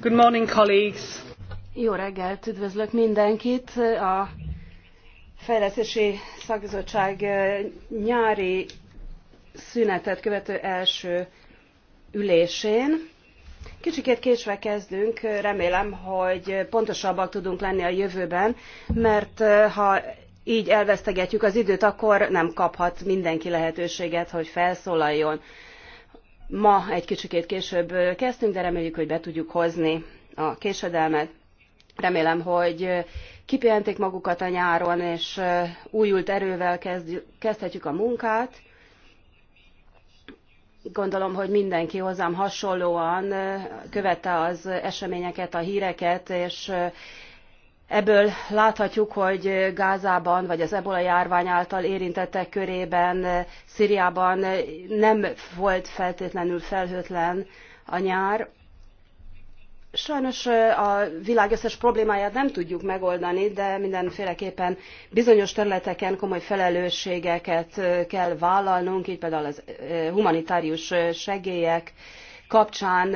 Good morning, colleagues. Jó reggelt, üdvözlök mindenkit. A Fejlesztési Szakbizottság eh, nyári szünetet követő első ülésén. Kicsikét késve kezdünk, eh, remélem, hogy pontosabbak tudunk lenni a jövőben, mert eh, ha így elvesztegetjük az időt, akkor nem kaphat mindenki lehetőséget, hogy felszólaljon. Ma egy kicsikét később kezdtünk, de reméljük, hogy be tudjuk hozni a késedelmet. Remélem, hogy kipihenték magukat a nyáron, és újult erővel kezd, kezdhetjük a munkát. Gondolom, hogy mindenki hozzám hasonlóan követte az eseményeket, a híreket, és Ebből láthatjuk, hogy Gázában vagy az ebola járvány által érintettek körében, Szíriában nem volt feltétlenül felhőtlen a nyár. Sajnos a világ összes problémáját nem tudjuk megoldani, de mindenféleképpen bizonyos területeken komoly felelősségeket kell vállalnunk, így például az humanitárius segélyek kapcsán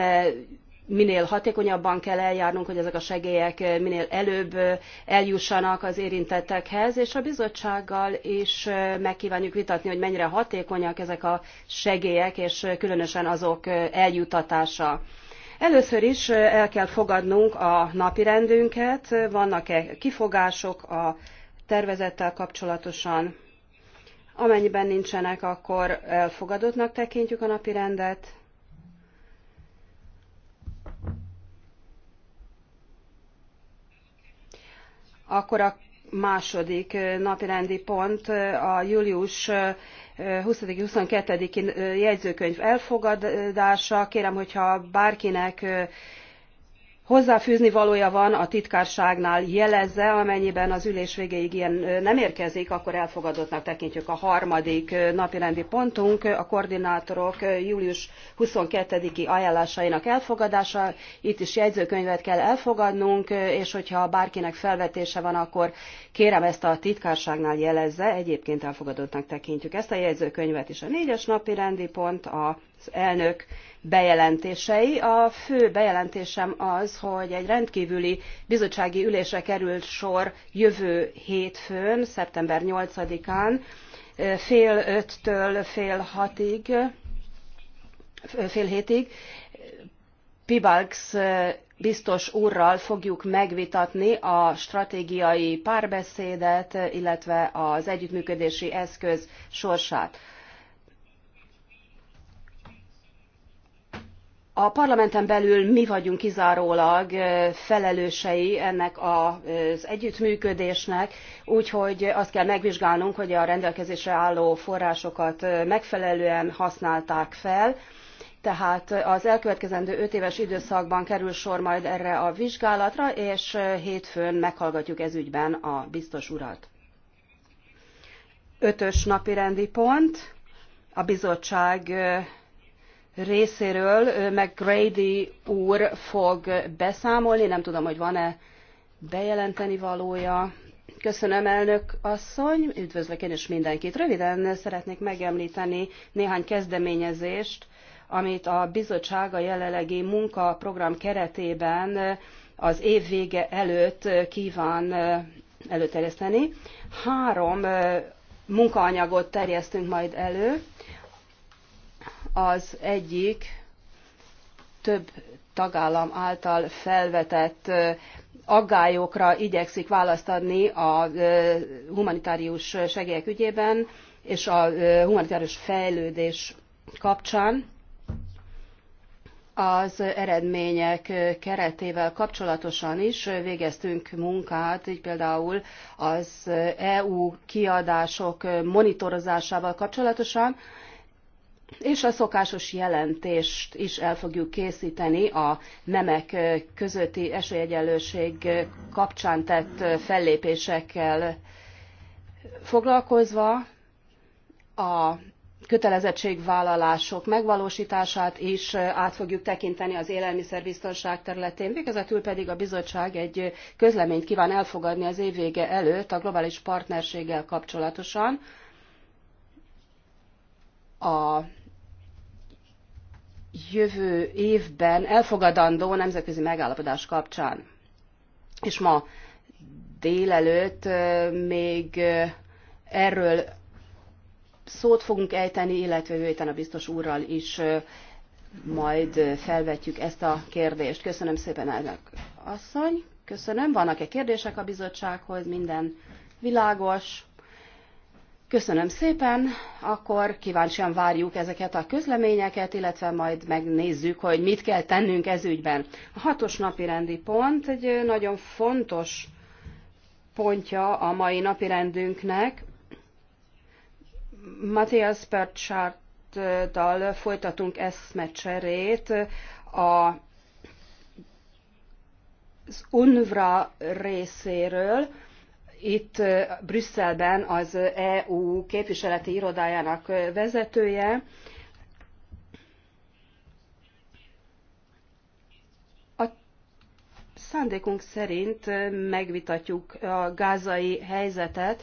minél hatékonyabban kell eljárnunk, hogy ezek a segélyek minél előbb eljussanak az érintettekhez, és a bizottsággal is megkívánjuk vitatni, hogy mennyire hatékonyak ezek a segélyek, és különösen azok eljutatása. Először is el kell fogadnunk a napirendünket, vannak-e kifogások a tervezettel kapcsolatosan. Amennyiben nincsenek, akkor elfogadottnak tekintjük a napirendet. Akkor a második napirendi pont a július 20-22-i jegyzőkönyv elfogadása. Kérem, hogyha bárkinek hozzáfűzni valója van a titkárságnál jelezze amennyiben az ülés végéig ilyen nem érkezik akkor elfogadottnak tekintjük a harmadik napirendi pontunk a koordinátorok július 22. i ajánlásainak elfogadása itt is jegyzőkönyvet kell elfogadnunk és hogyha bárkinek felvetése van akkor kérem ezt a titkárságnál jelezze egyébként elfogadottnak tekintjük ezt a jegyzőkönyvet is. a négyes napirendi pont az elnök bejelentései. A fő bejelentésem az, hogy egy rendkívüli bizottsági ülésre került sor jövő hétfőn, szeptember 8-án, fél öttől fél hatig, fél hétig, Pibalks biztos úrral fogjuk megvitatni a stratégiai párbeszédet, illetve az együttműködési eszköz sorsát. a parlamenten belül mi vagyunk kizárólag felelősei ennek az együttműködésnek úgyhogy azt kell megvizsgálnunk hogy a rendelkezésre álló forrásokat megfelelően használták fel tehát az elkövetkezendő öt éves időszakban kerül sor majd erre a vizsgálatra és hétfőn meghallgatjuk ez ügyben a biztos urat. ötös napirendi pont a bizottság részéről McGrady úr fog beszámolni. Nem tudom, hogy van-e bejelenteni valója. Köszönöm, elnök asszony, üdvözlök én is mindenkit. Röviden szeretnék megemlíteni néhány kezdeményezést, amit a bizottság a jelenlegi munkaprogram keretében az év vége előtt kíván előterjeszteni. Három munkaanyagot terjesztünk majd elő. Az egyik több tagállam által felvetett aggályokra igyekszik választ adni a humanitárius segélyek ügyében és a humanitárius fejlődés kapcsán az eredmények keretével kapcsolatosan is végeztünk munkát, így például az EU kiadások monitorozásával kapcsolatosan, és a szokásos jelentést is el fogjuk készíteni a nemek közötti esélyegyenlőség kapcsán tett fellépésekkel foglalkozva a kötelezettségvállalások megvalósítását is át fogjuk tekinteni az élelmiszerbiztonság területén. Végezetül pedig a bizottság egy közleményt kíván elfogadni az év vége előtt a globális partnerséggel kapcsolatosan. A jövő évben elfogadandó nemzetközi megállapodás kapcsán. És ma délelőtt még erről szót fogunk ejteni, illetve jövő a biztos úrral is majd felvetjük ezt a kérdést. Köszönöm szépen, elnök asszony. Köszönöm. Vannak-e kérdések a bizottsághoz? Minden világos. Köszönöm szépen, akkor kíváncsian várjuk ezeket a közleményeket, illetve majd megnézzük, hogy mit kell tennünk ez ügyben. A hatos napi rendi pont egy nagyon fontos pontja a mai napi rendünknek. Matthias Percsárdal folytatunk eszmecserét a az UNVRA részéről, itt Brüsszelben az EU képviseleti irodájának vezetője. A szándékunk szerint megvitatjuk a gázai helyzetet,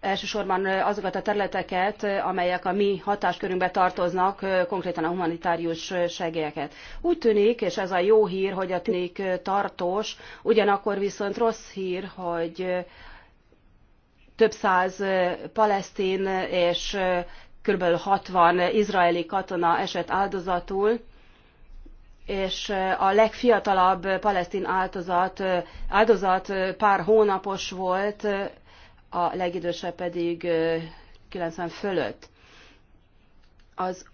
elsősorban azokat a területeket, amelyek a mi hatáskörünkbe tartoznak, konkrétan a humanitárius segélyeket. Úgy tűnik, és ez a jó hír, hogy a tűnik tartós, ugyanakkor viszont rossz hír, hogy több száz palesztin és kb. 60 izraeli katona esett áldozatul, és a legfiatalabb palesztin áldozat, áldozat pár hónapos volt, a legidősebb pedig 90 fölött. Az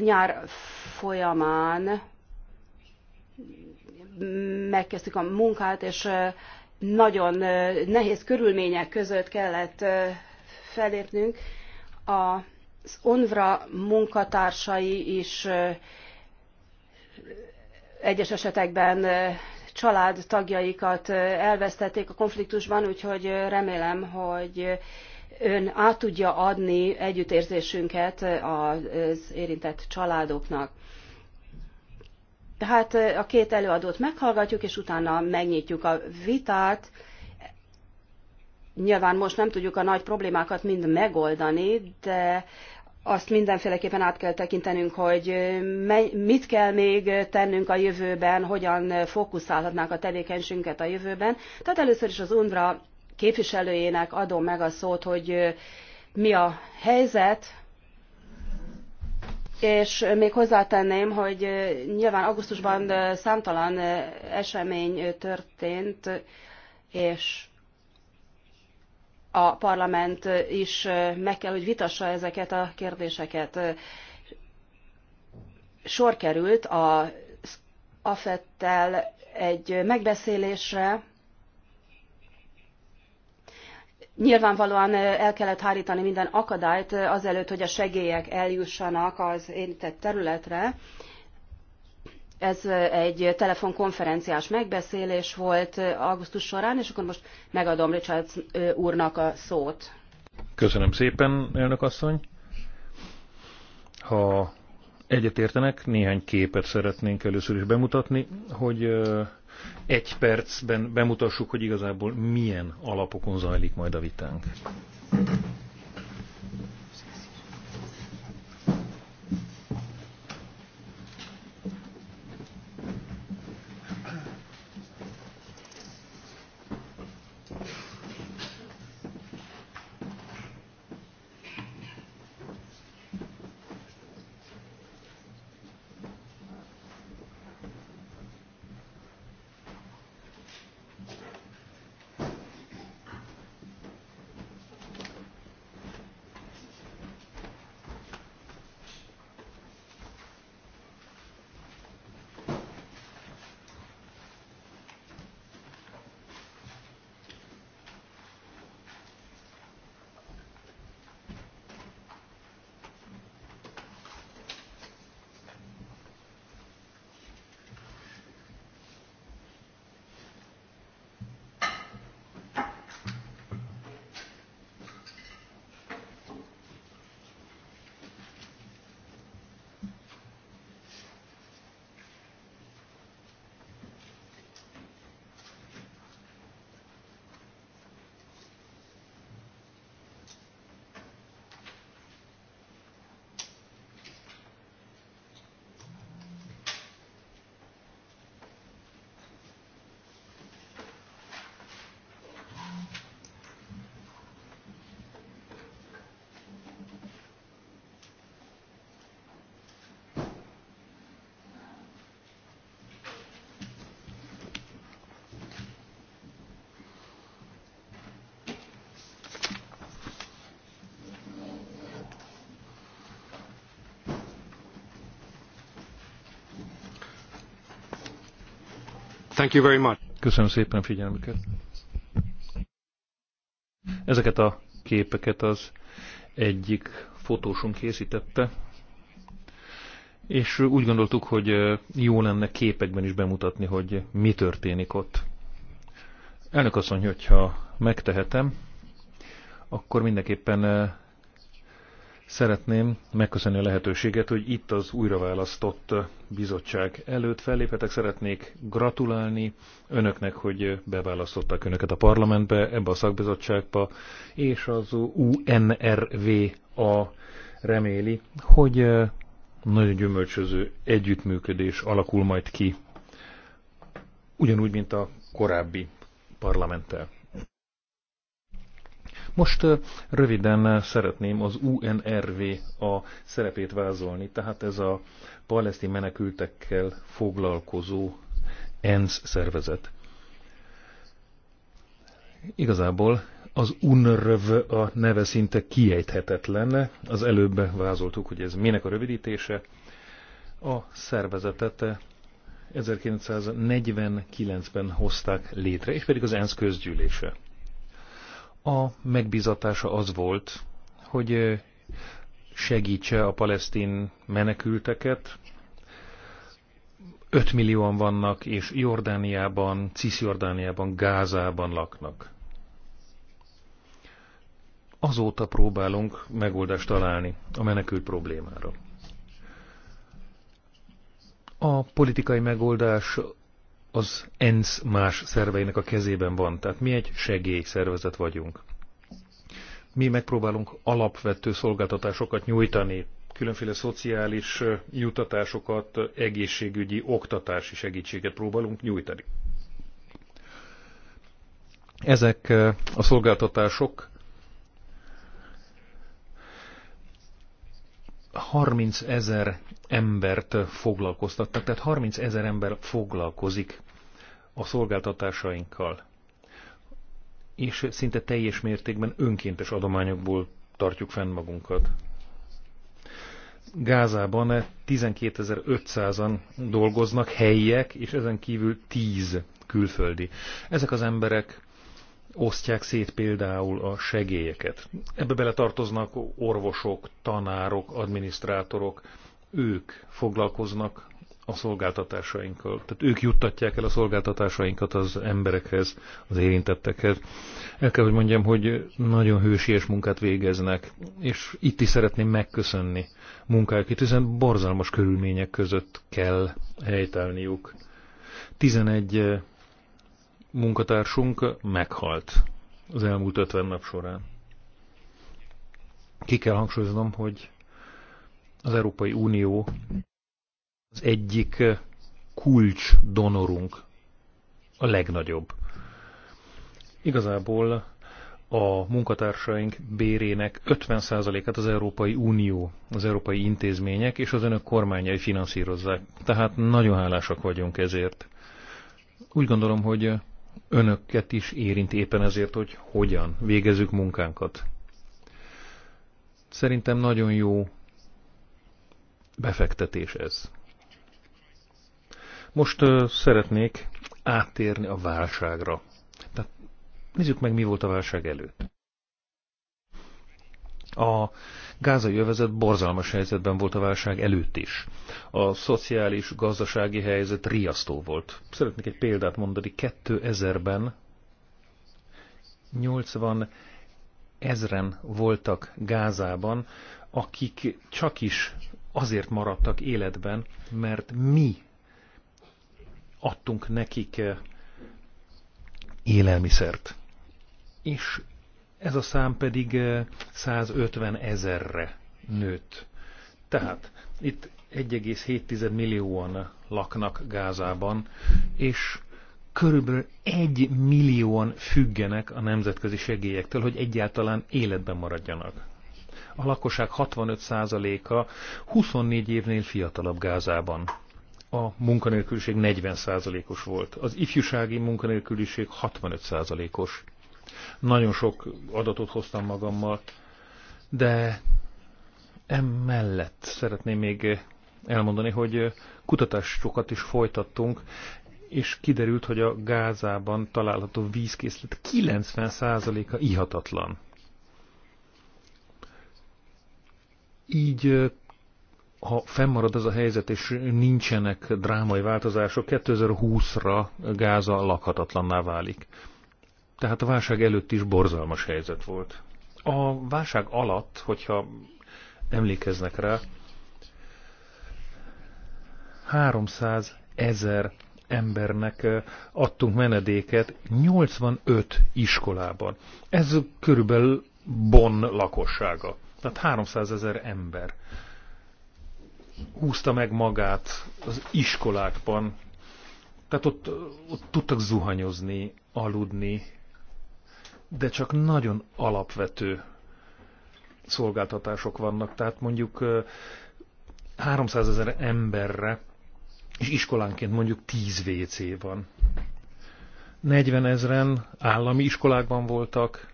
nyár folyamán megkezdtük a munkát, és nagyon nehéz körülmények között kellett felépnünk. Az UNVRA munkatársai is egyes esetekben családtagjaikat elvesztették a konfliktusban, úgyhogy remélem, hogy ön át tudja adni együttérzésünket az érintett családoknak. Tehát a két előadót meghallgatjuk, és utána megnyitjuk a vitát. Nyilván most nem tudjuk a nagy problémákat mind megoldani, de azt mindenféleképpen át kell tekintenünk, hogy mit kell még tennünk a jövőben, hogyan fókuszálhatnánk a tevékenységünket a jövőben. Tehát először is az UNDRA képviselőjének adom meg a szót, hogy mi a helyzet, és még hozzátenném, hogy eh, nyilván augusztusban eh, számtalan eh, esemény történt, és a parlament is meg kell, hogy vitassa ezeket a kérdéseket. Sor került az AFET-tel egy megbeszélésre, Nyilvánvalóan el kellett hártani minden akadályt azelőtt, hogy a segélyek eljussanak az érintett területre. Ez egy telefonkonferenciás megbeszélés volt augusztus során, és akkor most megadom Richard úrnak a szót. Köszönöm szépen, elnök asszony. Ha egyetértenek, néhány képet szeretnénk először is bemutatni, hogy egy percben bemutassuk, hogy igazából milyen alapokon zajlik majd a vitánk. Thank you very much. Köszönöm szépen a figyelmüket. Ezeket a képeket az egyik fotósunk készítette, és úgy gondoltuk, hogy jó lenne képekben is bemutatni, hogy mi történik ott. Elnök asszony, hogyha megtehetem, akkor mindenképpen Szeretném megköszönni a lehetőséget, hogy itt az újraválasztott bizottság előtt felléphetek. Szeretnék gratulálni önöknek, hogy beválasztották önöket a parlamentbe, ebbe a szakbizottságba, és az UNRVA reméli, hogy eh, nagyon gyümölcsöző együttműködés alakul majd ki, ugyanúgy, mint a korábbi parlamenttel. Most röviden szeretném az UNRV a szerepét vázolni, tehát ez a palesztin menekültekkel foglalkozó ENSZ szervezet. Igazából az UNRV a neve szinte kiejthetetlen. Az előbb vázoltuk, hogy ez minek a rövidítése. A szervezetet 1949-ben hozták létre, és pedig az ENSZ közgyűlése a megbizatása az volt, hogy segítse a palesztin menekülteket. 5 millióan vannak, és Jordániában, Cisjordániában, Gázában laknak. Azóta próbálunk megoldást találni a menekült problémára. A politikai megoldás az ENSZ más szerveinek a kezében van, tehát mi egy segélyszervezet vagyunk. Mi megpróbálunk alapvető szolgáltatásokat nyújtani, különféle szociális jutatásokat, egészségügyi, oktatási segítséget próbálunk nyújtani. Ezek a szolgáltatások 30 ezer embert foglalkoztattak, tehát 30 ezer ember foglalkozik a szolgáltatásainkkal, és szinte teljes mértékben önkéntes adományokból tartjuk fenn magunkat. Gázában 12.500-an dolgoznak helyiek, és ezen kívül 10 külföldi. Ezek az emberek osztják szét például a segélyeket. Ebbe bele tartoznak orvosok, tanárok, adminisztrátorok, ők foglalkoznak a szolgáltatásainkkal. Tehát ők juttatják el a szolgáltatásainkat az emberekhez, az érintettekhez. El kell, hogy mondjam, hogy nagyon hősies munkát végeznek, és itt is szeretném megköszönni munkájukat, hiszen borzalmas körülmények között kell helytelniük. 11 munkatársunk meghalt az elmúlt 50 nap során. Ki kell hangsúlyoznom, hogy az Európai Unió az egyik kulcs donorunk, a legnagyobb. Igazából a munkatársaink bérének 50%-át az Európai Unió, az európai intézmények és az önök kormányai finanszírozzák. Tehát nagyon hálásak vagyunk ezért. Úgy gondolom, hogy önöket is érint éppen ezért, hogy hogyan végezzük munkánkat. Szerintem nagyon jó befektetés ez. Most uh, szeretnék áttérni a válságra. Tehát nézzük meg, mi volt a válság előtt. A gázai övezet borzalmas helyzetben volt a válság előtt is. A szociális, gazdasági helyzet riasztó volt. Szeretnék egy példát mondani. 2000-ben 80 ezren voltak Gázában, akik csak is azért maradtak életben, mert mi adtunk nekik eh, élelmiszert. És ez a szám pedig 150 eh, ezerre nőtt. Tehát itt 1,7 millióan laknak Gázában, és körülbelül 1 millióan függenek a nemzetközi segélyektől, hogy egyáltalán életben maradjanak. A lakosság 65%-a 24 évnél fiatalabb Gázában. A munkanélküliség 40%-os volt, az ifjúsági munkanélküliség 65%-os nagyon sok adatot hoztam magammal, de emellett szeretném még elmondani, hogy kutatásokat is folytattunk, és kiderült, hogy a Gázában található vízkészlet 90%-a ihatatlan. Így, ha fennmarad ez a helyzet, és nincsenek drámai változások, 2020-ra Gáza lakhatatlanná válik. Tehát a válság előtt is borzalmas helyzet volt. A válság alatt, hogyha emlékeznek rá, 300 ezer embernek adtunk menedéket 85 iskolában. Ez körülbelül Bonn lakossága. Tehát 300 ezer ember húzta meg magát az iskolákban. Tehát ott, ott tudtak zuhanyozni, aludni, de csak nagyon alapvető szolgáltatások vannak. Tehát mondjuk 300 ezer emberre, és iskolánként mondjuk 10 WC van. 40 ezeren állami iskolákban voltak,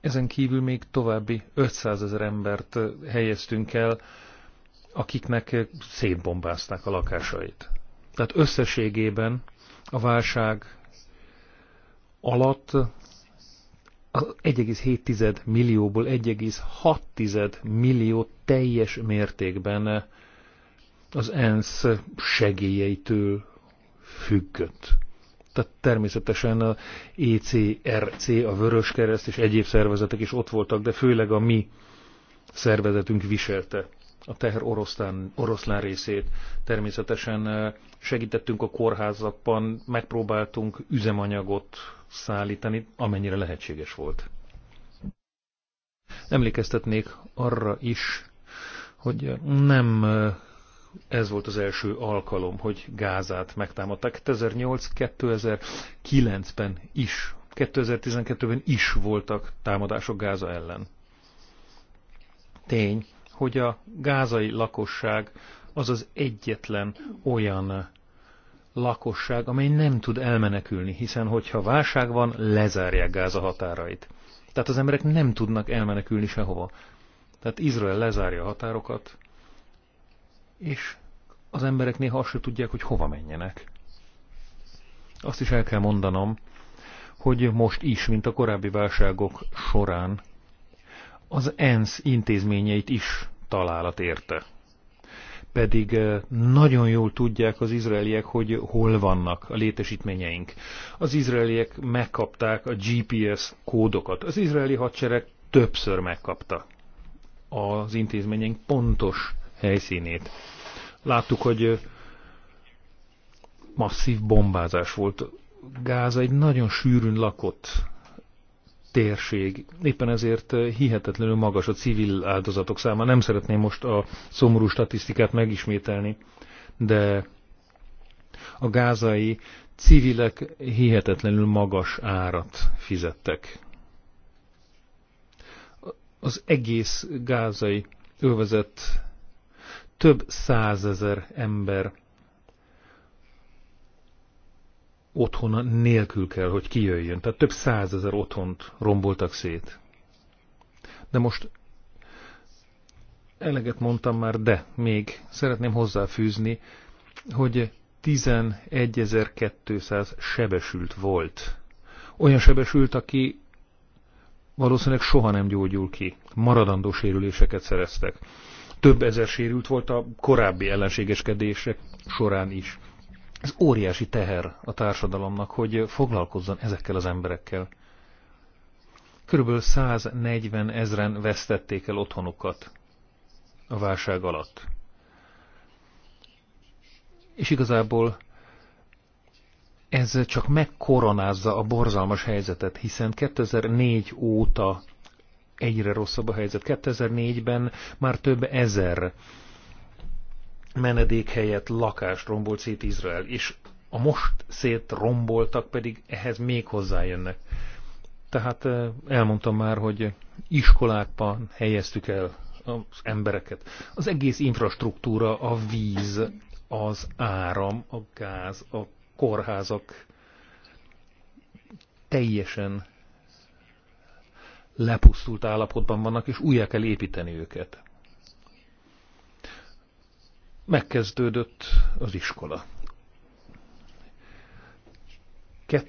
ezen kívül még további 500 ezer embert helyeztünk el, akiknek szétbombázták a lakásait. Tehát összességében a válság alatt az 1,7 millióból 1,6 millió teljes mértékben az ENSZ segélyeitől függött. Tehát természetesen a ECRC, a Vöröskereszt és egyéb szervezetek is ott voltak, de főleg a mi szervezetünk viselte a teher oroszlán, oroszlán részét. Természetesen segítettünk a kórházakban, megpróbáltunk üzemanyagot szállítani, amennyire lehetséges volt. Emlékeztetnék arra is, hogy nem eh, ez volt az első alkalom, hogy Gázát megtámadták. 2008-2009-ben is, 2012-ben is voltak támadások Gáza ellen. Tény, hogy a gázai lakosság az az egyetlen olyan lakosság, amely nem tud elmenekülni, hiszen hogyha válság van, lezárják Gáza határait. Tehát az emberek nem tudnak elmenekülni sehova. Tehát Izrael lezárja a határokat, és az emberek néha azt se tudják, hogy hova menjenek. Azt is el kell mondanom, hogy most is, mint a korábbi válságok során, az ENSZ intézményeit is találat érte pedig nagyon jól tudják az izraeliek, hogy hol vannak a létesítményeink. Az izraeliek megkapták a GPS kódokat. Az izraeli hadsereg többször megkapta az intézményeink pontos helyszínét. Láttuk, hogy masszív bombázás volt. Gáza egy nagyon sűrűn lakott térség. Éppen ezért eh, hihetetlenül magas a civil áldozatok száma. Nem szeretném most a szomorú statisztikát megismételni, de a gázai civilek hihetetlenül magas árat fizettek. Az egész gázai övezet több százezer ember otthona nélkül kell, hogy kijöjjön. Tehát több százezer otthont romboltak szét. De most eleget mondtam már, de még szeretném hozzáfűzni, hogy 11.200 sebesült volt. Olyan sebesült, aki valószínűleg soha nem gyógyul ki. Maradandó sérüléseket szereztek. Több ezer sérült volt a korábbi ellenségeskedések során is. Ez óriási teher a társadalomnak, hogy foglalkozzon ezekkel az emberekkel. Körülbelül 140 ezren vesztették el otthonukat a válság alatt. És igazából ez csak megkoronázza a borzalmas helyzetet, hiszen 2004 óta egyre rosszabb a helyzet. 2004-ben már több ezer menedékhelyet, lakást rombolt szét Izrael, és a most szét romboltak pedig ehhez még hozzájönnek. Tehát eh, elmondtam már, hogy iskolákban helyeztük el az embereket. Az egész infrastruktúra, a víz, az áram, a gáz, a kórházak teljesen lepusztult állapotban vannak, és újra kell építeni őket megkezdődött az iskola.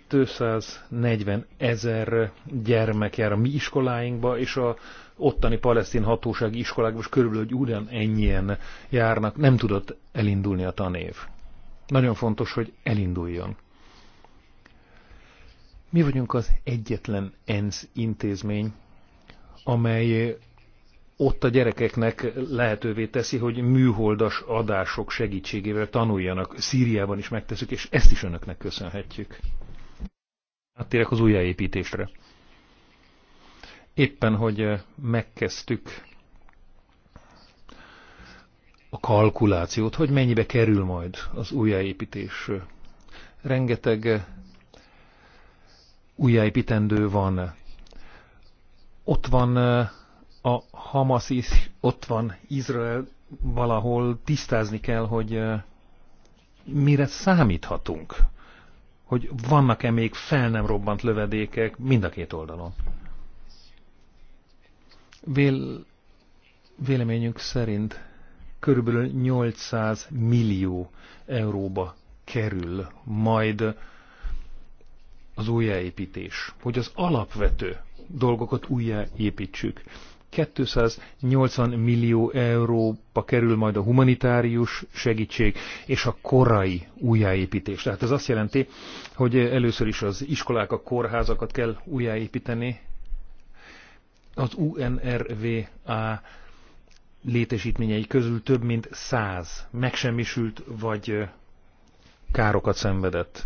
240 ezer gyermek jár a mi iskoláinkba, és a ottani palesztin hatósági iskolákban most körülbelül ugyan ennyien járnak, nem tudott elindulni a tanév. Nagyon fontos, hogy elinduljon. Mi vagyunk az egyetlen ENSZ intézmény, amely ott a gyerekeknek lehetővé teszi, hogy műholdas adások segítségével tanuljanak. Szíriában is megteszük, és ezt is önöknek köszönhetjük. Áttérek az újjáépítésre. Éppen, hogy eh, megkezdtük a kalkulációt, hogy mennyibe kerül majd az újjáépítés. Rengeteg eh, újjáépítendő van. Ott van eh, a Hamas is ott van, Izrael valahol tisztázni kell, hogy mire számíthatunk, hogy vannak-e még fel nem robbant lövedékek mind a két oldalon. Vél, véleményünk szerint körülbelül 800 millió euróba kerül majd az újjáépítés, hogy az alapvető dolgokat újjáépítsük. 280 millió euróba kerül majd a humanitárius segítség és a korai újjáépítés. Tehát ez azt jelenti, hogy először is az iskolák, a kórházakat kell újjáépíteni. Az UNRWA létesítményei közül több mint száz megsemmisült vagy károkat szenvedett.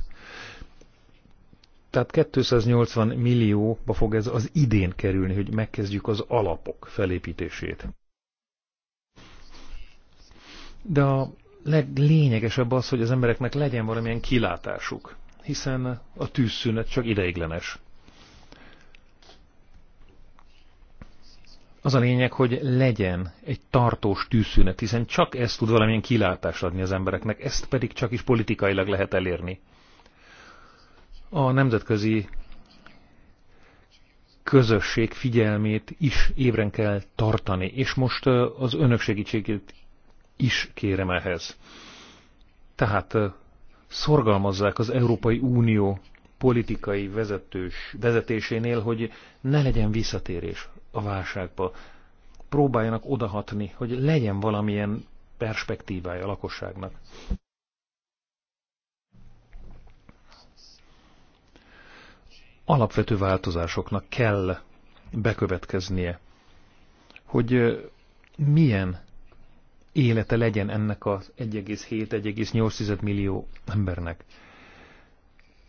Tehát 280 millióba fog ez az idén kerülni, hogy megkezdjük az alapok felépítését. De a leglényegesebb az, hogy az embereknek legyen valamilyen kilátásuk, hiszen a tűzszünet csak ideiglenes. Az a lényeg, hogy legyen egy tartós tűzszünet, hiszen csak ez tud valamilyen kilátást adni az embereknek, ezt pedig csak is politikailag lehet elérni a nemzetközi közösség figyelmét is évren kell tartani, és most az önök segítségét is kérem ehhez. Tehát szorgalmazzák az Európai Unió politikai vezetős, vezetésénél, hogy ne legyen visszatérés a válságba. Próbáljanak odahatni, hogy legyen valamilyen perspektívája a lakosságnak. alapvető változásoknak kell bekövetkeznie, hogy milyen élete legyen ennek az 1,7-1,8 millió embernek.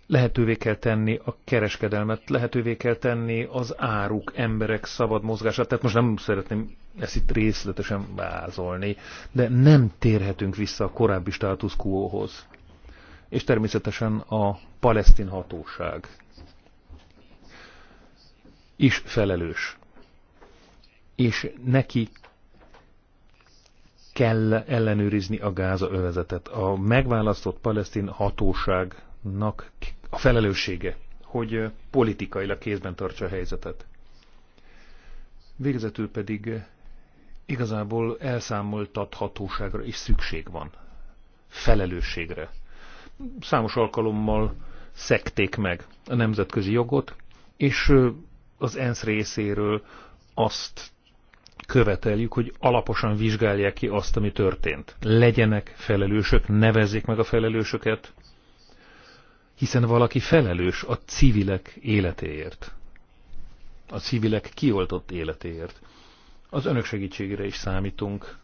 Lehetővé kell tenni a kereskedelmet, lehetővé kell tenni az áruk, emberek szabad mozgását. Tehát most nem szeretném ezt itt részletesen vázolni, de nem térhetünk vissza a korábbi státuszkóhoz. És természetesen a palesztin hatóság is felelős. És neki kell ellenőrizni a Gáza övezetet. A megválasztott palesztin hatóságnak a felelőssége, hogy politikailag kézben tartsa a helyzetet. Végezetül pedig igazából elszámoltathatóságra is szükség van. Felelősségre. Számos alkalommal szekték meg a nemzetközi jogot, és az ENSZ részéről azt követeljük, hogy alaposan vizsgálják ki azt, ami történt. Legyenek felelősök, nevezzék meg a felelősöket, hiszen valaki felelős a civilek életéért. A civilek kioltott életéért. Az önök segítségére is számítunk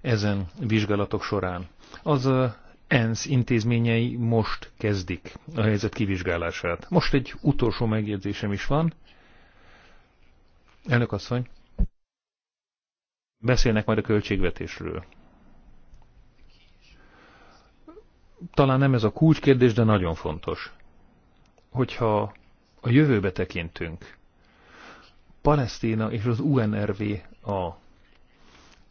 ezen vizsgálatok során. Az uh, ENSZ intézményei most kezdik a helyzet kivizsgálását. Most egy utolsó megjegyzésem is van. Elnök asszony, beszélnek majd a költségvetésről. Talán nem ez a kulcskérdés, de nagyon fontos. Hogyha a jövőbe tekintünk, Palesztina és az UNRV a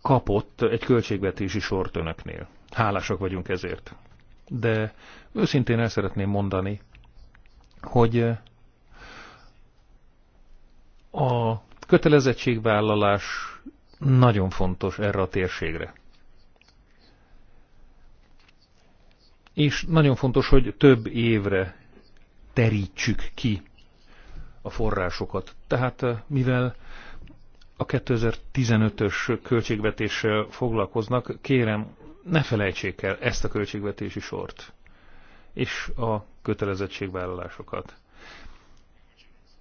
kapott egy költségvetési sort önöknél. Hálásak vagyunk ezért. De őszintén el szeretném mondani, hogy a kötelezettségvállalás nagyon fontos erre a térségre. És nagyon fontos, hogy több évre terítsük ki a forrásokat. Tehát eh, mivel a 2015-ös költségvetéssel foglalkoznak, kérem, ne felejtsék el ezt a költségvetési sort és a kötelezettségvállalásokat.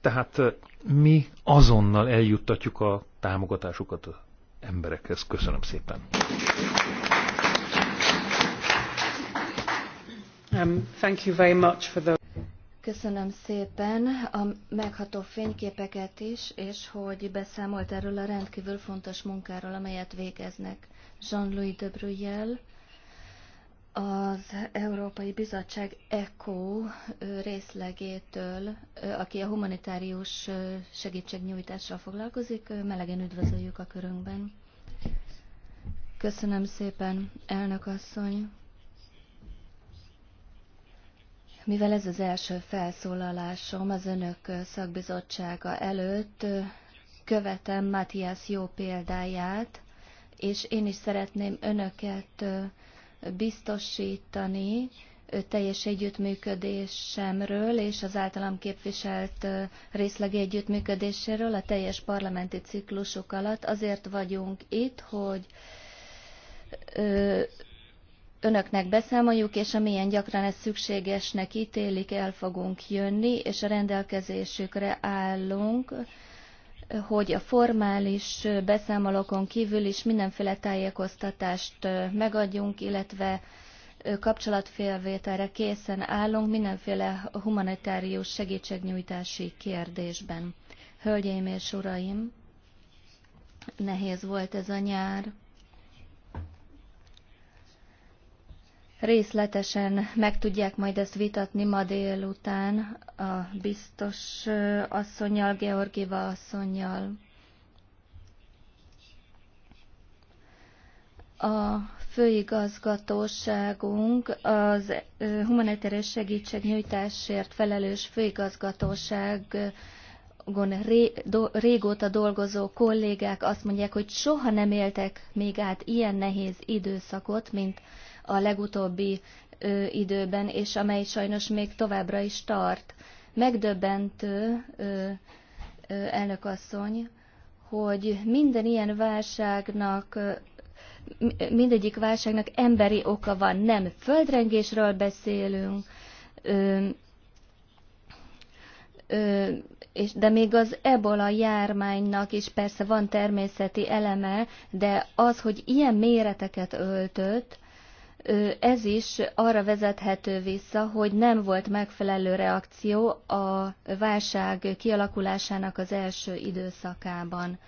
Tehát mi azonnal eljuttatjuk a támogatásukat az emberekhez. Köszönöm szépen. Um, thank you very much for the... Köszönöm szépen a megható fényképeket is, és hogy beszámolt erről a rendkívül fontos munkáról, amelyet végeznek Jean-Louis de Bruyel az Európai Bizottság ECO részlegétől, aki a humanitárius segítségnyújtással foglalkozik, melegen üdvözöljük a körünkben. Köszönöm szépen, elnök asszony. Mivel ez az első felszólalásom az önök szakbizottsága előtt, követem Matthias jó példáját, és én is szeretném önöket biztosítani teljes együttműködésemről és az általam képviselt részlegi együttműködéséről a teljes parlamenti ciklusok alatt. Azért vagyunk itt, hogy önöknek beszámoljuk, és amilyen gyakran ez szükségesnek ítélik, el fogunk jönni, és a rendelkezésükre állunk hogy a formális beszámolókon kívül is mindenféle tájékoztatást megadjunk, illetve kapcsolatfélvételre készen állunk mindenféle humanitárius segítségnyújtási kérdésben. Hölgyeim és uraim, nehéz volt ez a nyár. részletesen meg tudják majd ezt vitatni ma délután a biztos asszonyjal, Georgiva asszonyjal. A főigazgatóságunk, az humanitárius segítségnyújtásért felelős főigazgatóság régóta dolgozó kollégák azt mondják, hogy soha nem éltek még át ilyen nehéz időszakot, mint a legutóbbi ö, időben, és amely sajnos még továbbra is tart. Megdöbbentő, ö, ö, elnök asszony, hogy minden ilyen válságnak, mindegyik válságnak emberi oka van. Nem földrengésről beszélünk, ö, ö, és, de még az ebola jármánynak is persze van természeti eleme, de az, hogy ilyen méreteket öltött, ez is arra vezethető vissza, hogy nem volt megfelelő reakció a válság kialakulásának az első időszakában.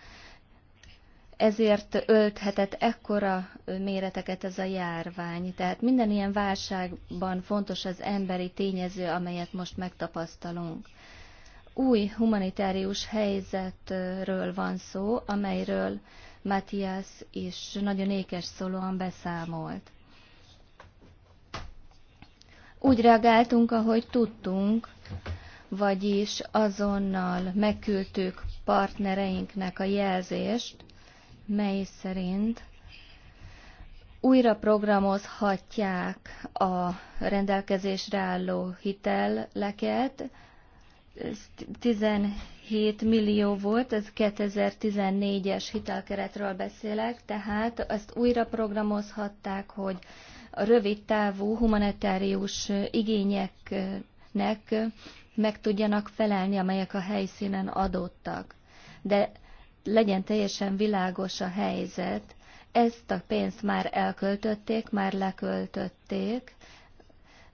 Ezért ölthetett ekkora méreteket ez a járvány. Tehát minden ilyen válságban fontos az emberi tényező, amelyet most megtapasztalunk. Új humanitárius helyzetről van szó, amelyről Matthias is nagyon ékes szólóan beszámolt úgy reagáltunk, ahogy tudtunk, vagyis azonnal megküldtük partnereinknek a jelzést, mely szerint újra programozhatják a rendelkezésre álló hiteleket. Ez 17 millió volt, ez 2014-es hitelkeretről beszélek, tehát ezt újra programozhatták, hogy a rövid távú humanitárius igényeknek meg tudjanak felelni, amelyek a helyszínen adottak. De legyen teljesen világos a helyzet, ezt a pénzt már elköltötték, már leköltötték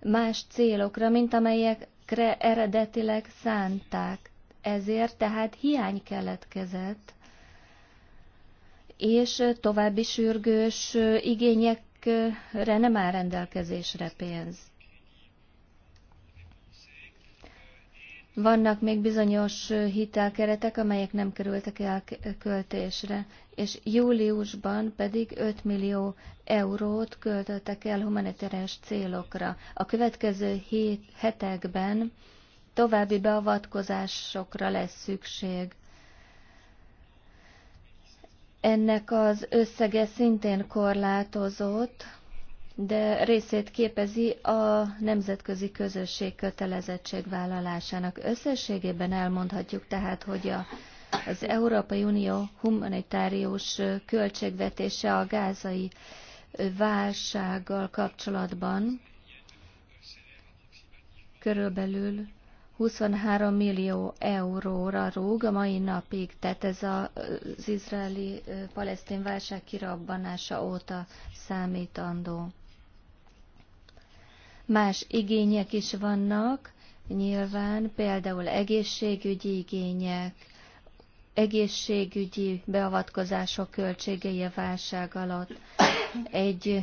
más célokra, mint amelyekre eredetileg szánták. Ezért tehát hiány keletkezett, és további sürgős igények ezekre nem áll rendelkezésre pénz. Vannak még bizonyos hitelkeretek, amelyek nem kerültek el költésre, és júliusban pedig 5 millió eurót költöttek el humanitárius célokra. A következő hét, hetekben további beavatkozásokra lesz szükség ennek az összege szintén korlátozott, de részét képezi a nemzetközi közösség kötelezettségvállalásának. Összességében elmondhatjuk tehát, hogy a, az Európai Unió humanitárius költségvetése a gázai válsággal kapcsolatban körülbelül 23 millió euróra rúg a mai napig, tehát ez az izraeli-palesztin válság kirabbanása óta számítandó. Más igények is vannak, nyilván például egészségügyi igények, egészségügyi beavatkozások költségei a válság alatt, egy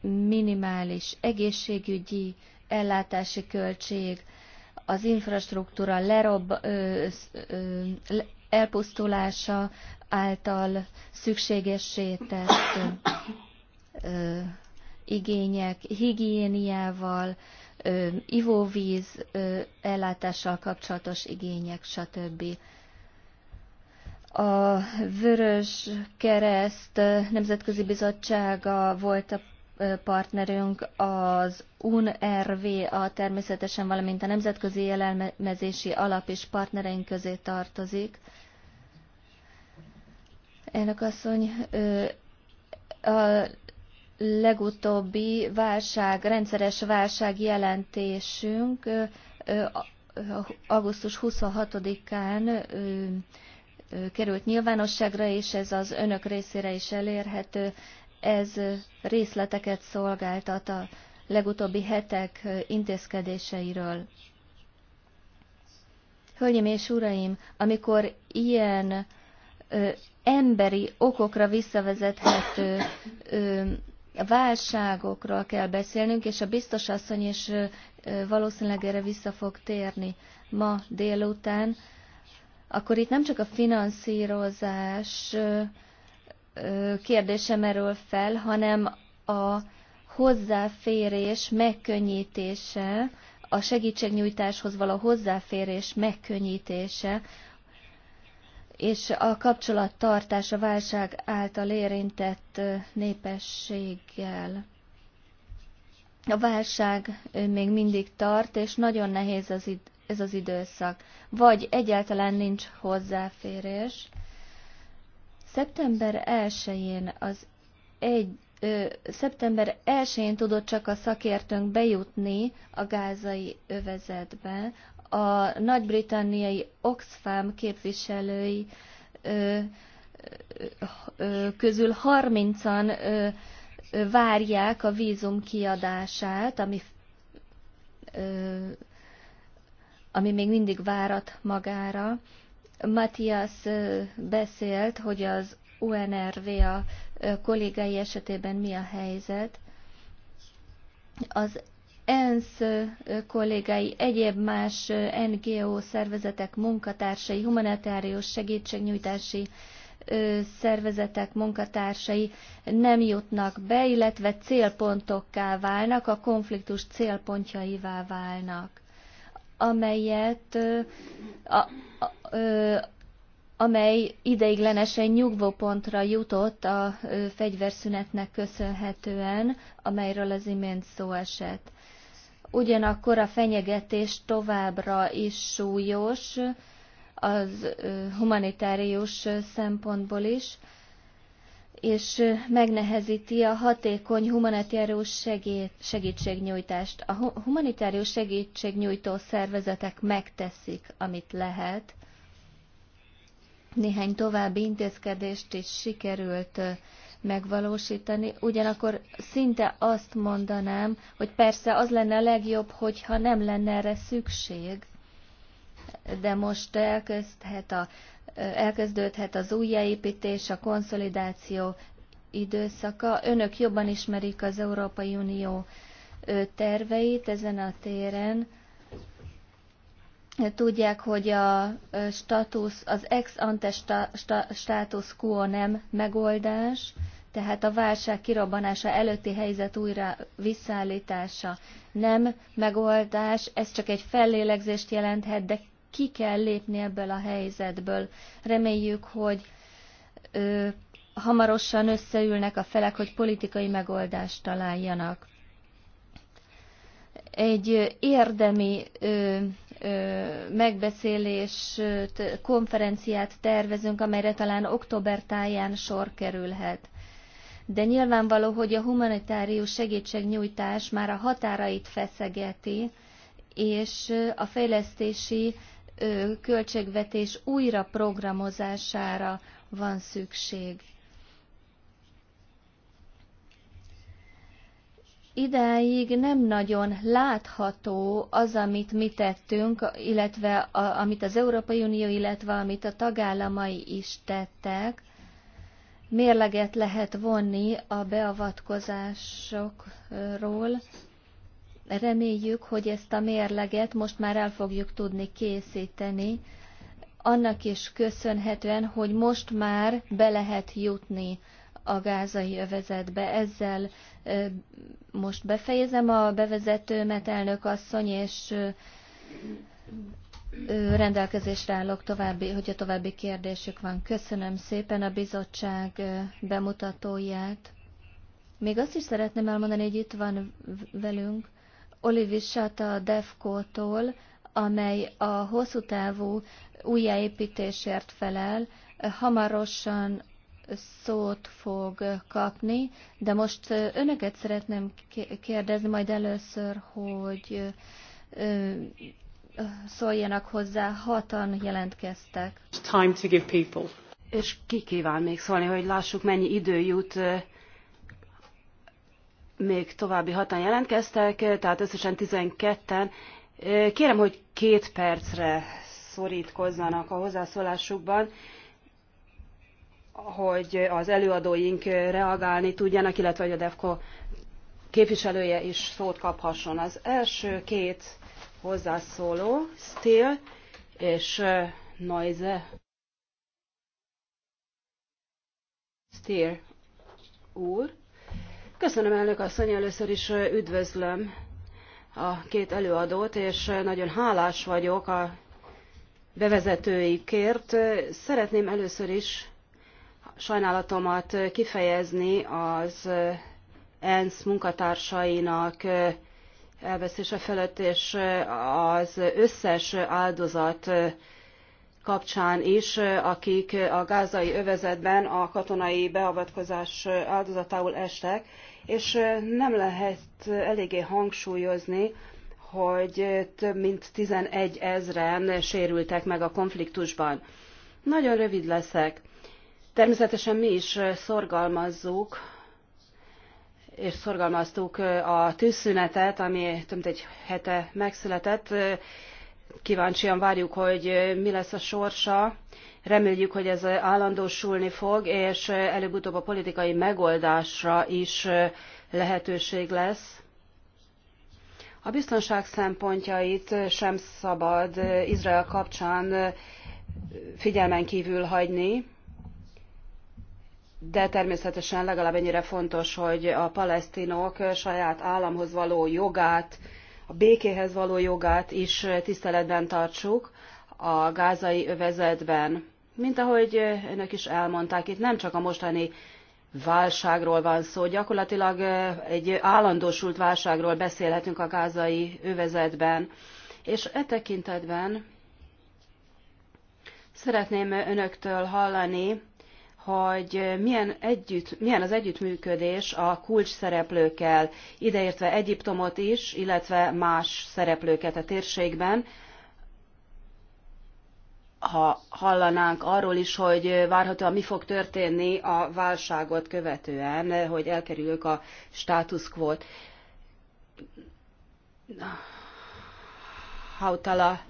minimális egészségügyi ellátási költség, az infrastruktúra lerob, ö, ö, elpusztulása által szükségessé tett ö, igények, higiéniával, ö, ivóvíz ö, ellátással kapcsolatos igények, stb. A Vörös Kereszt Nemzetközi Bizottsága volt a partnerünk az a természetesen, valamint a Nemzetközi Élelmezési Alap is partnereink közé tartozik. Elnök asszony, a legutóbbi válság, rendszeres válság jelentésünk augusztus 26-án került nyilvánosságra, és ez az önök részére is elérhető. Ez részleteket szolgáltat a legutóbbi hetek intézkedéseiről. Hölgyeim és uraim, amikor ilyen ö, emberi okokra visszavezethető ö, válságokról kell beszélnünk, és a biztos asszony is ö, valószínűleg erre vissza fog térni ma délután, akkor itt nem csak a finanszírozás kérdése merül fel, hanem a hozzáférés megkönnyítése, a segítségnyújtáshoz való hozzáférés megkönnyítése, és a kapcsolattartás a válság által érintett népességgel. A válság még mindig tart, és nagyon nehéz az id- ez az időszak. Vagy egyáltalán nincs hozzáférés, Szeptember 1-én az egy, szeptember 1-én tudott csak a szakértőnk bejutni a gázai övezetbe. A nagy-britanniai Oxfam képviselői közül 30-an várják a vízum kiadását, ami, ami még mindig várat magára. Matthias beszélt, hogy az UNRVA kollégái esetében mi a helyzet. Az ENSZ kollégái, egyéb más NGO szervezetek munkatársai, humanitárius segítségnyújtási szervezetek munkatársai nem jutnak be, illetve célpontokká válnak, a konfliktus célpontjaivá válnak, amelyet amely ideiglenesen nyugvópontra jutott a fegyverszünetnek köszönhetően, amelyről az imént szó esett. Ugyanakkor a fenyegetés továbbra is súlyos, az humanitárius szempontból is, és megnehezíti a hatékony humanitárius segítségnyújtást. A humanitárius segítségnyújtó szervezetek megteszik, amit lehet. Néhány további intézkedést is sikerült megvalósítani. Ugyanakkor szinte azt mondanám, hogy persze az lenne a legjobb, hogyha nem lenne erre szükség, de most elkezdhet a elkezdődhet az újjáépítés, a konszolidáció időszaka. Önök jobban ismerik az Európai Unió terveit ezen a téren. Tudják, hogy a status, az ex ante status quo nem megoldás, tehát a válság kirobbanása előtti helyzet újra visszaállítása nem megoldás, ez csak egy fellélegzést jelenthet, de ki kell lépni ebből a helyzetből. Reméljük, hogy ö, hamarosan összeülnek a felek, hogy politikai megoldást találjanak. Egy érdemi ö, ö, megbeszélést, konferenciát tervezünk, amelyre talán október táján sor kerülhet. De nyilvánvaló, hogy a humanitárius segítségnyújtás már a határait feszegeti, és a fejlesztési költségvetés újra programozására van szükség. Idáig nem nagyon látható az, amit mi tettünk, illetve a, amit az Európai Unió, illetve amit a tagállamai is tettek. Mérleget lehet vonni a beavatkozásokról, Reméljük, hogy ezt a mérleget most már el fogjuk tudni készíteni, annak is köszönhetően, hogy most már be lehet jutni a gázai övezetbe. Ezzel most befejezem a bevezetőmet, elnök asszony, és rendelkezésre állok további, hogyha további kérdésük van. Köszönöm szépen a bizottság bemutatóját. Még azt is szeretném elmondani, hogy itt van velünk Olivisata Defco-tól, amely a hosszú távú újjáépítésért felel, hamarosan szót fog kapni, de most önöket szeretném kérdezni majd először, hogy szóljanak hozzá, hatan jelentkeztek. Time to give people. És ki kíván még szólni, hogy lássuk, mennyi idő jut még további hatan jelentkeztek, tehát összesen 12-en. Kérem, hogy két percre szorítkozzanak a hozzászólásukban, hogy az előadóink reagálni tudjanak, illetve hogy a DEFCO képviselője is szót kaphasson. Az első két hozzászóló, Steele és Noise. Steele úr. Köszönöm, elnök asszony, először is üdvözlöm a két előadót, és nagyon hálás vagyok a bevezetőikért. Szeretném először is sajnálatomat kifejezni az ENSZ munkatársainak elveszése felett, és az összes áldozat kapcsán is, akik a gázai övezetben a katonai beavatkozás áldozatául estek, és nem lehet eléggé hangsúlyozni, hogy több mint 11 ezren sérültek meg a konfliktusban. Nagyon rövid leszek. Természetesen mi is szorgalmazzuk, és szorgalmaztuk a tűzszünetet, ami több mint egy hete megszületett. Kíváncsian várjuk, hogy mi lesz a sorsa. Reméljük, hogy ez állandósulni fog, és előbb-utóbb a politikai megoldásra is lehetőség lesz. A biztonság szempontjait sem szabad Izrael kapcsán figyelmen kívül hagyni, de természetesen legalább ennyire fontos, hogy a palesztinok saját államhoz való jogát, a békéhez való jogát is tiszteletben tartsuk a gázai övezetben. Mint ahogy önök is elmondták, itt nem csak a mostani válságról van szó, gyakorlatilag egy állandósult válságról beszélhetünk a gázai övezetben, és e tekintetben szeretném önöktől hallani, hogy milyen, együtt, milyen az együttműködés a kulcs szereplőkkel, ideértve Egyiptomot is, illetve más szereplőket a térségben, ha hallanánk arról is, hogy várhatóan mi fog történni a válságot követően, hogy elkerüljük a status quo-t. Hautala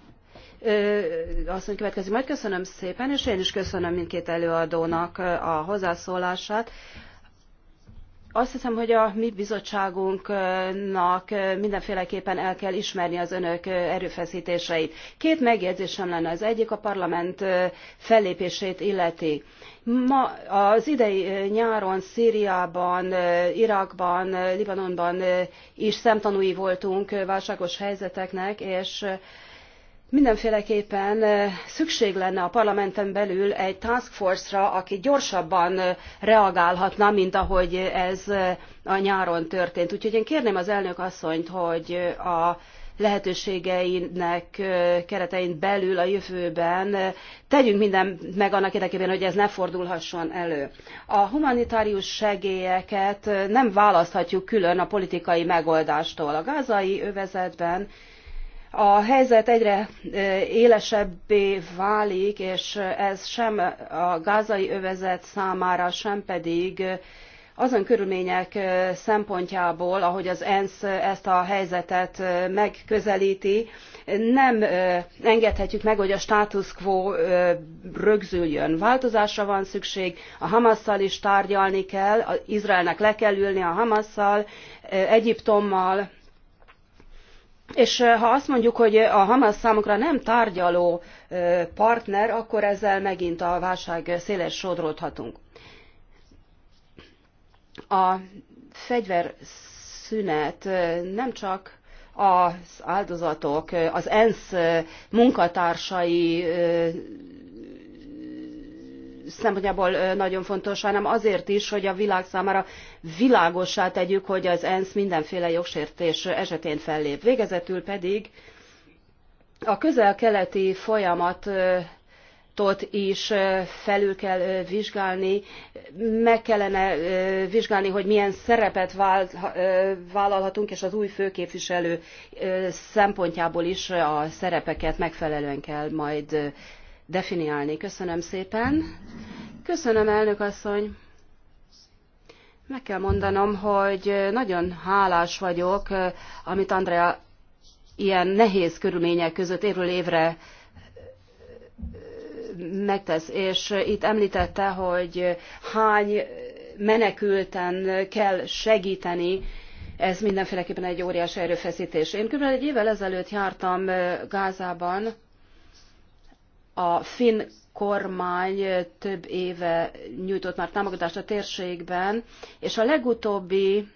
asszony következik. Majd köszönöm szépen, és én is köszönöm mindkét előadónak a hozzászólását. Azt hiszem, hogy a mi bizottságunknak mindenféleképpen el kell ismerni az önök erőfeszítéseit. Két megjegyzésem lenne. Az egyik a parlament fellépését illeti. Ma az idei nyáron Szíriában, Irakban, Libanonban is szemtanúi voltunk válságos helyzeteknek, és mindenféleképpen eh, szükség lenne a parlamenten belül egy task force ra aki gyorsabban eh, reagálhatna mint ahogy ez eh, a nyáron történt. úgyhogy én kérném az elnök asszonyt hogy a lehetőségeinek keretein belül a jövőben tegyünk mindent meg annak érdekében, hogy ez ne fordulhasson elő. A humanitárius segélyeket nem választhatjuk külön a politikai megoldástól. A gázai övezetben a helyzet egyre élesebbé válik, és ez sem a gázai övezet számára, sem pedig azon körülmények szempontjából, ahogy az ENSZ ezt a helyzetet megközelíti, nem engedhetjük meg, hogy a status quo rögzüljön. Változásra van szükség, a Hamasszal is tárgyalni kell, Izraelnek le kell ülni a Hamasszal, Egyiptommal, és ha azt mondjuk, hogy a Hamas számukra nem tárgyaló partner, akkor ezzel megint a válság széles sodródhatunk. A fegyverszünet nem csak az áldozatok, az ENSZ munkatársai szempontjából nagyon fontos, hanem azért is, hogy a világ számára világossá tegyük, hogy az ENSZ mindenféle jogsértés esetén fellép. Végezetül pedig a közel-keleti folyamat is felül kell vizsgálni, meg kellene vizsgálni, hogy milyen szerepet vállalhatunk, és az új főképviselő szempontjából is a szerepeket megfelelően kell majd definiálni. Köszönöm szépen. Köszönöm, elnök asszony. Meg kell mondanom, hogy nagyon hálás vagyok, amit Andrea ilyen nehéz körülmények között évről évre megtesz. És itt említette, hogy hány menekülten kell segíteni, ez mindenféleképpen egy óriási erőfeszítés. Én kb. egy évvel ezelőtt jártam Gázában, a finn kormány több éve nyújtott már támogatást a térségben, és a legutóbbi eh,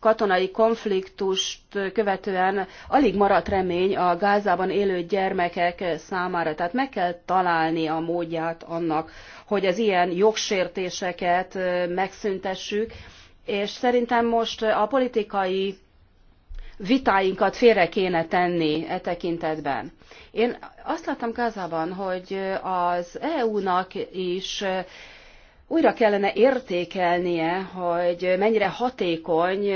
katonai konfliktust követően alig maradt remény a Gázában élő gyermekek számára. Tehát meg kell találni a módját annak, hogy az ilyen jogsértéseket eh, megszüntessük, és szerintem most a politikai vitáinkat félre kéne tenni e tekintetben. Én azt láttam Gázában, hogy az EU-nak is újra kellene értékelnie, hogy mennyire hatékony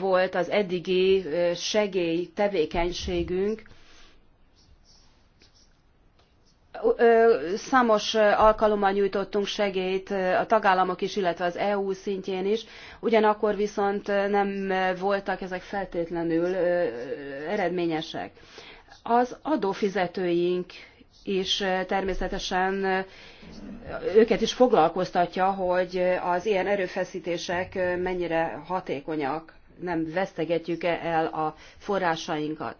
volt az eddigi segélytevékenységünk, számos alkalommal nyújtottunk segélyt a tagállamok is, illetve az EU szintjén is, ugyanakkor viszont nem voltak ezek feltétlenül eredményesek. Az adófizetőink és természetesen őket is foglalkoztatja, hogy az ilyen erőfeszítések mennyire hatékonyak, nem vesztegetjük-e el a forrásainkat.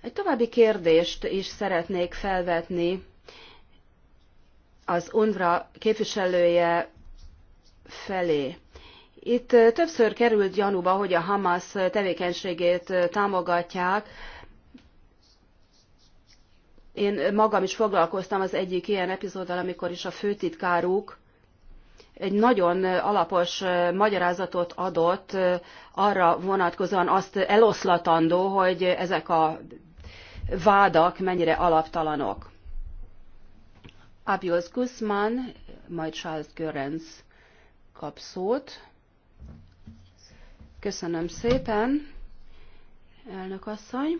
Egy további kérdést is szeretnék felvetni. Az UNRWA képviselője felé. Itt többször került gyanúba, hogy a Hamas tevékenységét támogatják. Én magam is foglalkoztam az egyik ilyen epizóddal, amikor is a főtitkáruk egy nagyon alapos magyarázatot adott arra vonatkozóan azt eloszlatandó, hogy ezek a vádak mennyire alaptalanok. Abios Guzman, majd Charles Görenc kap szót. Köszönöm szépen, elnök asszony.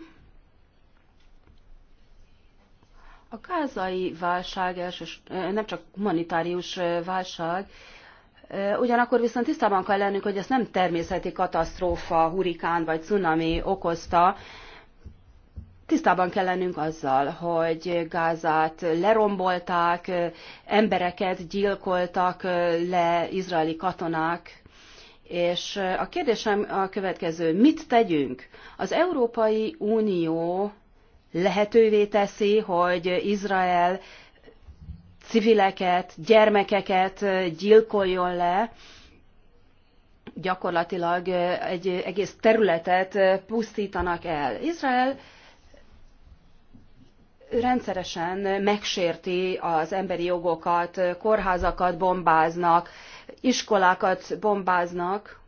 A kázai válság elsős, nem csak humanitárius válság, ugyanakkor viszont tisztában kell lennünk, hogy ezt nem természeti katasztrófa, hurikán vagy cunami okozta, Tisztában kell lennünk azzal, hogy Gázát lerombolták, embereket gyilkoltak le izraeli katonák, és a kérdésem a következő, mit tegyünk? Az Európai Unió lehetővé teszi, hogy Izrael civileket, gyermekeket gyilkoljon le, gyakorlatilag egy egész területet pusztítanak el. Izrael rendszeresen megsérti az emberi jogokat, kórházakat bombáznak, iskolákat bombáznak,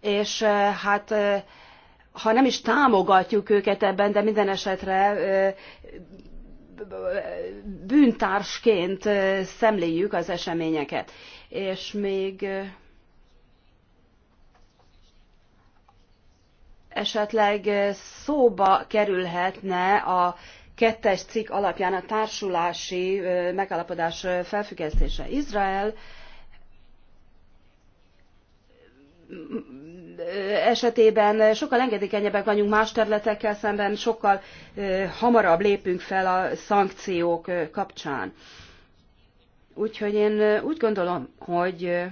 és hát ha nem is támogatjuk őket ebben, de minden esetre bűntársként szemléljük az eseményeket. És még esetleg eh, szóba kerülhetne a kettes cikk alapján a társulási eh, megállapodás eh, felfüggesztése. Izrael esetében sokkal engedékenyebbek vagyunk más területekkel szemben, sokkal hamarabb lépünk fel a szankciók kapcsán. Úgyhogy én úgy gondolom, hogy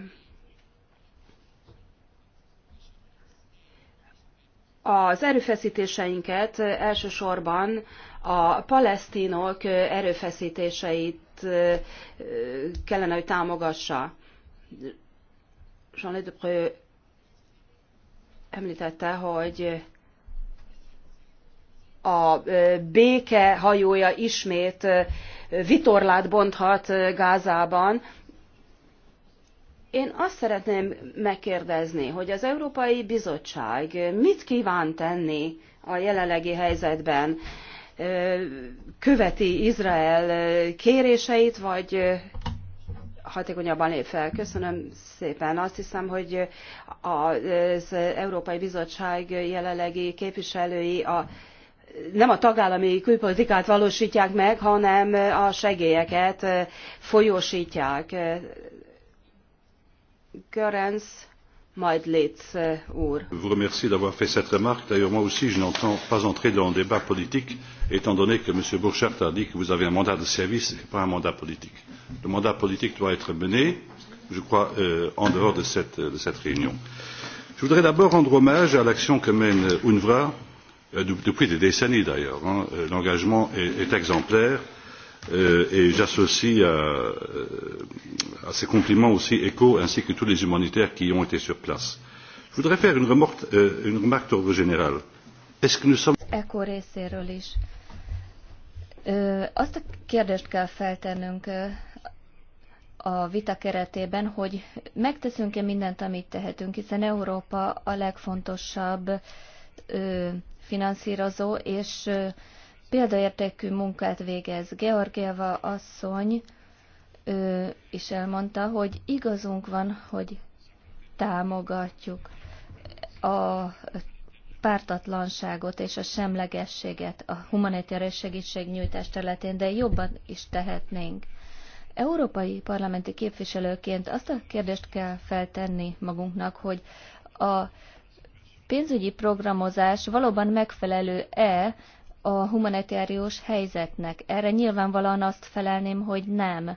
az erőfeszítéseinket elsősorban a palesztinok erőfeszítéseit kellene, hogy támogassa. Jean Ledepreux említette, hogy a béke hajója ismét vitorlát bonthat Gázában, én azt szeretném megkérdezni, hogy az Európai Bizottság mit kíván tenni a jelenlegi helyzetben? Követi Izrael kéréseit, vagy hatékonyabban lép fel? Köszönöm szépen. Azt hiszem, hogy az Európai Bizottság jelenlegi képviselői a nem a tagállami külpolitikát valóstják meg hanem a segélyeket folyóstják. Görens, majd Létz eh, úr. Vous remercie d'avoir fait cette remarque. D'ailleurs, moi aussi, je n'entends pas entrer dans le débat politique, étant donné que M. Bourchard a dit que vous avez un mandat de service et pas un mandat politique. Le mandat politique doit être mené, je crois, euh, en dehors de cette, de cette réunion. Je voudrais d'abord rendre hommage à l'action que mène UNVRA, euh, depuis des décennies d'ailleurs. Hein. Euh, l'engagement est, est exemplaire. Euh, euh, et j'associe à, euh, à ces compliments aussi ECHO ainsi que tous les humanitaires qui ont été sur place. Je voudrais faire une, remorque, euh, une remarque d'ordre général. Est-ce que nous sommes... ECHO részéről is. Ö, azt a kérdést kell feltennünk ö, a vita keretében, hogy megteszünk-e mindent, amit tehetünk, hiszen Európa a legfontosabb ö, finanszírozó, és ö, példaértékű munkát végez. Georgieva asszony ő is elmondta, hogy igazunk van, hogy támogatjuk a pártatlanságot és a semlegességet a humanitárius segítségnyújtás területén, de jobban is tehetnénk. Európai parlamenti képviselőként azt a kérdést kell feltenni magunknak, hogy a pénzügyi programozás valóban megfelelő-e a humanitárius helyzetnek. Erre nyilvánvalóan azt felelném, hogy nem.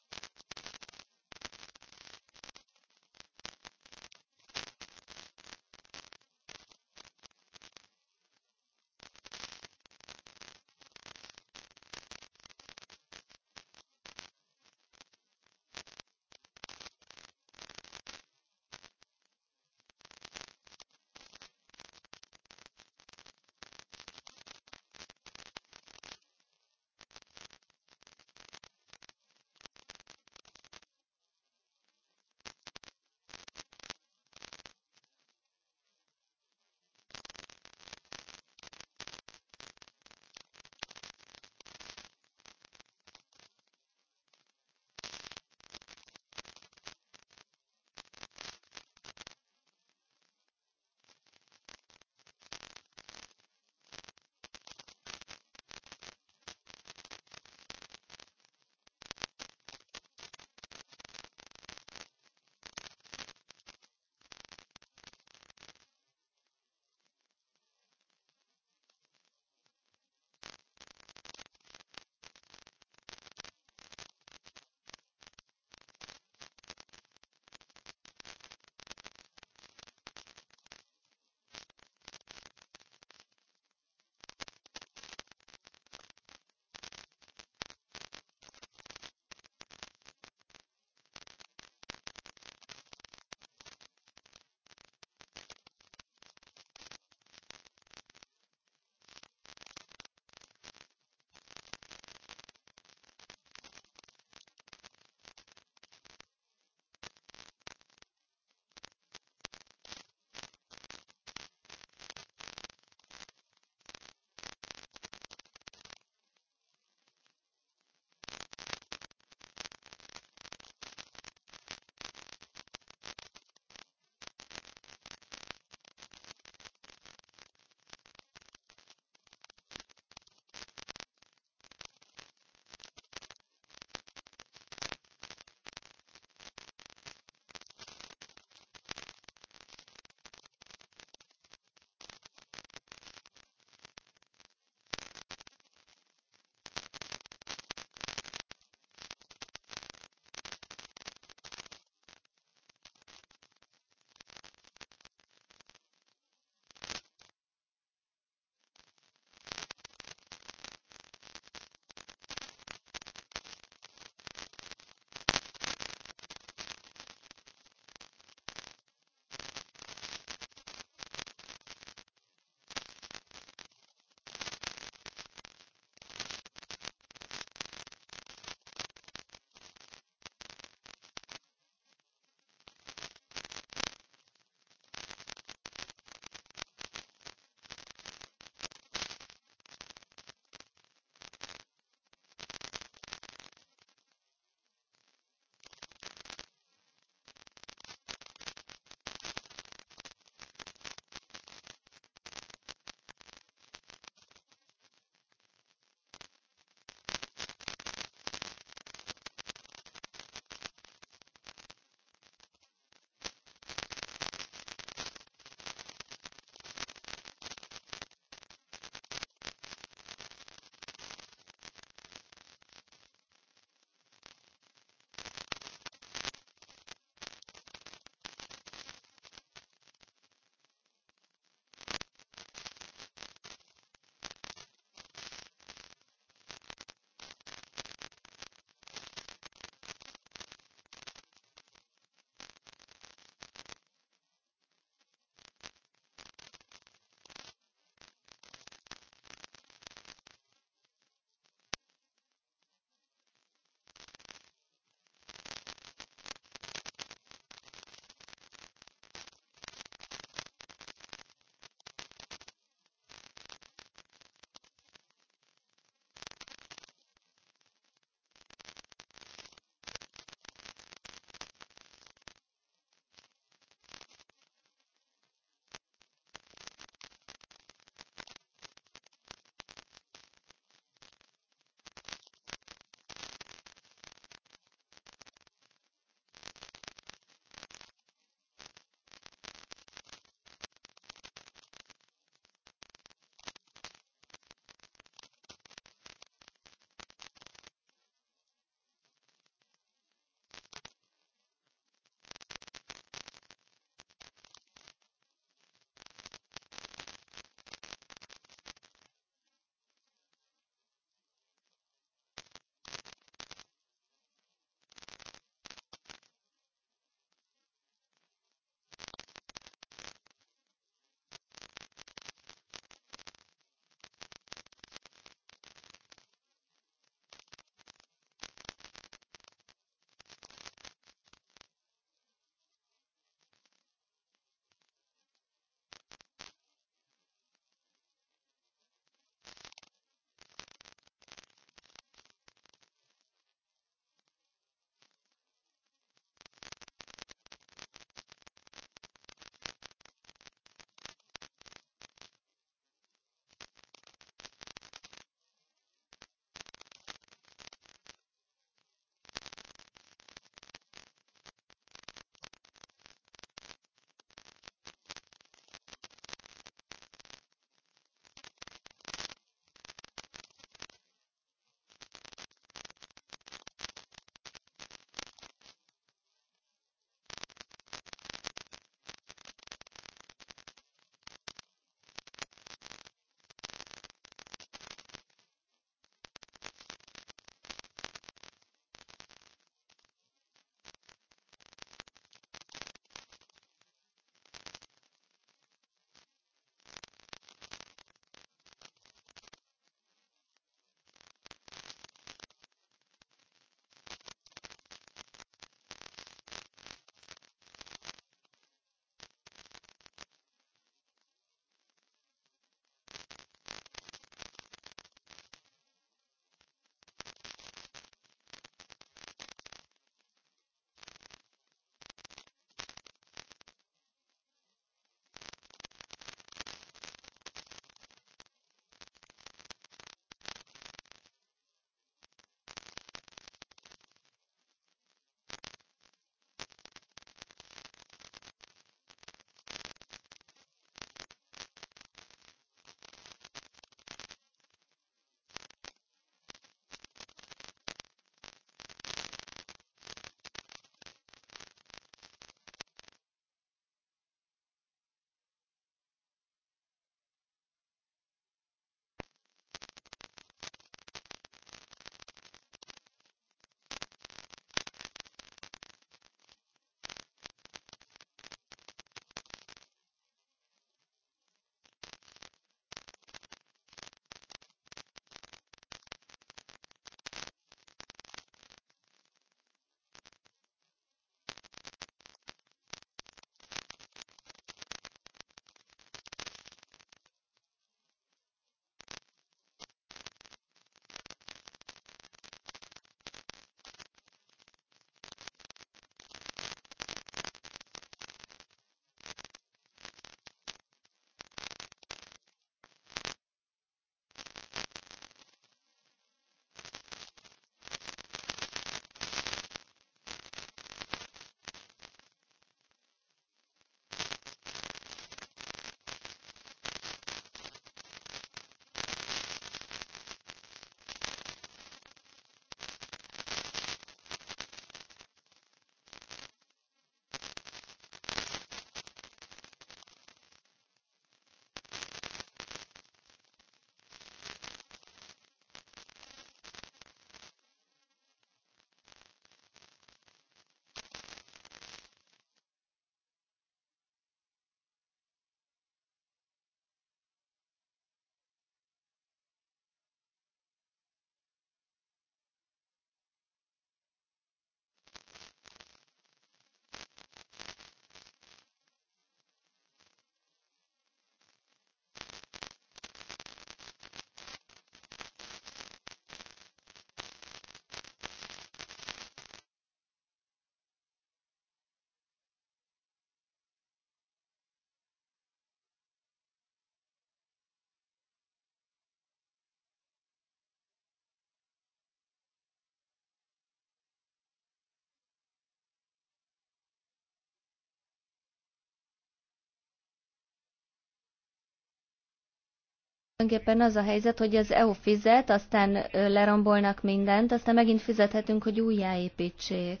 Tulajdonképpen az a helyzet, hogy az EU fizet, aztán lerombolnak mindent, aztán megint fizethetünk, hogy újjáépítsék.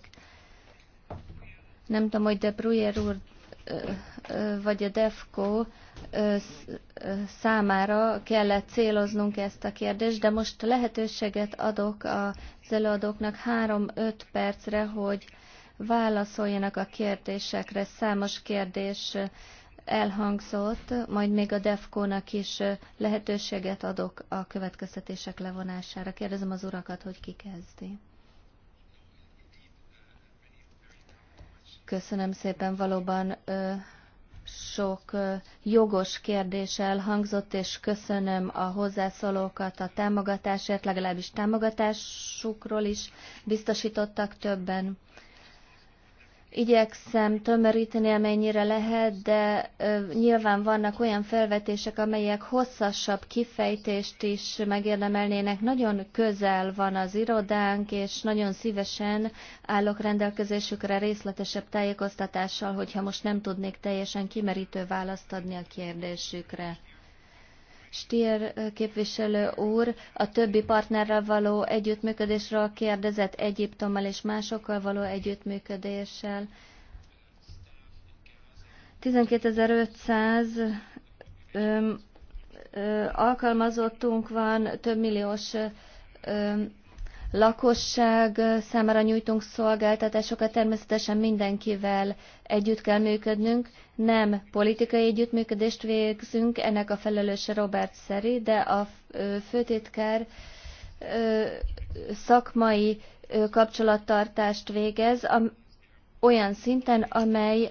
Nem tudom, hogy de Bruyer úr vagy a DEFCO számára kellett céloznunk ezt a kérdést, de most lehetőséget adok az előadóknak 3-5 percre, hogy válaszoljanak a kérdésekre. Számos kérdés elhangzott, majd még a DEFCO-nak is lehetőséget adok a következtetések levonására. Kérdezem az urakat, hogy ki kezdi. Köszönöm szépen, valóban ö, sok ö, jogos kérdés elhangzott, és köszönöm a hozzászólókat a támogatásért, legalábbis támogatásukról is biztosítottak többen igyekszem tömöríteni, amennyire lehet, de ö, nyilván vannak olyan felvetések, amelyek hosszasabb kifejtést is megérdemelnének. Nagyon közel van az irodánk, és nagyon szívesen állok rendelkezésükre részletesebb tájékoztatással, hogyha most nem tudnék teljesen kimerítő választ adni a kérdésükre. Stier képviselő úr a többi partnerrel való együttműködésről kérdezett Egyiptommal és másokkal való együttműködéssel. 12.500 alkalmazottunk van, több milliós lakosság számára nyújtunk szolgáltatásokat, természetesen mindenkivel együtt kell működnünk. Nem politikai együttműködést végzünk, ennek a felelőse Robert Szeri, de a főtitkár szakmai kapcsolattartást végez olyan szinten, amely,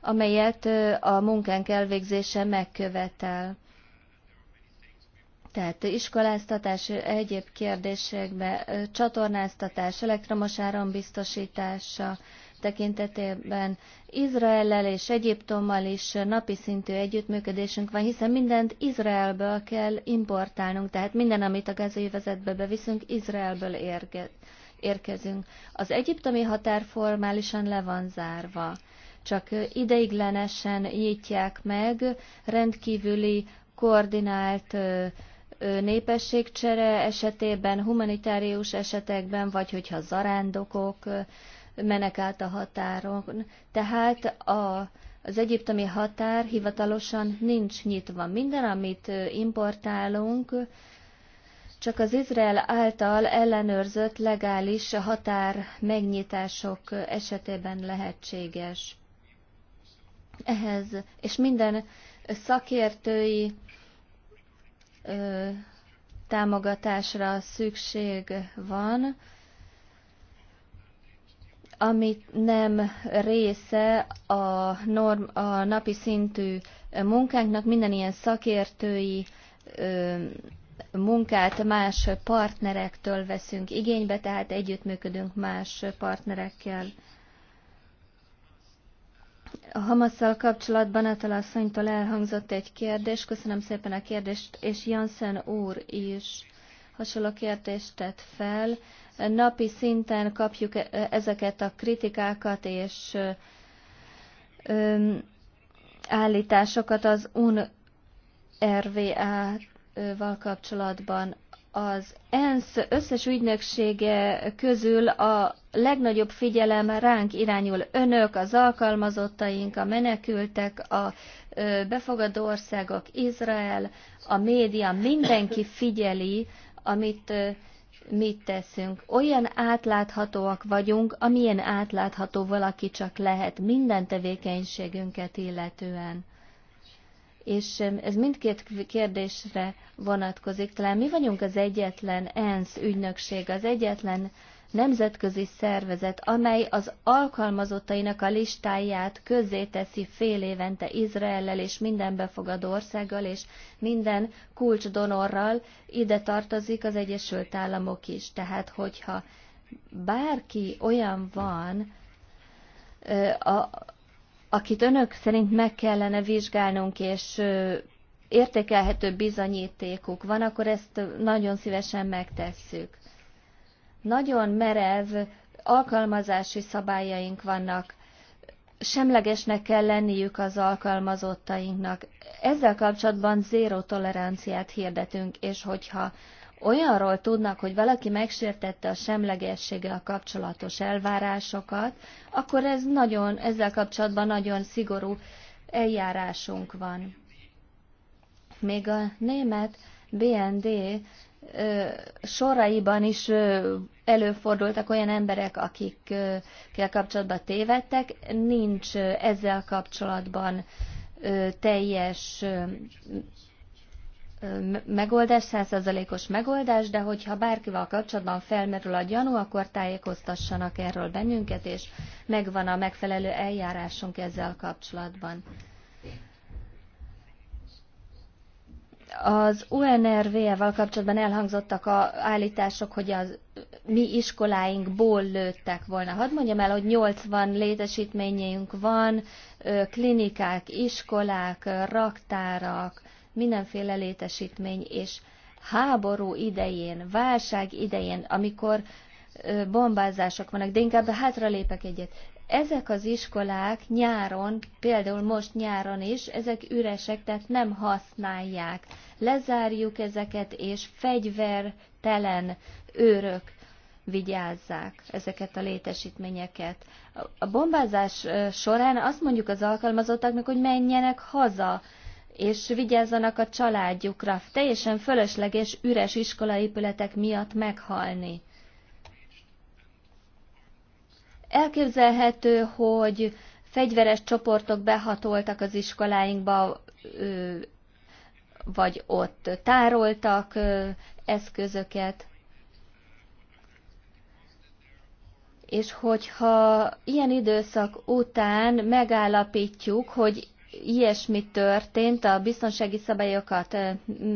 amelyet a munkánk elvégzése megkövetel. Tehát iskoláztatás, egyéb kérdésekbe, csatornáztatás, elektromos áram biztosítása tekintetében Izraellel és Egyiptommal is napi szintű együttműködésünk van, hiszen mindent Izraelből kell importálnunk, tehát minden, amit a gázai vezetbe beviszünk, Izraelből érget, érkezünk. Az egyiptomi határ formálisan le van zárva, csak ideiglenesen nyitják meg rendkívüli koordinált népességcsere esetében, humanitárius esetekben, vagy hogyha zarándokok menek át a határon. Tehát a, az egyiptomi határ hivatalosan nincs nyitva. Minden, amit importálunk, csak az Izrael által ellenőrzött legális határ megnyitások esetében lehetséges. Ehhez, és minden szakértői támogatásra szükség van, amit nem része a, norm, a napi szintű munkánknak, minden ilyen szakértői ö, munkát más partnerektől veszünk igénybe, tehát együttműködünk más partnerekkel. A Hamasszal kapcsolatban Atal asszonytól elhangzott egy kérdés, köszönöm szépen a kérdést, és Janssen úr is hasonló kérdést tett fel. Napi szinten kapjuk e- ezeket a kritikákat és állításokat az UNRWA-val kapcsolatban az ENSZ összes ügynöksége közül a legnagyobb figyelem ránk irányul önök, az alkalmazottaink, a menekültek, a befogadó országok, Izrael, a média, mindenki figyeli, amit mit teszünk. Olyan átláthatóak vagyunk, amilyen átlátható valaki csak lehet minden tevékenységünket illetően és ez mindkét kérdésre vonatkozik. Talán mi vagyunk az egyetlen ENSZ ügynökség, az egyetlen nemzetközi szervezet, amely az alkalmazottainak a listáját közzéteszi fél évente Izraellel és minden befogadó országgal és minden kulcsdonorral, ide tartozik az Egyesült Államok is. Tehát, hogyha bárki olyan van, a, akit önök szerint meg kellene vizsgálnunk, és értékelhető bizonyítékuk van, akkor ezt nagyon szívesen megtesszük. Nagyon merev alkalmazási szabályaink vannak, semlegesnek kell lenniük az alkalmazottainknak. Ezzel kapcsolatban zéró toleranciát hirdetünk, és hogyha olyanról tudnak, hogy valaki megsértette a semlegességgel kapcsolatos elvárásokat, akkor ez nagyon, ezzel kapcsolatban nagyon szigorú eljárásunk van. Még a német BND ö, soraiban is ö, előfordultak olyan emberek, akikkel kapcsolatban tévedtek, nincs ezzel kapcsolatban ö, teljes megoldás, százszerzalékos megoldás, de hogyha bárkivel kapcsolatban felmerül a gyanú, akkor tájékoztassanak erről bennünket, és megvan a megfelelő eljárásunk ezzel kapcsolatban. Az UNRV-vel kapcsolatban elhangzottak a állítások, hogy az mi iskoláinkból lőttek volna. Hadd mondjam el, hogy 80 létesítményünk van, klinikák, iskolák, raktárak, mindenféle létesítmény, és háború idején, válság idején, amikor bombázások vannak, de inkább hátralépek egyet. Ezek az iskolák nyáron, például most nyáron is, ezek üresek, tehát nem használják. Lezárjuk ezeket, és fegyvertelen őrök vigyázzák ezeket a létesítményeket. A bombázás során azt mondjuk az alkalmazottaknak, hogy menjenek haza, és vigyázzanak a családjukra, teljesen fölösleges üres iskolaépületek miatt meghalni. Elképzelhető, hogy fegyveres csoportok behatoltak az iskoláinkba, vagy ott tároltak eszközöket. És hogyha ilyen időszak után megállapítjuk, hogy ilyesmi történt, a biztonsági szabályokat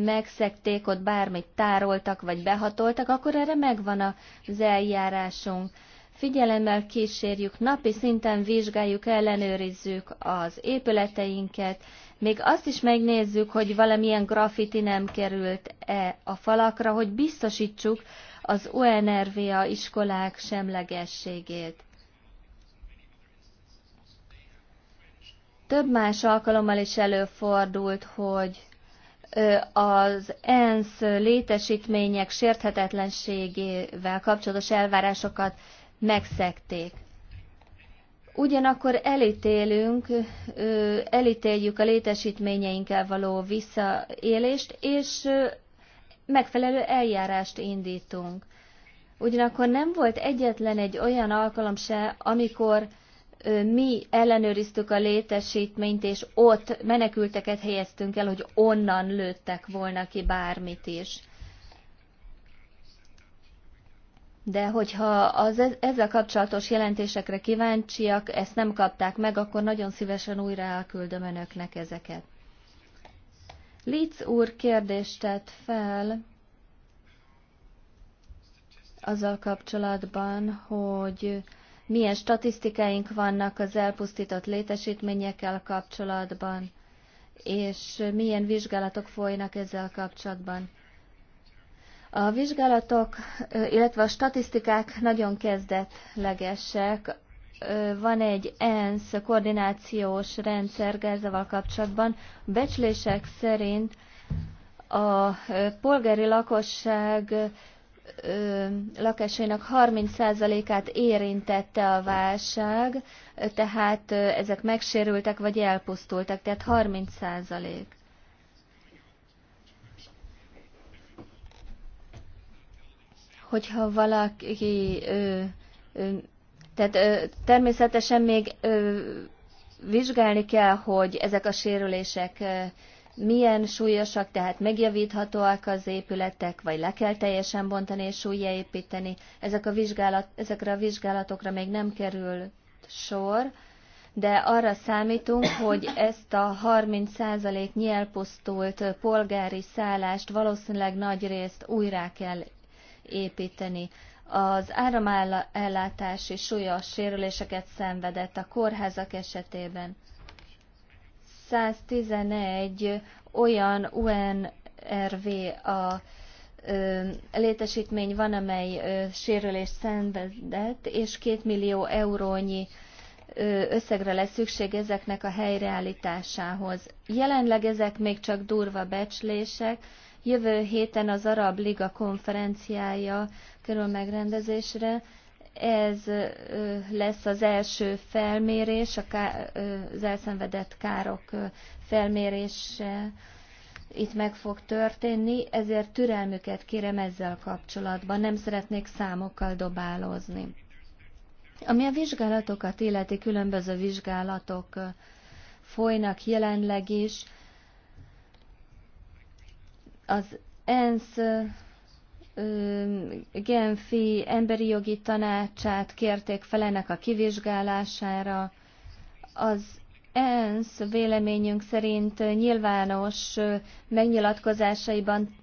megszekték, ott bármit tároltak vagy behatoltak, akkor erre megvan az eljárásunk. Figyelemmel kísérjük, napi szinten vizsgáljuk, ellenőrizzük az épületeinket, még azt is megnézzük, hogy valamilyen graffiti nem került-e a falakra, hogy biztosítsuk az UNRVA iskolák semlegességét. Több más alkalommal is előfordult, hogy az ENSZ létesítmények sérthetetlenségével kapcsolatos elvárásokat megszekték. Ugyanakkor elítélünk, elítéljük a létesítményeinkkel való visszaélést, és megfelelő eljárást indítunk. Ugyanakkor nem volt egyetlen egy olyan alkalom se, amikor mi ellenőriztük a létesítményt, és ott menekülteket helyeztünk el, hogy onnan lőttek volna ki bármit is. De hogyha az e- ezzel kapcsolatos jelentésekre kíváncsiak, ezt nem kapták meg, akkor nagyon szívesen újra elküldöm önöknek ezeket. Litz úr kérdést tett fel azzal kapcsolatban, hogy milyen statisztikáink vannak az elpusztított létesítményekkel kapcsolatban, és milyen vizsgálatok folynak ezzel kapcsolatban. A vizsgálatok, illetve a statisztikák nagyon kezdetlegesek. Van egy ENSZ koordinációs rendszer Gázával kapcsolatban. Becslések szerint a polgári lakosság lakásainak 30%-át érintette a válság, tehát ezek megsérültek vagy elpusztultak, tehát 30%. Hogyha valaki, ö, ö, tehát ö, természetesen még ö, vizsgálni kell, hogy ezek a sérülések ö, milyen súlyosak, tehát megjavíthatóak az épületek, vagy le kell teljesen bontani és újjáépíteni. Ezek a vizsgálat, ezekre a vizsgálatokra még nem kerül sor, de arra számítunk, hogy ezt a 30 nyelpusztult polgári szállást valószínűleg nagy részt újra kell építeni. Az áramellátás és súlyos sérüléseket szenvedett a kórházak esetében. 111 olyan UNRV a létesítmény van, amely sérülést szenvedett, és 2 millió eurónyi összegre lesz szükség ezeknek a helyreállításához. Jelenleg ezek még csak durva becslések. Jövő héten az Arab Liga konferenciája kerül megrendezésre, ez lesz az első felmérés, a az elszenvedett károk felmérése itt meg fog történni, ezért türelmüket kérem ezzel kapcsolatban, nem szeretnék számokkal dobálozni. Ami a vizsgálatokat illeti, különböző vizsgálatok folynak jelenleg is. Az ENSZ Genfi emberi jogi tanácsát kérték fel ennek a kivizsgálására. Az ENSZ véleményünk szerint nyilvános megnyilatkozásaiban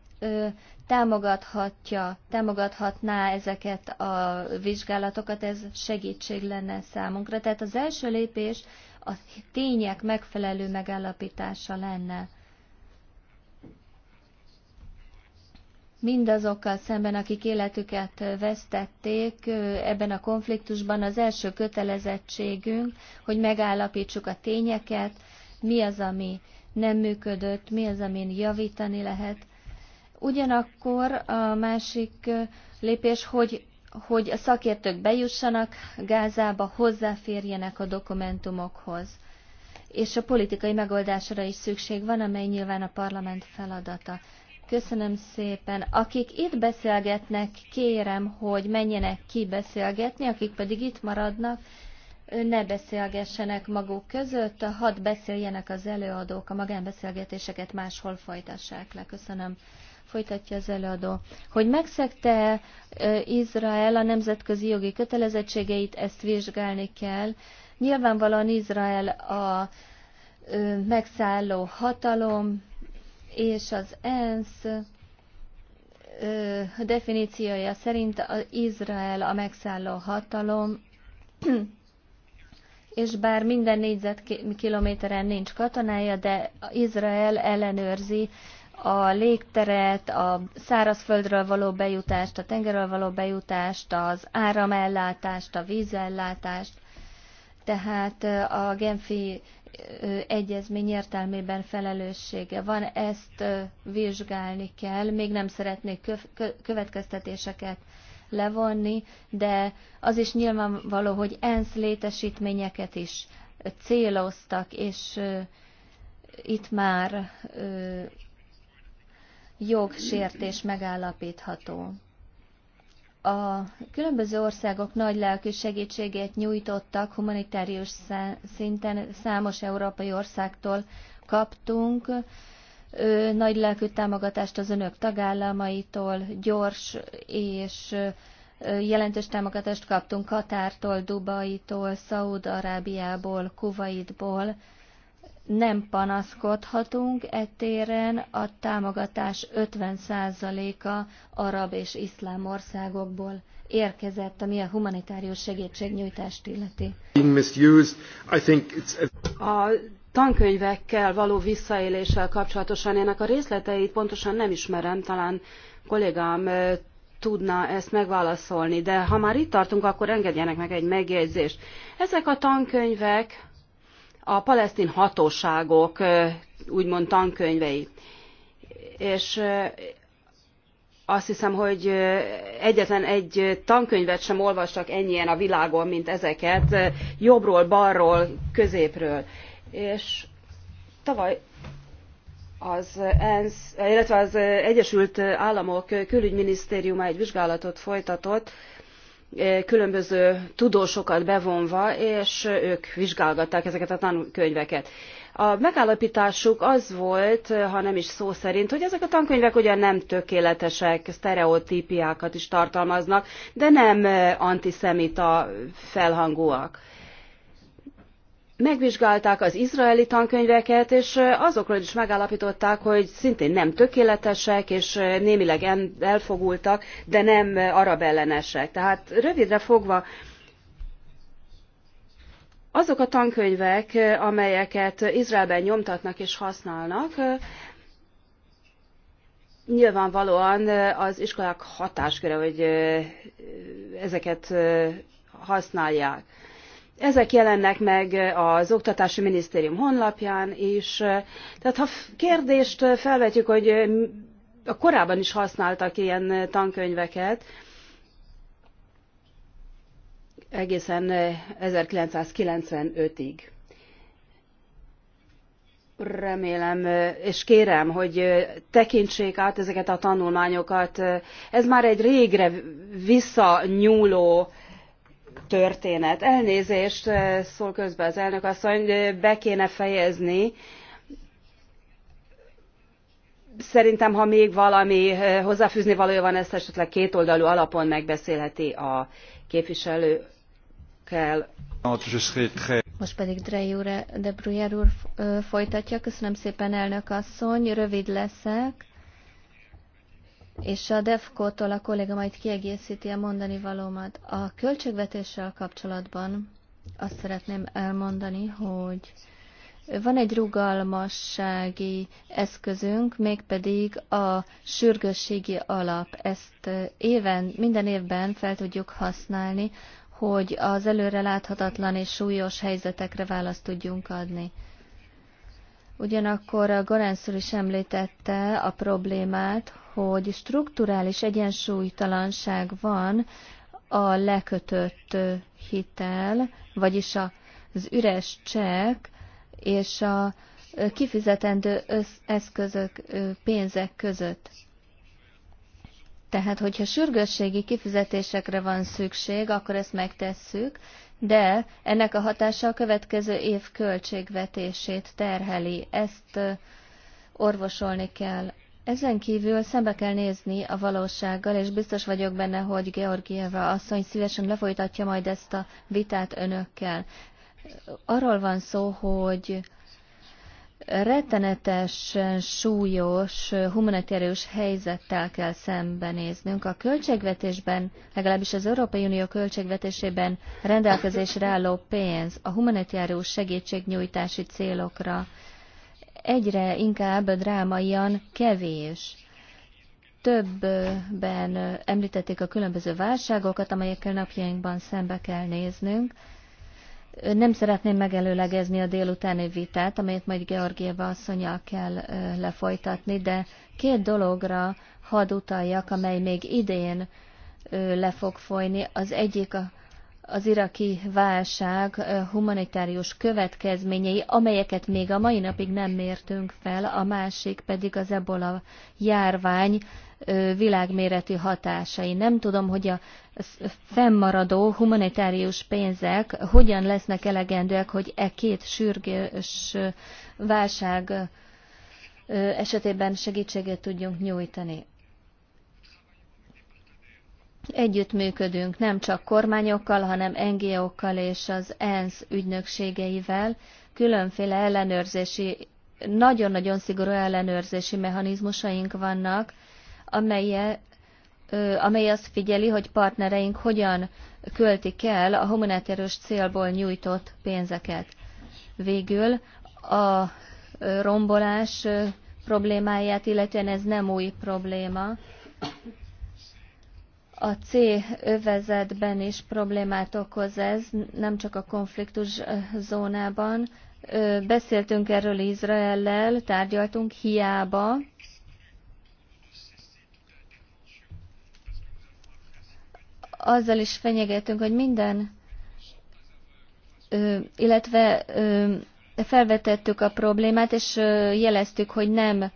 támogathatja, támogathatná ezeket a vizsgálatokat, ez segítség lenne számunkra. Tehát az első lépés a tények megfelelő megállapítása lenne. mindazokkal szemben, akik életüket vesztették ebben a konfliktusban, az első kötelezettségünk, hogy megállapítsuk a tényeket, mi az, ami nem működött, mi az, amin javítani lehet. Ugyanakkor a másik lépés, hogy, hogy a szakértők bejussanak Gázába, hozzáférjenek a dokumentumokhoz. És a politikai megoldásra is szükség van, amely nyilván a parlament feladata. Köszönöm szépen. Akik itt beszélgetnek, kérem, hogy menjenek ki beszélgetni, akik pedig itt maradnak, ne beszélgessenek maguk között, hadd beszéljenek az előadók, a magánbeszélgetéseket máshol folytassák le. Köszönöm. Folytatja az előadó. Hogy megszegte Izrael a nemzetközi jogi kötelezettségeit, ezt vizsgálni kell. Nyilvánvalóan Izrael a megszálló hatalom, és az ENSZ definíciója szerint az Izrael a megszálló hatalom, és bár minden négyzetkilométeren nincs katonája, de Izrael ellenőrzi a légteret, a szárazföldről való bejutást, a tengerről való bejutást, az áramellátást, a vízellátást, tehát a Genfi egyezmény értelmében felelőssége van, ezt vizsgálni kell. Még nem szeretnék következtetéseket levonni, de az is nyilvánvaló, hogy ENSZ létesítményeket is céloztak, és itt már jogsértés megállapítható. A különböző országok nagy lelkű segítségét nyújtottak humanitárius szinten, számos európai országtól kaptunk nagy lelkű támogatást az önök tagállamaitól, gyors és jelentős támogatást kaptunk Katártól, Dubaitól, Szaúd-Arábiából, Kuwaitból, nem panaszkodhatunk ettéren, a támogatás 50%-a arab és iszlám országokból érkezett, ami a humanitárius segítségnyújtást illeti. A tankönyvekkel való visszaéléssel kapcsolatosan ennek a részleteit pontosan nem ismerem, talán kollégám tudna ezt megválaszolni, de ha már itt tartunk, akkor engedjenek meg egy megjegyzést. Ezek a tankönyvek a palesztin hatóságok úgymond tankönyvei. És azt hiszem, hogy egyetlen egy tankönyvet sem olvastak ennyien a világon, mint ezeket, jobbról, balról, középről. És tavaly az ENSZ, illetve az Egyesült Államok külügyminisztériuma egy vizsgálatot folytatott, különböző tudósokat bevonva, és ők vizsgálgatták ezeket a tankönyveket. A megállapításuk az volt, ha nem is szó szerint, hogy ezek a tankönyvek ugyan nem tökéletesek, sztereotípiákat is tartalmaznak, de nem antiszemita felhangúak megvizsgálták az izraeli tankönyveket, és azokról is megállapították, hogy szintén nem tökéletesek, és némileg elfogultak, de nem arab ellenesek. Tehát rövidre fogva, azok a tankönyvek, amelyeket Izraelben nyomtatnak és használnak, nyilvánvalóan az iskolák hatásköre, hogy ezeket használják. Ezek jelennek meg eh, az Oktatási Minisztérium honlapján is. Eh, tehát ha kérdést eh, felvetjük, hogy a korábban is használtak ilyen tankönyveket, egészen 1995-ig. Remélem és kérem, hogy tekintsék át ezeket a tanulmányokat. Ez már egy régre visszanyúló történet. Elnézést eh, szól közben az elnök asszony, be kéne fejezni. Szerintem, ha még valami eh, hozzáfűzni való van, ezt esetleg kétoldalú alapon megbeszélheti a képviselőkkel. Most pedig Drejúre De Brujer úr eh, folytatja. Köszönöm szépen, elnök asszony. Rövid leszek és a DEFCO-tól a kolléga majd kiegészíti a mondani valómat. A költségvetéssel kapcsolatban azt szeretném elmondani, hogy van egy rugalmassági eszközünk, mégpedig a sürgősségi alap. Ezt éven, minden évben fel tudjuk használni, hogy az előre láthatatlan és súlyos helyzetekre választ tudjunk adni. Ugyanakkor a Goránszor is említette a problémát, hogy strukturális egyensúlytalanság van a lekötött hitel, vagyis az üres csekk és a kifizetendő eszközök, pénzek között. Tehát, hogyha sürgősségi kifizetésekre van szükség, akkor ezt megtesszük, de ennek a hatása a következő év költségvetését terheli. Ezt orvosolni kell. Ezen kívül szembe kell nézni a valósággal, és biztos vagyok benne, hogy Georgieva asszony szívesen lefolytatja majd ezt a vitát önökkel. Arról van szó, hogy rettenetesen súlyos humanitárius helyzettel kell szembenéznünk. A költségvetésben, legalábbis az Európai Unió költségvetésében rendelkezésre álló pénz a humanitárius segítségnyújtási célokra egyre inkább drámaian kevés. Többben említették a különböző válságokat, amelyekkel napjainkban szembe kell néznünk, nem szeretném megelőlegezni a délutáni vitát, amelyet majd Georgieva asszonyal kell lefolytatni, de két dologra hadd utaljak, amely még idén le fog folyni. Az egyik a az iraki válság humanitárius következményei, amelyeket még a mai napig nem mértünk fel, a másik pedig az ebola járvány világméretű hatásai. Nem tudom, hogy a fennmaradó humanitárius pénzek hogyan lesznek elegendőek, hogy e két sürgős válság esetében segítséget tudjunk nyújtani. Együttműködünk nem csak kormányokkal, hanem NGO-kkal és az ENSZ ügynökségeivel, különféle ellenőrzési, nagyon-nagyon szigorú ellenőrzési mechanizmusaink vannak, amelye, amely azt figyeli, hogy partnereink hogyan költik el a humanitárius célból nyújtott pénzeket. Végül a rombolás problémáját, illetően ez nem új probléma. A C övezetben is problémát okoz ez, nem csak a konfliktus zónában. Beszéltünk erről Izraellel, tárgyaltunk, hiába azzal is fenyegetünk, hogy minden, illetve felvetettük a problémát, és jeleztük, hogy nem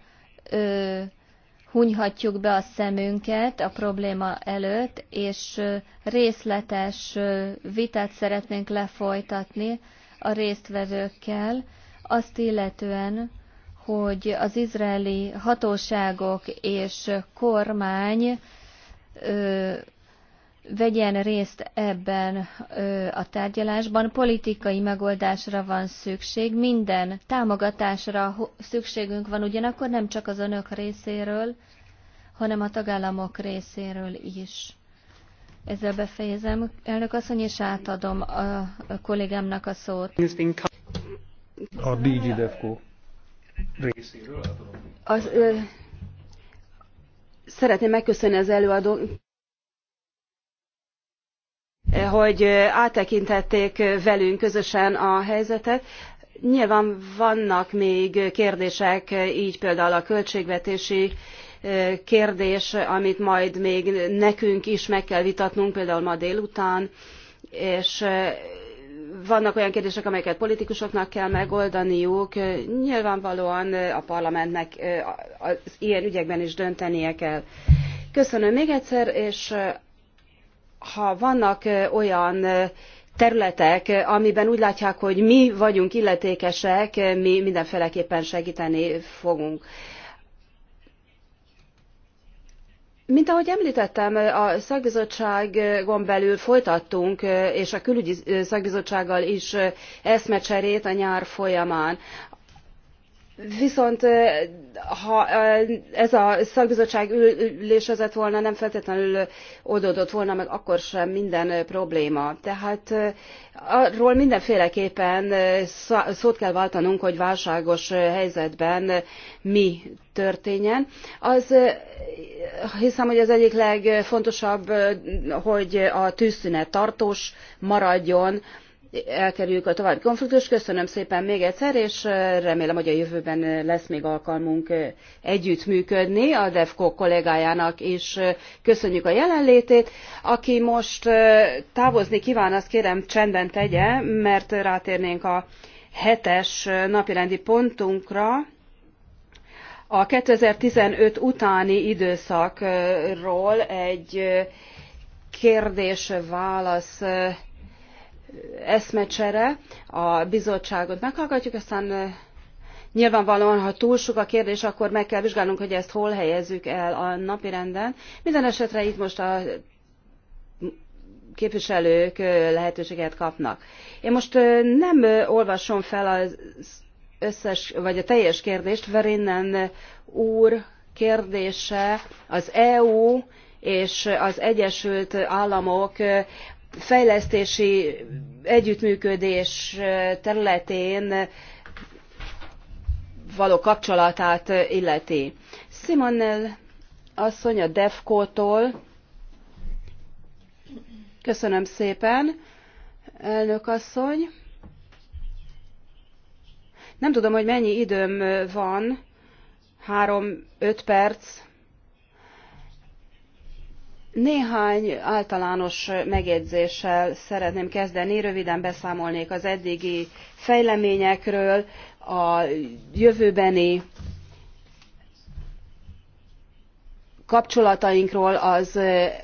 hunyhatjuk be a szemünket a probléma előtt, és részletes vitát szeretnénk lefolytatni a résztvevőkkel, azt illetően, hogy az izraeli hatóságok és kormány vegyen részt ebben a tárgyalásban. Politikai megoldásra van szükség, minden támogatásra szükségünk van, ugyanakkor nem csak az önök részéről, hanem a tagállamok részéről is. Ezzel befejezem, elnök asszony, és átadom a kollégámnak a szót. A DG Defco részéről átadom. Az, ö, szeretném megköszönni az előadó hogy áttekintették velünk közösen a helyzetet. Nyilván vannak még kérdések, így például a költségvetési kérdés, amit majd még nekünk is meg kell vitatnunk, például ma délután, és vannak olyan kérdések, amelyeket politikusoknak kell megoldaniuk. Nyilvánvalóan a parlamentnek az ilyen ügyekben is döntenie kell. Köszönöm még egyszer, és ha vannak olyan területek, amiben úgy látják, hogy mi vagyunk illetékesek, mi mindenféleképpen segíteni fogunk. Mint ahogy említettem, a szakbizottságon belül folytattunk, és a külügyi szakbizottsággal is eszmecserét a nyár folyamán. Viszont ha ez a szakbizottság ülésezett volna, nem feltétlenül oldódott volna meg akkor sem minden probléma. Tehát arról mindenféleképpen szót kell váltanunk, hogy válságos helyzetben mi történjen. Az, hiszem, hogy az egyik legfontosabb, hogy a tűzszünet tartós maradjon, elkerüljük a további konfliktus. Köszönöm szépen még egyszer, és remélem, hogy a jövőben lesz még alkalmunk együttműködni a DEFCO kollégájának, és köszönjük a jelenlétét. Aki most távozni kíván, azt kérem csendben tegye, mert rátérnénk a hetes napirendi pontunkra. A 2015 utáni időszakról egy kérdés-válasz eszmecsere, a bizottságot meghallgatjuk, aztán nyilvánvalóan, ha túl sok a kérdés, akkor meg kell vizsgálnunk, hogy ezt hol helyezzük el a napirenden. Minden esetre itt most a képviselők lehetőséget kapnak. Én most nem olvasom fel az összes, vagy a teljes kérdést, verinnen úr kérdése az EU és az Egyesült Államok fejlesztési együttműködés területén való kapcsolatát illeti. Simonel asszony a DEFCO-tól. Köszönöm szépen, elnök asszony. Nem tudom, hogy mennyi időm van, három-öt perc, néhány általános megjegyzéssel szeretném kezdeni, röviden beszámolnék az eddigi fejleményekről, a jövőbeni kapcsolatainkról az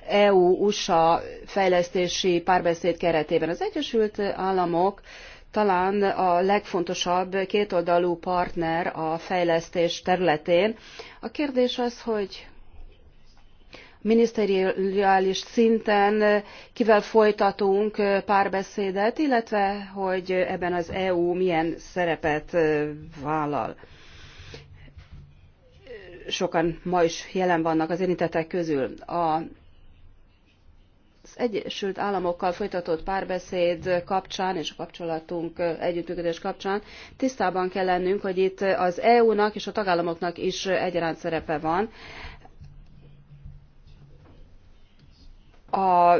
EU USA fejlesztési párbeszéd keretében. Az Egyesült Államok talán a legfontosabb kétoldalú partner a fejlesztés területén. A kérdés az, hogy miniszteriális szinten eh, kivel folytatunk eh, párbeszédet, illetve hogy ebben az EU milyen szerepet eh, vállal. Sokan ma is jelen vannak az érintettek közül. A az Egyesült Államokkal folytatott párbeszéd kapcsán és a kapcsolatunk együttműködés kapcsán tisztában kell lennünk, hogy itt az EU-nak és a tagállamoknak is egyaránt szerepe van a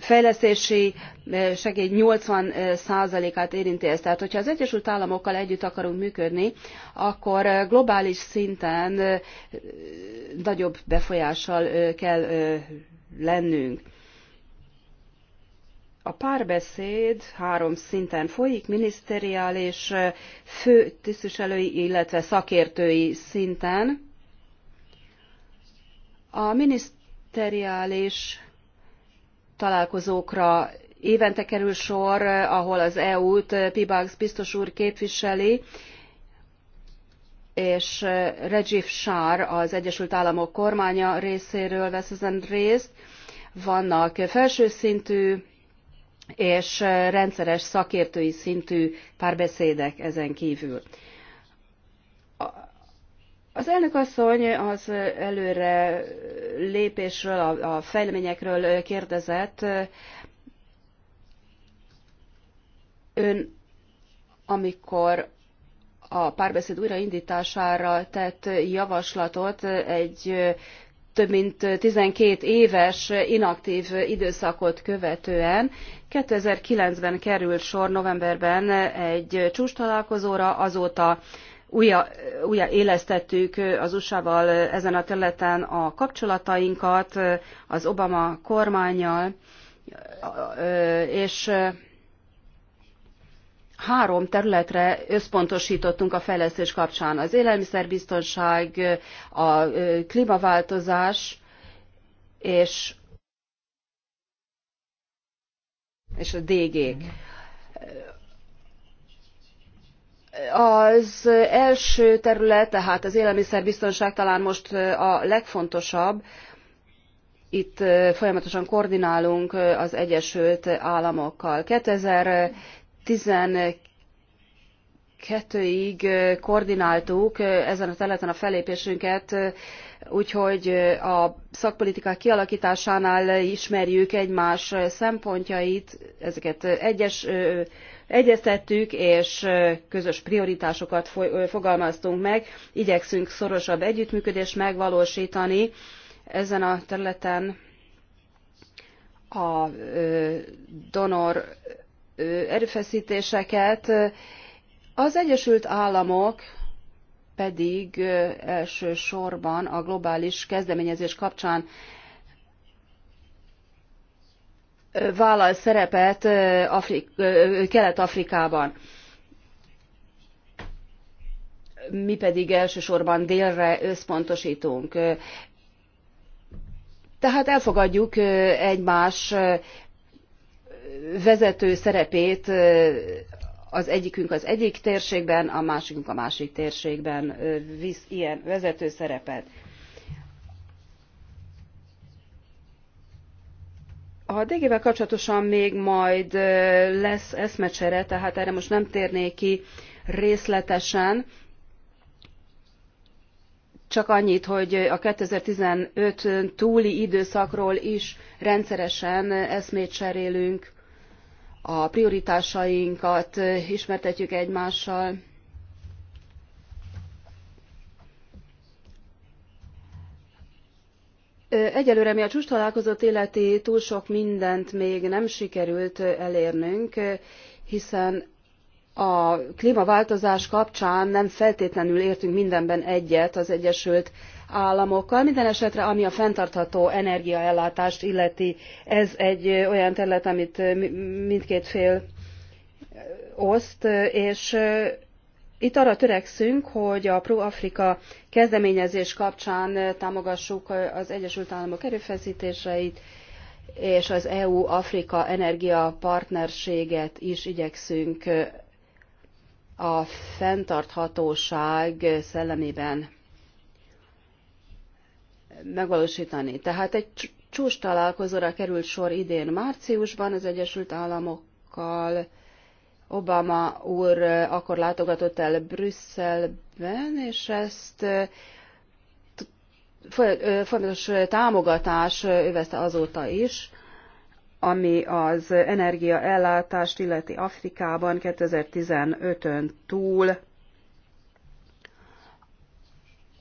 fejlesztési segély 80%-át érinti ez. Tehát, hogyha az Egyesült Államokkal együtt akarunk működni, akkor globális szinten nagyobb befolyással kell lennünk. A párbeszéd három szinten folyik, miniszteriális, fő tisztviselői, illetve szakértői szinten. A miniszter materiális találkozókra évente kerül sor, ahol az EU-t piebalgs biztos úr képviseli, és Regif sar az Egyesült Államok kormánya részéről vesz ezen részt. Vannak felső szintű és rendszeres szakértői szintű párbeszédek ezen kívül. Az elnök asszony az előre lépésről, a, a fejleményekről kérdezett. Ön, amikor a párbeszéd újraindítására tett javaslatot egy több mint 12 éves inaktív időszakot követően. 2009-ben került sor novemberben egy csúcstalálkozóra, azóta újra, élesztettük az USA-val ezen a területen a kapcsolatainkat az Obama kormányjal, és három területre összpontosítottunk a fejlesztés kapcsán. Az élelmiszerbiztonság, a klímaváltozás és, és a DG-k az első terület, tehát az élelmiszerbiztonság talán most a legfontosabb. Itt folyamatosan koordinálunk az Egyesült Államokkal. 2012-ig koordináltuk ezen a területen a fellépésünket, úgyhogy a szakpolitikák kialakításánál ismerjük egymás szempontjait, ezeket egyes egyeztettük, és közös prioritásokat fogalmaztunk meg, igyekszünk szorosabb együttműködést megvalósítani ezen a területen a donor erőfeszítéseket, az Egyesült Államok pedig elsősorban a globális kezdeményezés kapcsán vállal szerepet kelet afrikában mi pedig elsősorban délre összpontostunk. Tehát elfogadjuk egymás vezető szerepét az egyikünk az egyik térségben, a másikunk a másik térségben visz ilyen vezető szerepet. A DG-vel kapcsolatosan még majd lesz eszmecsere, tehát erre most nem térnék ki részletesen. Csak annyit, hogy a 2015 túli időszakról is rendszeresen eszmét cserélünk, a prioritásainkat ismertetjük egymással. Egyelőre mi a csúcs találkozót illeti túl sok mindent még nem sikerült elérnünk, hiszen a klímaváltozás kapcsán nem feltétlenül értünk mindenben egyet az Egyesült Államokkal. Minden esetre, ami a fenntartható energiaellátást illeti, ez egy olyan terület, amit mindkét fél oszt, és itt arra törekszünk, hogy a Pro-Afrika kezdeményezés kapcsán támogassuk az Egyesült Államok erőfeszítéseit, és az EU-Afrika energia is igyekszünk a fenntarthatóság szellemében megvalósítani. Tehát egy csúcs találkozóra került sor idén márciusban az Egyesült Államokkal, Obama úr akkor látogatott el Brüsszelben, és ezt folyamatos támogatás övezte azóta is, ami az energiaellátást illeti Afrikában 2015-ön túl.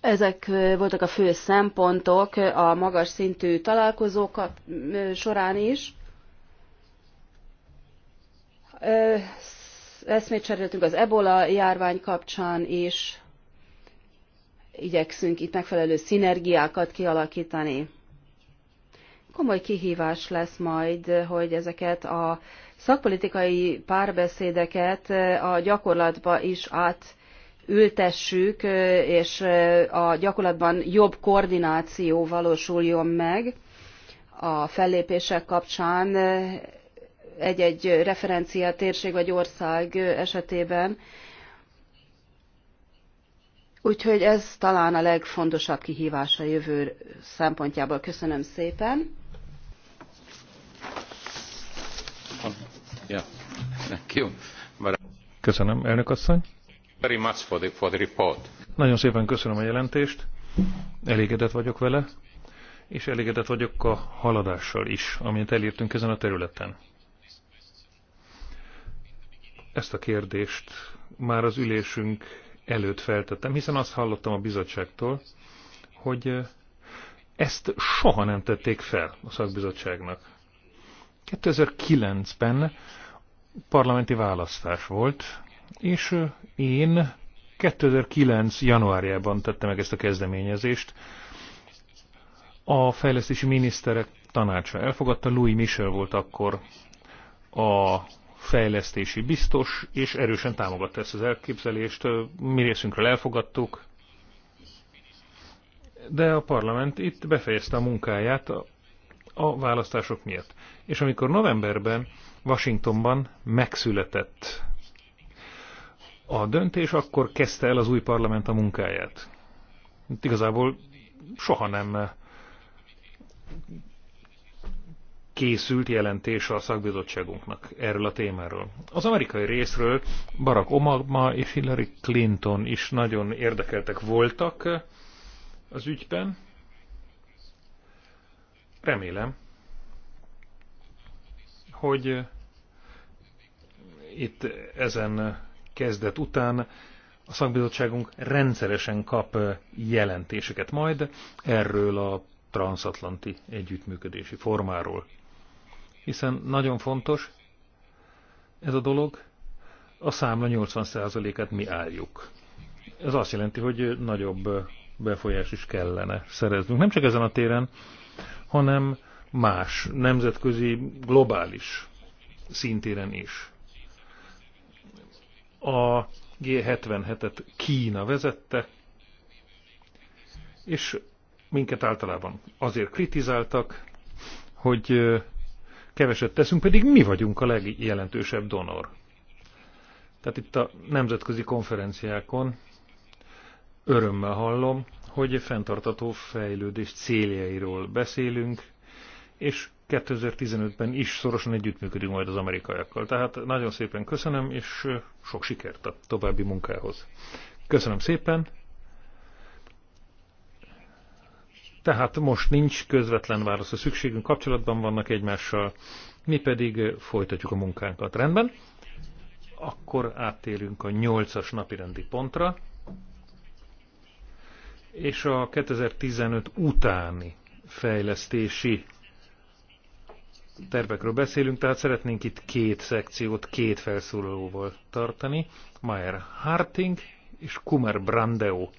Ezek voltak a fő szempontok a magas szintű találkozók során is eszmét cseréltünk az ebola járvány kapcsán is. Igyekszünk itt megfelelő szinergiákat kialakítani. Komoly kihívás lesz majd, hogy ezeket a szakpolitikai párbeszédeket a gyakorlatba is átültessük, és a gyakorlatban jobb koordináció valósuljon meg a fellépések kapcsán egy-egy referencia térség vagy ország esetében. Úgyhogy ez talán a legfontosabb kihívás a jövő szempontjából. Köszönöm szépen. Ja, Thank you. Köszönöm, elnök asszony. Very much for the, for the report. Nagyon szépen köszönöm a jelentést. Elégedett vagyok vele, és elégedett vagyok a haladással is, amit elértünk ezen a területen. Ezt a kérdést már az ülésünk előtt feltettem, hiszen azt hallottam a bizottságtól, hogy ezt soha nem tették fel a szakbizottságnak. 2009-ben parlamenti választás volt, és én 2009. januárjában tette meg ezt a kezdeményezést. A fejlesztési miniszterek tanácsa elfogadta, Louis Michel volt akkor a fejlesztési biztos, és erősen támogatta ezt az elképzelést. Mi részünkről elfogadtuk, de a parlament itt befejezte a munkáját a, a választások miatt. És amikor novemberben Washingtonban megszületett a döntés, akkor kezdte el az új parlament a munkáját. Itt igazából soha nem készült jelentés a szakbizottságunknak erről a témáról. Az amerikai részről Barack Obama és Hillary Clinton is nagyon érdekeltek voltak az ügyben. Remélem, hogy itt ezen kezdet után a szakbizottságunk rendszeresen kap jelentéseket majd erről a transatlanti együttműködési formáról hiszen nagyon fontos ez a dolog, a számla 80%-át mi álljuk. Ez azt jelenti, hogy nagyobb befolyás is kellene szereznünk. Nem csak ezen a téren, hanem más, nemzetközi, globális szintéren is. A G77-et Kína vezette, és minket általában azért kritizáltak, hogy keveset teszünk, pedig mi vagyunk a legjelentősebb donor. Tehát itt a nemzetközi konferenciákon örömmel hallom, hogy fenntartató fejlődés céljairól beszélünk, és 2015-ben is szorosan együttműködünk majd az amerikaiakkal. Tehát nagyon szépen köszönöm, és sok sikert a további munkához. Köszönöm szépen, Tehát most nincs közvetlen válasz a szükségünk, kapcsolatban vannak egymással, mi pedig folytatjuk a munkánkat. Rendben? Akkor áttérünk a nyolcas napirendi pontra, és a 2015 utáni fejlesztési tervekről beszélünk, tehát szeretnénk itt két szekciót, két felszólalóval tartani, Mayer Harting és Kummer Brandeo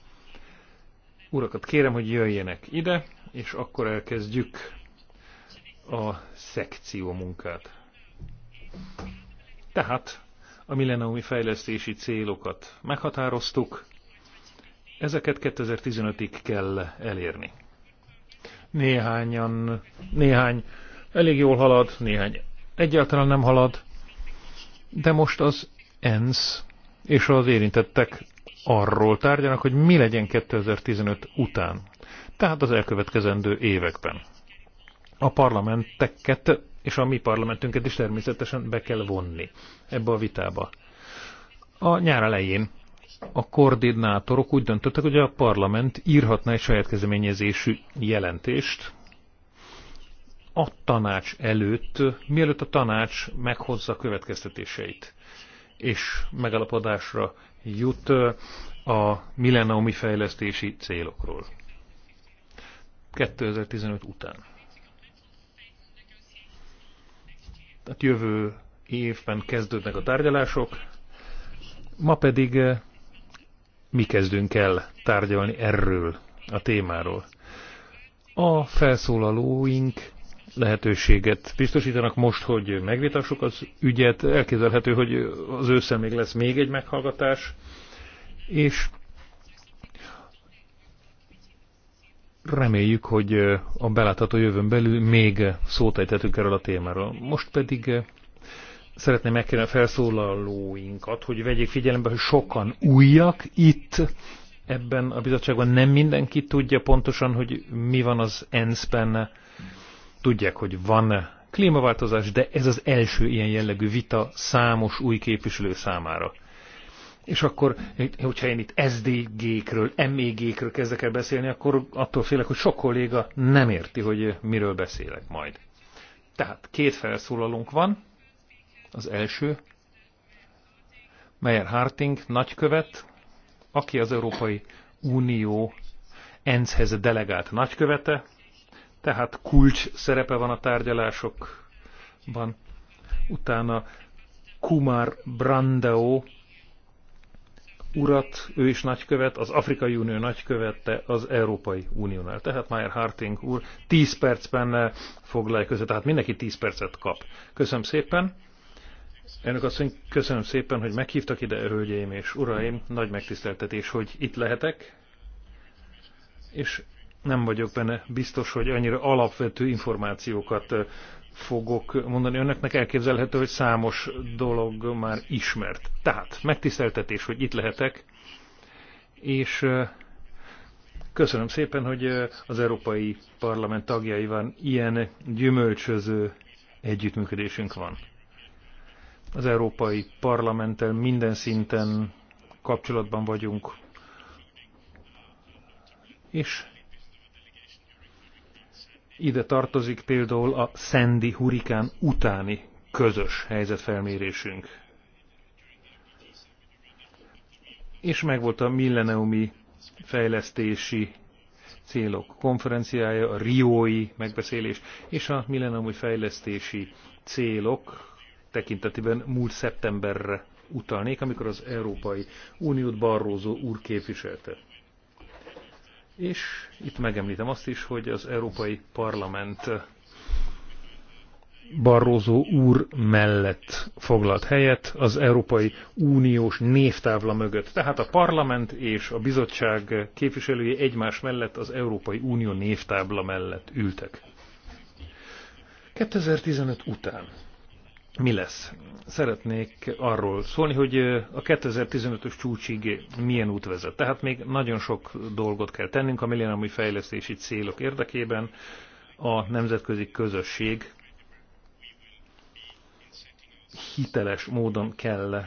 Urakat kérem, hogy jöjjenek ide, és akkor elkezdjük a szekció munkát. Tehát a millenniumi fejlesztési célokat meghatároztuk, ezeket 2015-ig kell elérni. Néhányan, néhány elég jól halad, néhány egyáltalán nem halad, de most az ENSZ és az érintettek arról tárgyalnak, hogy mi legyen 2015 után, tehát az elkövetkezendő években. A parlamenteket és a mi parlamentünket is természetesen be kell vonni ebbe a vitába. A nyár elején a koordinátorok úgy döntöttek, hogy a parlament írhatna egy saját kezeményezésű jelentést a tanács előtt, mielőtt a tanács meghozza következtetéseit és megalapodásra jut a Millenniumi fejlesztési célokról. 2015 után. Tehát jövő évben kezdődnek a tárgyalások, ma pedig mi kezdünk el tárgyalni erről a témáról. A felszólalóink lehetőséget biztosítanak most, hogy megvitassuk az ügyet. Elképzelhető, hogy az ősszel még lesz még egy meghallgatás, és reméljük, hogy a belátható jövőn belül még szót ejtettünk erről a témáról. Most pedig szeretném megkérni a felszólalóinkat, hogy vegyék figyelembe, hogy sokan újak itt, ebben a bizottságban nem mindenki tudja pontosan, hogy mi van az ENSZ-ben, Tudják, hogy van klímaváltozás, de ez az első ilyen jellegű vita számos új képviselő számára. És akkor, hogyha én itt SDG-kről, MEG-kről kezdek el beszélni, akkor attól félek, hogy sok kolléga nem érti, hogy miről beszélek majd. Tehát két felszólalónk van. Az első, Meyer Harting nagykövet, aki az Európai Unió ENSZ-hez delegált nagykövete, tehát kulcs szerepe van a tárgyalásokban. Utána Kumar Brandeo urat, ő is nagykövet, az Afrikai Unió nagykövette az Európai Uniónál. Tehát Mayer Harting úr 10 percben foglalja között, tehát mindenki 10 percet kap. Köszönöm szépen. Önök asszony, köszönöm szépen, hogy meghívtak ide, hölgyeim és uraim. Nagy megtiszteltetés, hogy itt lehetek. És nem vagyok benne biztos, hogy annyira alapvető információkat fogok mondani önöknek, elképzelhető, hogy számos dolog már ismert. Tehát megtiszteltetés, hogy itt lehetek, és köszönöm szépen, hogy az Európai Parlament tagjaival ilyen gyümölcsöző együttműködésünk van. Az Európai Parlamenttel minden szinten kapcsolatban vagyunk, és ide tartozik például a Sandy hurikán utáni közös helyzetfelmérésünk. És megvolt a milleniumi fejlesztési célok konferenciája, a Rioi megbeszélés és a milleniumi fejlesztési célok tekintetében múlt szeptemberre utalnék, amikor az Európai Uniót barrózó úr képviselte. És itt megemlítem azt is, hogy az Európai Parlament Barroso úr mellett foglalt helyet az Európai Uniós névtávla mögött. Tehát a parlament és a bizottság képviselői egymás mellett az Európai Unió névtábla mellett ültek. 2015 után mi lesz? Szeretnék arról szólni, hogy a 2015-ös csúcsig milyen út vezet. Tehát még nagyon sok dolgot kell tennünk a millenniumi fejlesztési célok érdekében. A nemzetközi közösség hiteles módon kell,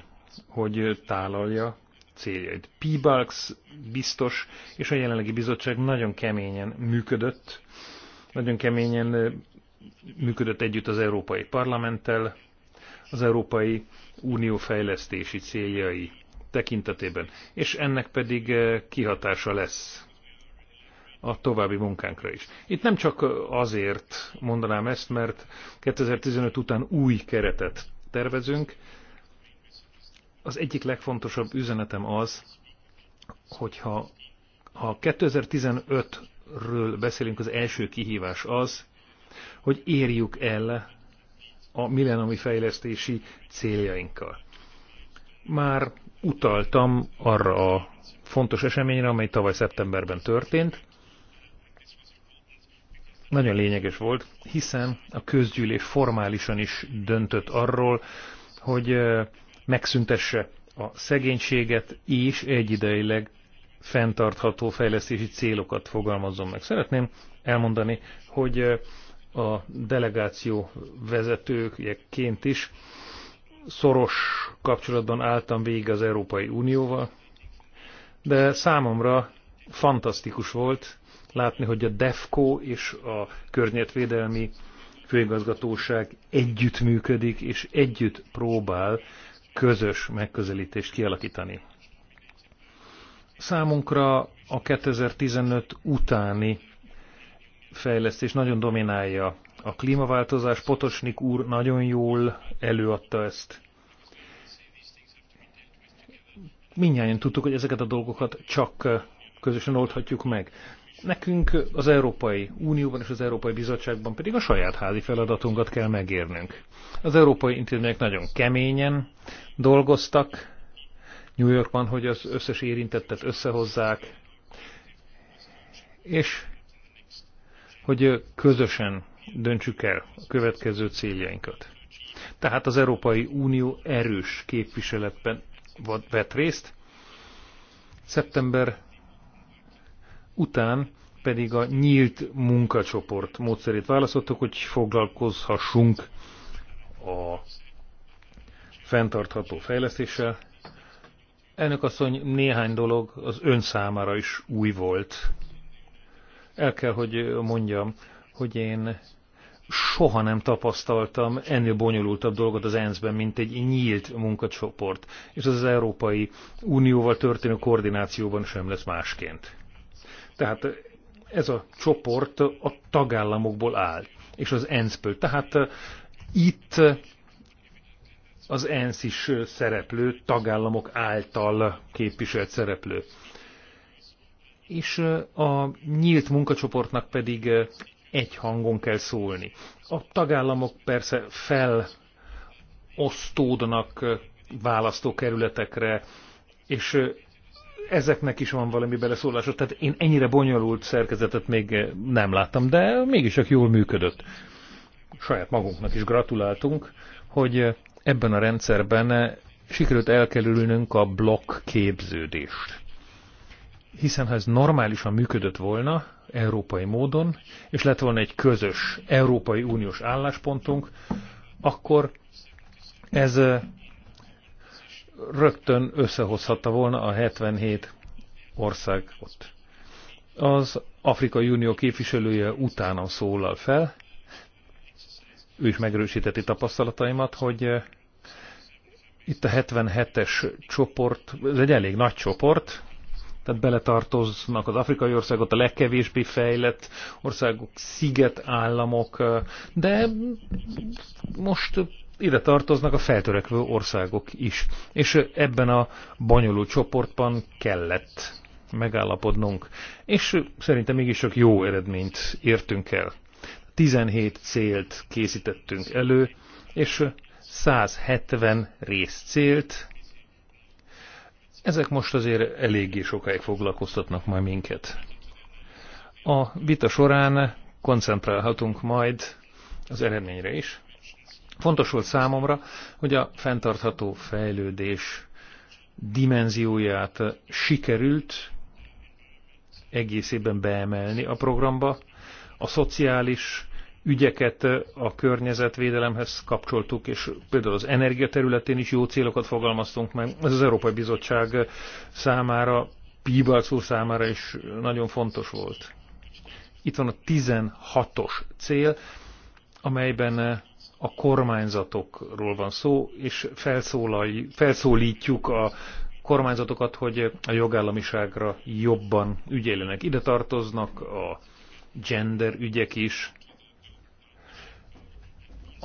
hogy tálalja céljait. P-Balks biztos, és a jelenlegi bizottság nagyon keményen működött, nagyon keményen működött együtt az Európai Parlamenttel, az Európai Unió fejlesztési céljai tekintetében, és ennek pedig eh, kihatása lesz a további munkánkra is. Itt nem csak azért mondanám ezt, mert 2015 után új keretet tervezünk. Az egyik legfontosabb üzenetem az, hogyha ha 2015-ről beszélünk, az első kihívás az, hogy érjük el a millenniumi fejlesztési céljainkkal. Már utaltam arra a fontos eseményre, amely tavaly szeptemberben történt. Nagyon lényeges volt, hiszen a közgyűlés formálisan is döntött arról, hogy megszüntesse a szegénységet és egyidejileg fenntartható fejlesztési célokat fogalmazzon meg. Szeretném elmondani, hogy a delegáció vezetőjeként is szoros kapcsolatban álltam végig az Európai Unióval, de számomra fantasztikus volt látni, hogy a DEFCO és a környezetvédelmi főigazgatóság együttműködik, és együtt próbál közös megközelítést kialakítani. Számunkra a 2015 utáni fejlesztés nagyon dominálja a klímaváltozás. Potosnik úr nagyon jól előadta ezt. Mindjárt tudtuk, hogy ezeket a dolgokat csak közösen oldhatjuk meg. Nekünk az Európai Unióban és az Európai Bizottságban pedig a saját házi feladatunkat kell megérnünk. Az európai intézmények nagyon keményen dolgoztak New Yorkban, hogy az összes érintettet összehozzák, és hogy közösen döntsük el a következő céljainkat. Tehát az Európai Unió erős képviseletben vett részt, szeptember után pedig a nyílt munkacsoport módszerét választottuk, hogy foglalkozhassunk a fenntartható fejlesztéssel. Ennek asszony, néhány dolog az ön számára is új volt el kell, hogy mondjam, hogy én soha nem tapasztaltam ennél bonyolultabb dolgot az ENSZ-ben, mint egy nyílt munkacsoport. És az, az Európai Unióval történő koordinációban sem lesz másként. Tehát ez a csoport a tagállamokból áll, és az ENSZ-ből. Tehát itt az ENSZ is szereplő, tagállamok által képviselt szereplő és a nyílt munkacsoportnak pedig egy hangon kell szólni. A tagállamok persze felosztódnak választókerületekre, és ezeknek is van valami beleszólása. Tehát én ennyire bonyolult szerkezetet még nem láttam, de mégis csak jól működött. Saját magunknak is gratuláltunk, hogy ebben a rendszerben sikerült elkerülnünk a blokk képződést. Hiszen ha ez normálisan működött volna, európai módon, és lett volna egy közös Európai Uniós álláspontunk, akkor ez rögtön összehozhatta volna a 77 országot. Az Afrikai Unió képviselője utána szólal fel, ő is megerősíteti tapasztalataimat, hogy itt a 77-es csoport, ez egy elég nagy csoport, tehát beletartoznak az afrikai országok, a legkevésbé fejlett országok, szigetállamok, de most ide tartoznak a feltörekvő országok is. És ebben a bonyolult csoportban kellett megállapodnunk. És szerintem mégis sok jó eredményt értünk el. 17 célt készítettünk elő, és 170 részcélt, ezek most azért eléggé sokáig foglalkoztatnak majd minket. A vita során koncentrálhatunk majd az eredményre is. Fontos volt számomra, hogy a fenntartható fejlődés dimenzióját sikerült egészében beemelni a programba, a szociális ügyeket a környezetvédelemhez kapcsoltuk, és például az energia területén is jó célokat fogalmaztunk meg. Ez az Európai Bizottság számára, Pibalc számára is nagyon fontos volt. Itt van a 16-os cél, amelyben a kormányzatokról van szó, és felszólítjuk a kormányzatokat, hogy a jogállamiságra jobban ügyeljenek. Ide tartoznak a gender ügyek is,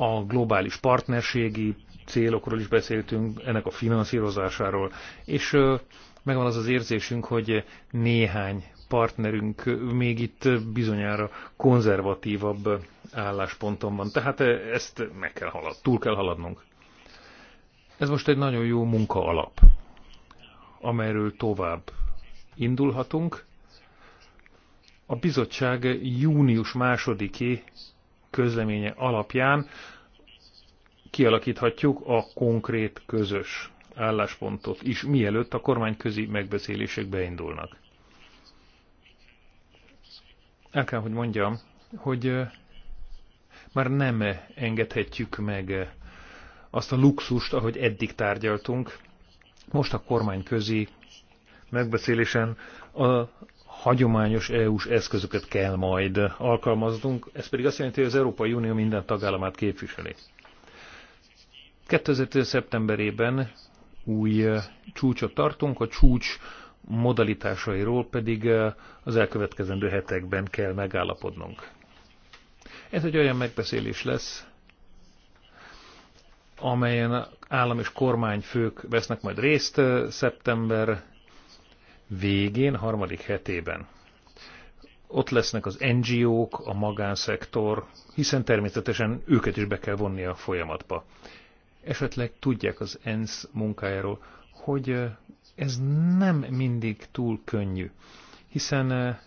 a globális partnerségi célokról is beszéltünk, ennek a finanszírozásáról, és megvan az az érzésünk, hogy néhány partnerünk még itt bizonyára konzervatívabb állásponton van. Tehát ezt meg kell halad, túl kell haladnunk. Ez most egy nagyon jó munka alap, amelyről tovább indulhatunk. A bizottság június másodiki közleménye alapján kialakíthatjuk a konkrét közös álláspontot is, mielőtt a kormányközi megbeszélések beindulnak. El kell, hogy mondjam, hogy már nem engedhetjük meg azt a luxust, ahogy eddig tárgyaltunk. Most a kormányközi megbeszélésen a hagyományos EU-s eszközöket kell majd alkalmaznunk, ez pedig azt jelenti, hogy az Európai Unió minden tagállamát képviseli. 2010. szeptemberében új e, csúcsot tartunk, a csúcs modalitásairól pedig e, az elkövetkezendő hetekben kell megállapodnunk. Ez egy olyan megbeszélés lesz, amelyen állam és kormányfők vesznek majd részt e, szeptember végén, harmadik hetében. Ott lesznek az NGO-k, a magánszektor, hiszen természetesen őket is be kell vonni a folyamatba. Esetleg tudják az ENSZ munkájáról, hogy ez nem mindig túl könnyű, hiszen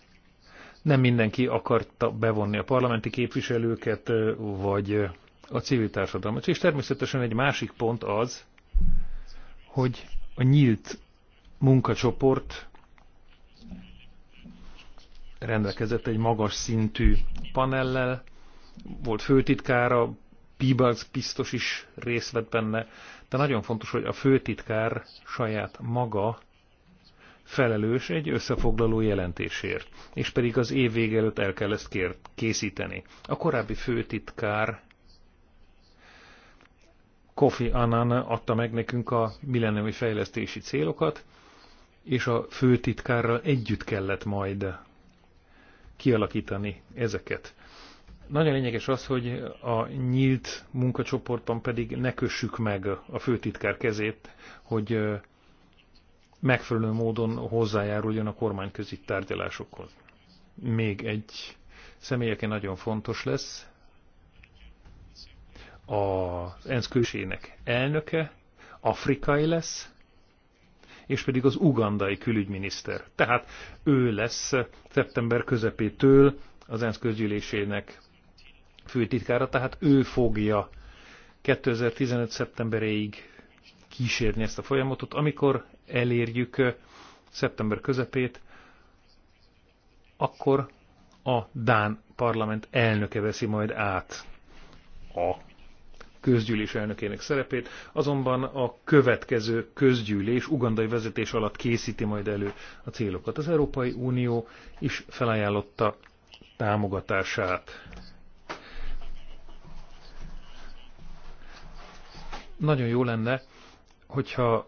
nem mindenki akarta bevonni a parlamenti képviselőket, vagy a civil társadalmat. És természetesen egy másik pont az, hogy a nyílt munkacsoport rendelkezett egy magas szintű panellel, volt főtitkára, Peebles biztos is részt vett benne, de nagyon fontos, hogy a főtitkár saját maga felelős egy összefoglaló jelentésért, és pedig az év vége előtt el kell ezt kér, készíteni. A korábbi főtitkár Kofi Annan adta meg nekünk a millenniumi fejlesztési célokat, és a főtitkárral együtt kellett majd kialakítani ezeket. Nagyon lényeges az, hogy a nyílt munkacsoportban pedig ne kössük meg a főtitkár kezét, hogy megfelelő módon hozzájáruljon a kormányközi tárgyalásokhoz. Még egy személyeken nagyon fontos lesz, az ENSZ külsének elnöke afrikai lesz, és pedig az ugandai külügyminiszter. Tehát ő lesz szeptember közepétől az ENSZ közgyűlésének főtitkára, tehát ő fogja 2015. szeptemberéig kísérni ezt a folyamatot, amikor elérjük szeptember közepét, akkor a Dán parlament elnöke veszi majd át a közgyűlés elnökének szerepét, azonban a következő közgyűlés ugandai vezetés alatt készíti majd elő a célokat. Az Európai Unió is felajánlotta támogatását. Nagyon jó lenne, hogyha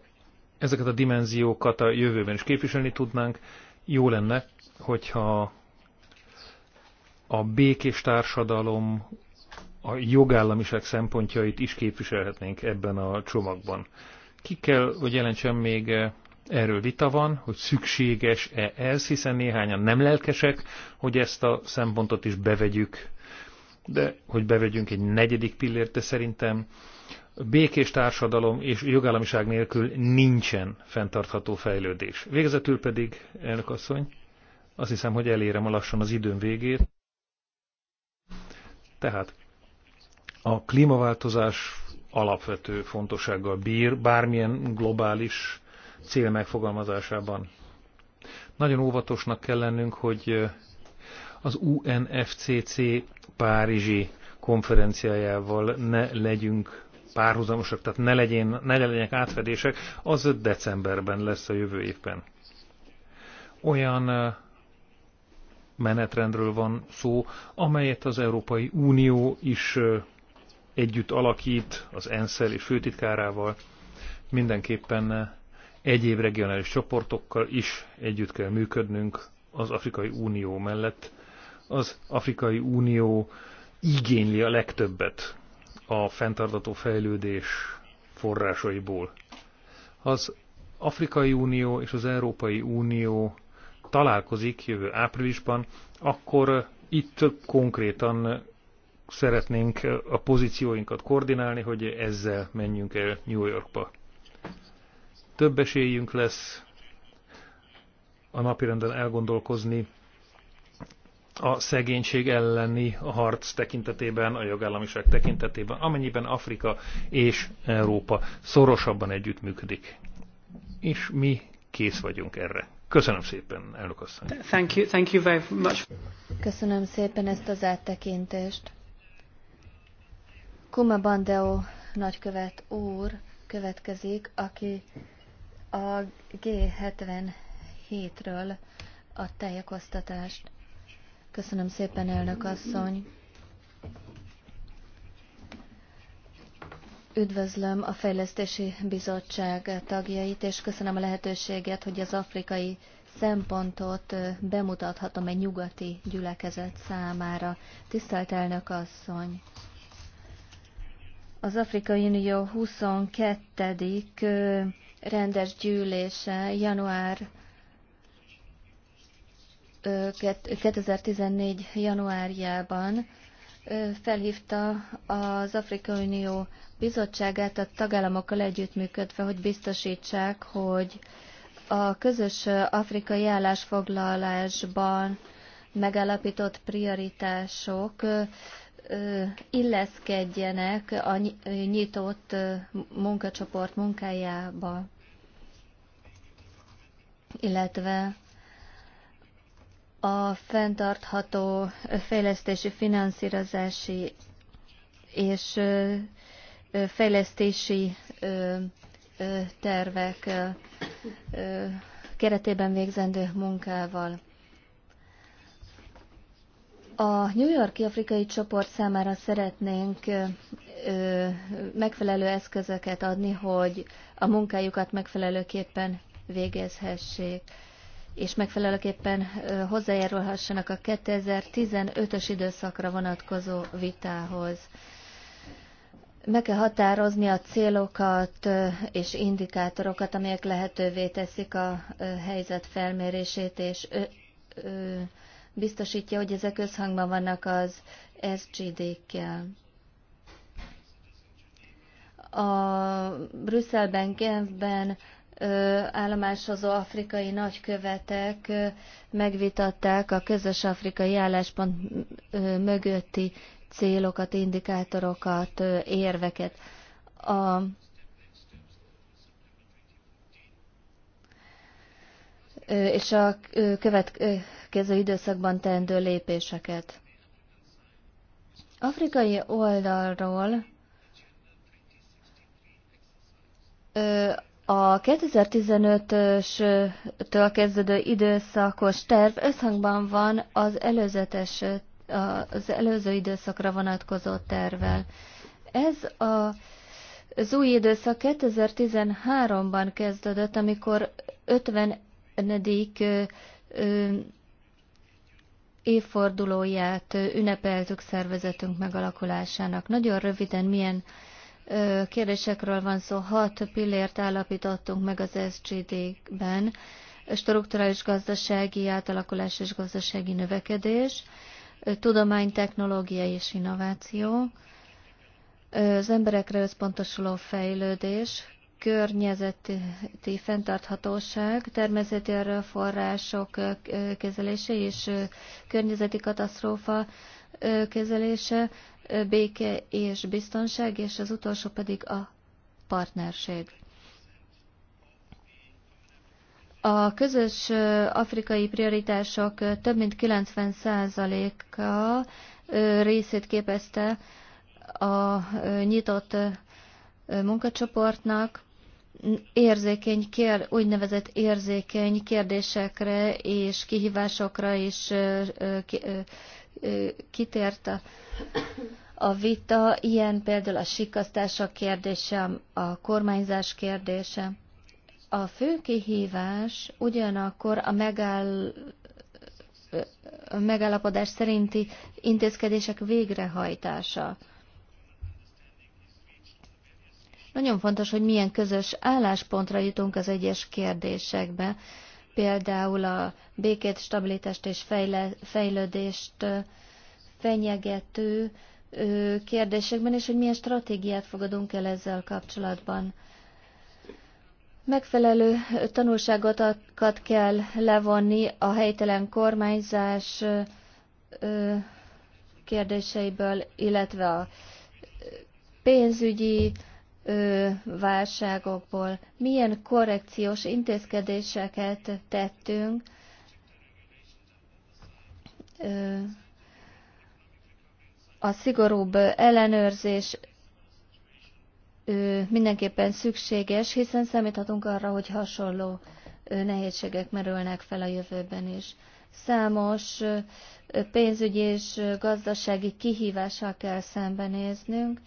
ezeket a dimenziókat a jövőben is képviselni tudnánk. Jó lenne, hogyha a békés társadalom a jogállamiság szempontjait is képviselhetnénk ebben a csomagban. Ki kell, hogy jelentsem még eh, erről vita van, hogy szükséges-e ez, hiszen néhányan nem lelkesek, hogy ezt a szempontot is bevegyük, de hogy bevegyünk egy negyedik pillért, de szerintem békés társadalom és jogállamiság nélkül nincsen fenntartható fejlődés. Végezetül pedig, elnök asszony, azt hiszem, hogy elérem a lassan az időm végét. Tehát a klímaváltozás alapvető fontossággal bír bármilyen globális cél megfogalmazásában. Nagyon óvatosnak kell lennünk, hogy az UNFCC Párizsi konferenciájával ne legyünk párhuzamosak, tehát ne, legyen, ne legyenek átfedések, az decemberben lesz a jövő évben. Olyan menetrendről van szó, amelyet az Európai Unió is együtt alakít az ensz és főtitkárával, mindenképpen egyéb regionális csoportokkal is együtt kell működnünk az Afrikai Unió mellett. Az Afrikai Unió igényli a legtöbbet a fenntartató fejlődés forrásaiból. Az Afrikai Unió és az Európai Unió találkozik jövő áprilisban, akkor itt konkrétan szeretnénk a pozícióinkat koordinálni, hogy ezzel menjünk el New Yorkba. Több esélyünk lesz a napirenden elgondolkozni a szegénység elleni a harc tekintetében, a jogállamiság tekintetében, amennyiben Afrika és Európa szorosabban együttműködik. És mi kész vagyunk erre. Köszönöm szépen, elnök asszony. Thank you, thank you very much. Köszönöm szépen ezt az áttekintést. Kuma Bandeo nagykövet úr következik, aki a G77-ről a tájékoztatást. Köszönöm szépen, elnök asszony. Üdvözlöm a Fejlesztési Bizottság tagjait, és köszönöm a lehetőséget, hogy az afrikai szempontot bemutathatom egy nyugati gyülekezet számára. Tisztelt elnök asszony! az Afrikai Unió 22. rendes gyűlése január 2014. januárjában felhívta az Afrikai Unió bizottságát a tagállamokkal együttműködve, hogy biztosítsák, hogy a közös afrikai állásfoglalásban megállapított prioritások illeszkedjenek a nyitott munkacsoport munkájába, illetve a fenntartható fejlesztési, finanszírozási és fejlesztési tervek keretében végzendő munkával. A New Yorki afrikai csoport számára szeretnénk megfelelő eszközöket adni, hogy a munkájukat megfelelőképpen végezhessék és megfelelőképpen hozzájárulhassanak a 2015-ös időszakra vonatkozó vitához. Meg kell határozni a célokat és indikátorokat, amelyek lehetővé teszik a helyzet felmérését és biztosítja, hogy ezek összhangban vannak az SGD-kkel. A Brüsszelben, Genfben állomásozó afrikai nagykövetek megvitatták a közös afrikai álláspont mögötti célokat, indikátorokat, érveket. A és a következő időszakban teendő lépéseket. Afrikai oldalról a 2015-ös-től kezdődő időszakos terv összhangban van az előzetes, az előző időszakra vonatkozó tervvel. Ez a, az új időszak 2013-ban kezdődött, amikor 50 negyedik évfordulóját ünnepeltük szervezetünk megalakulásának. Nagyon röviden milyen kérdésekről van szó. Hat pillért állapítottunk meg az SGD-ben. Strukturális gazdasági átalakulás és gazdasági növekedés, tudomány, technológia és innováció, az emberekre összpontosuló fejlődés, környezeti fenntarthatóság, természeti erőforrások kezelése és környezeti katasztrófa kezelése, béke és biztonság, és az utolsó pedig a partnerség. A közös afrikai prioritások több mint 90%-a részét képezte a nyitott munkacsoportnak, érzékeny kér, úgynevezett érzékeny kérdésekre és kihívásokra is kitért a, a vita, ilyen például a sikasztása kérdése, a kormányzás kérdése. A fő kihívás ugyanakkor a megáll, megállapodás szerinti intézkedések végrehajtása. Nagyon fontos, hogy milyen közös álláspontra jutunk az egyes kérdésekbe, például a békét, stabilitást és fejle, fejlődést fenyegető kérdésekben, és hogy milyen stratégiát fogadunk el ezzel kapcsolatban. Megfelelő tanulságokat kell levonni a helytelen kormányzás kérdéseiből, illetve a pénzügyi válságokból, milyen korrekciós intézkedéseket tettünk, a szigorúbb ellenőrzés mindenképpen szükséges, hiszen számíthatunk arra, hogy hasonló nehézségek merülnek fel a jövőben is. Számos pénzügyi és gazdasági kihívással kell szembenéznünk,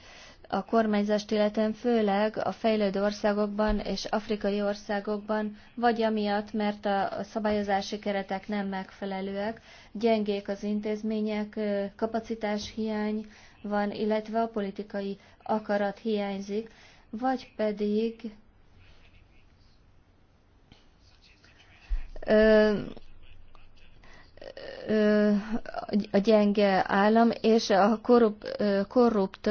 a kormányzást illetően főleg a fejlődő országokban és afrikai országokban, vagy amiatt, mert a szabályozási keretek nem megfelelőek, gyengék az intézmények, kapacitás hiány van, illetve a politikai akarat hiányzik, vagy pedig ö, a gyenge állam és a korrupt, korrupt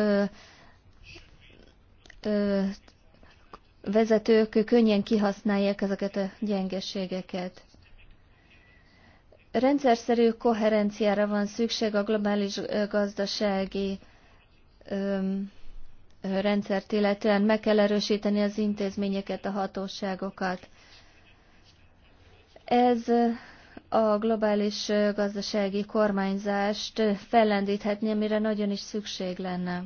vezetők könnyen kihasználják ezeket a gyengeségeket. Rendszerszerű koherenciára van szükség a globális gazdasági rendszert illetően. Meg kell erősíteni az intézményeket, a hatóságokat. Ez a globális gazdasági kormányzást fellendíthetni, amire nagyon is szükség lenne.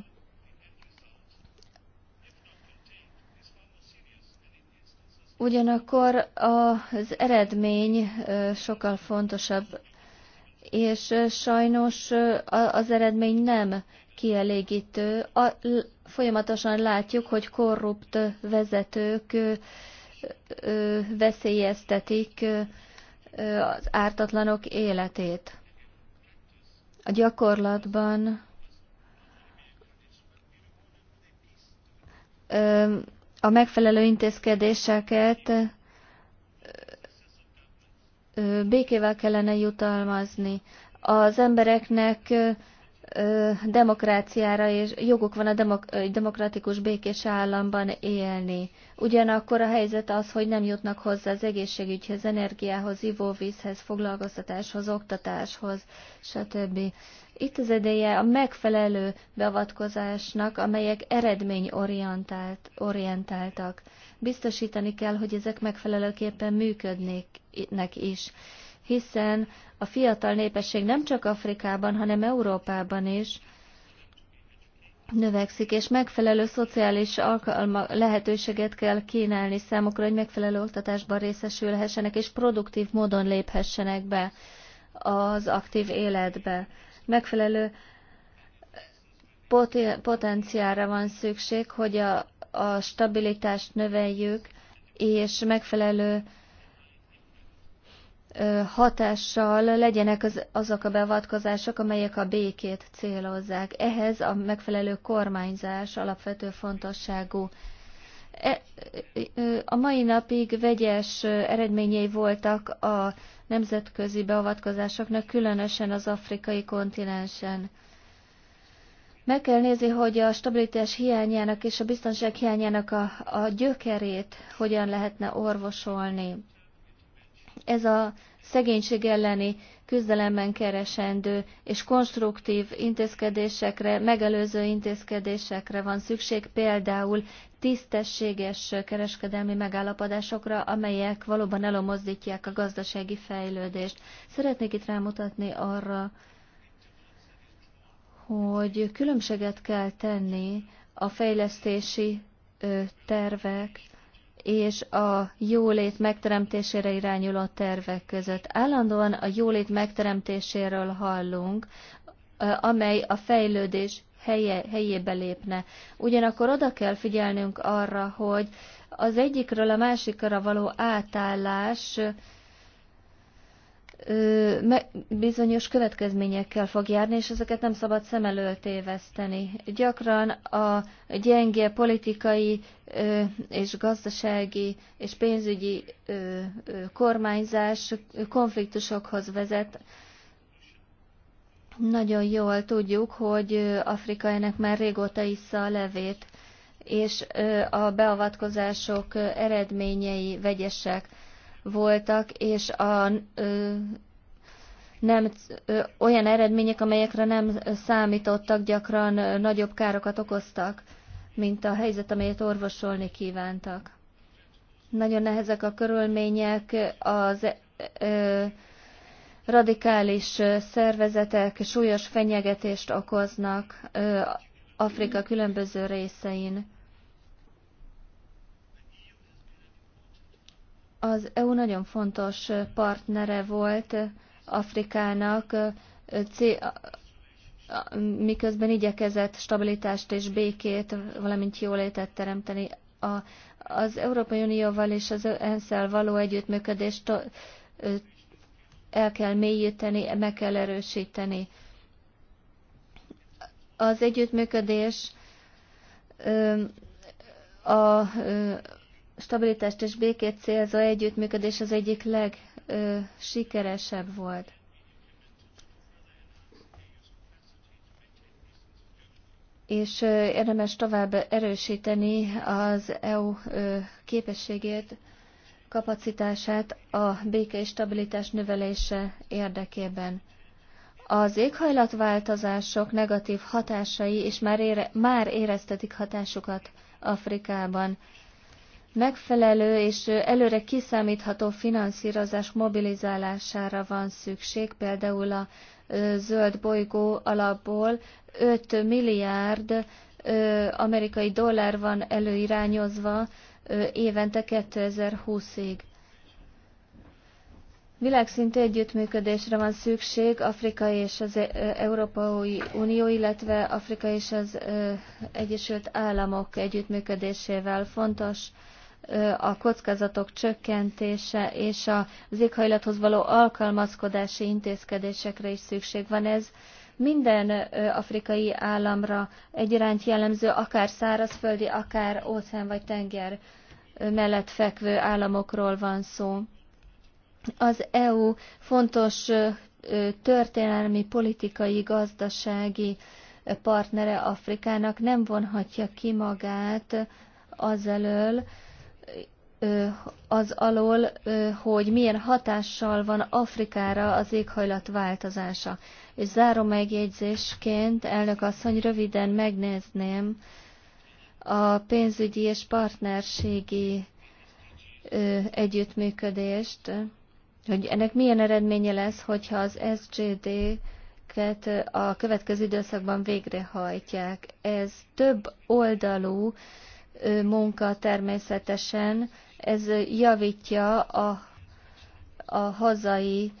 Ugyanakkor az eredmény sokkal fontosabb, és sajnos az eredmény nem kielégítő. A, folyamatosan látjuk, hogy korrupt vezetők ö, ö, veszélyeztetik ö, az ártatlanok életét. A gyakorlatban a megfelelő intézkedéseket békével kellene jutalmazni. Az embereknek demokráciára és joguk van a demok- demokratikus békés államban élni. Ugyanakkor a helyzet az, hogy nem jutnak hozzá az egészségügyhez, energiához, ivóvízhez, foglalkoztatáshoz, oktatáshoz, stb. Itt az ideje a megfelelő beavatkozásnak, amelyek eredményorientáltak. Biztosítani kell, hogy ezek megfelelőképpen működnek is hiszen a fiatal népesség nem csak Afrikában, hanem Európában is növekszik, és megfelelő szociális alkalma, lehetőséget kell kínálni számukra, hogy megfelelő oktatásban részesülhessenek, és produktív módon léphessenek be az aktív életbe. Megfelelő potenciára van szükség, hogy a, a stabilitást növeljük, és megfelelő hatással legyenek az, azok a beavatkozások, amelyek a békét célozzák. Ehhez a megfelelő kormányzás alapvető fontosságú. E, a mai napig vegyes eredményei voltak a nemzetközi beavatkozásoknak, különösen az afrikai kontinensen. Meg kell nézni, hogy a stabilitás hiányának és a biztonság hiányának a, a gyökerét hogyan lehetne orvosolni ez a szegénység elleni küzdelemben keresendő és konstruktív intézkedésekre, megelőző intézkedésekre van szükség, például tisztességes kereskedelmi megállapodásokra, amelyek valóban elomozdítják a gazdasági fejlődést. Szeretnék itt rámutatni arra, hogy különbséget kell tenni a fejlesztési tervek és a jólét megteremtésére irányuló tervek között. Állandóan a jólét megteremtéséről hallunk, amely a fejlődés helye, helyébe lépne. Ugyanakkor oda kell figyelnünk arra, hogy az egyikről a másikra való átállás bizonyos következményekkel fog járni, és ezeket nem szabad szem előtt téveszteni. Gyakran a gyenge politikai és gazdasági és pénzügyi kormányzás konfliktusokhoz vezet. Nagyon jól tudjuk, hogy Afrika ennek már régóta issza a levét, és a beavatkozások eredményei vegyesek voltak, és a ö, nem ö, olyan eredmények, amelyekre nem számítottak, gyakran nagyobb károkat okoztak, mint a helyzet, amelyet orvosolni kívántak. Nagyon nehezek a körülmények, az ö, radikális szervezetek súlyos fenyegetést okoznak ö, Afrika különböző részein. Az EU nagyon fontos partnere volt Afrikának, miközben igyekezett stabilitást és békét, valamint jólétet teremteni. A, az Európai Unióval és az ensz való együttműködést el kell mélyíteni, meg kell erősíteni. Az együttműködés a stabilitást és békét célzó együttműködés az egyik legsikeresebb volt. És érdemes tovább erősíteni az EU képességét, kapacitását a béke és stabilitás növelése érdekében. Az éghajlatváltozások negatív hatásai és már, ére, már éreztetik hatásukat Afrikában. Megfelelő és előre kiszámítható finanszírozás mobilizálására van szükség, például a zöld bolygó alapból 5 milliárd amerikai dollár van előirányozva évente 2020-ig. Világszintű együttműködésre van szükség Afrika és az e- Európai Unió, illetve Afrika és az Egyesült Államok együttműködésével fontos a kockázatok csökkentése és az éghajlathoz való alkalmazkodási intézkedésekre is szükség van. Ez minden afrikai államra egyaránt jellemző, akár szárazföldi, akár óceán vagy tenger mellett fekvő államokról van szó. Az EU fontos történelmi, politikai, gazdasági partnere Afrikának nem vonhatja ki magát azelől, az alól, hogy milyen hatással van Afrikára az éghajlat változása. És záró megjegyzésként, elnök asszony, röviden megnézném a pénzügyi és partnerségi együttműködést, hogy ennek milyen eredménye lesz, hogyha az SGD a következő időszakban végrehajtják. Ez több oldalú munka természetesen, ez javítja a, a hazai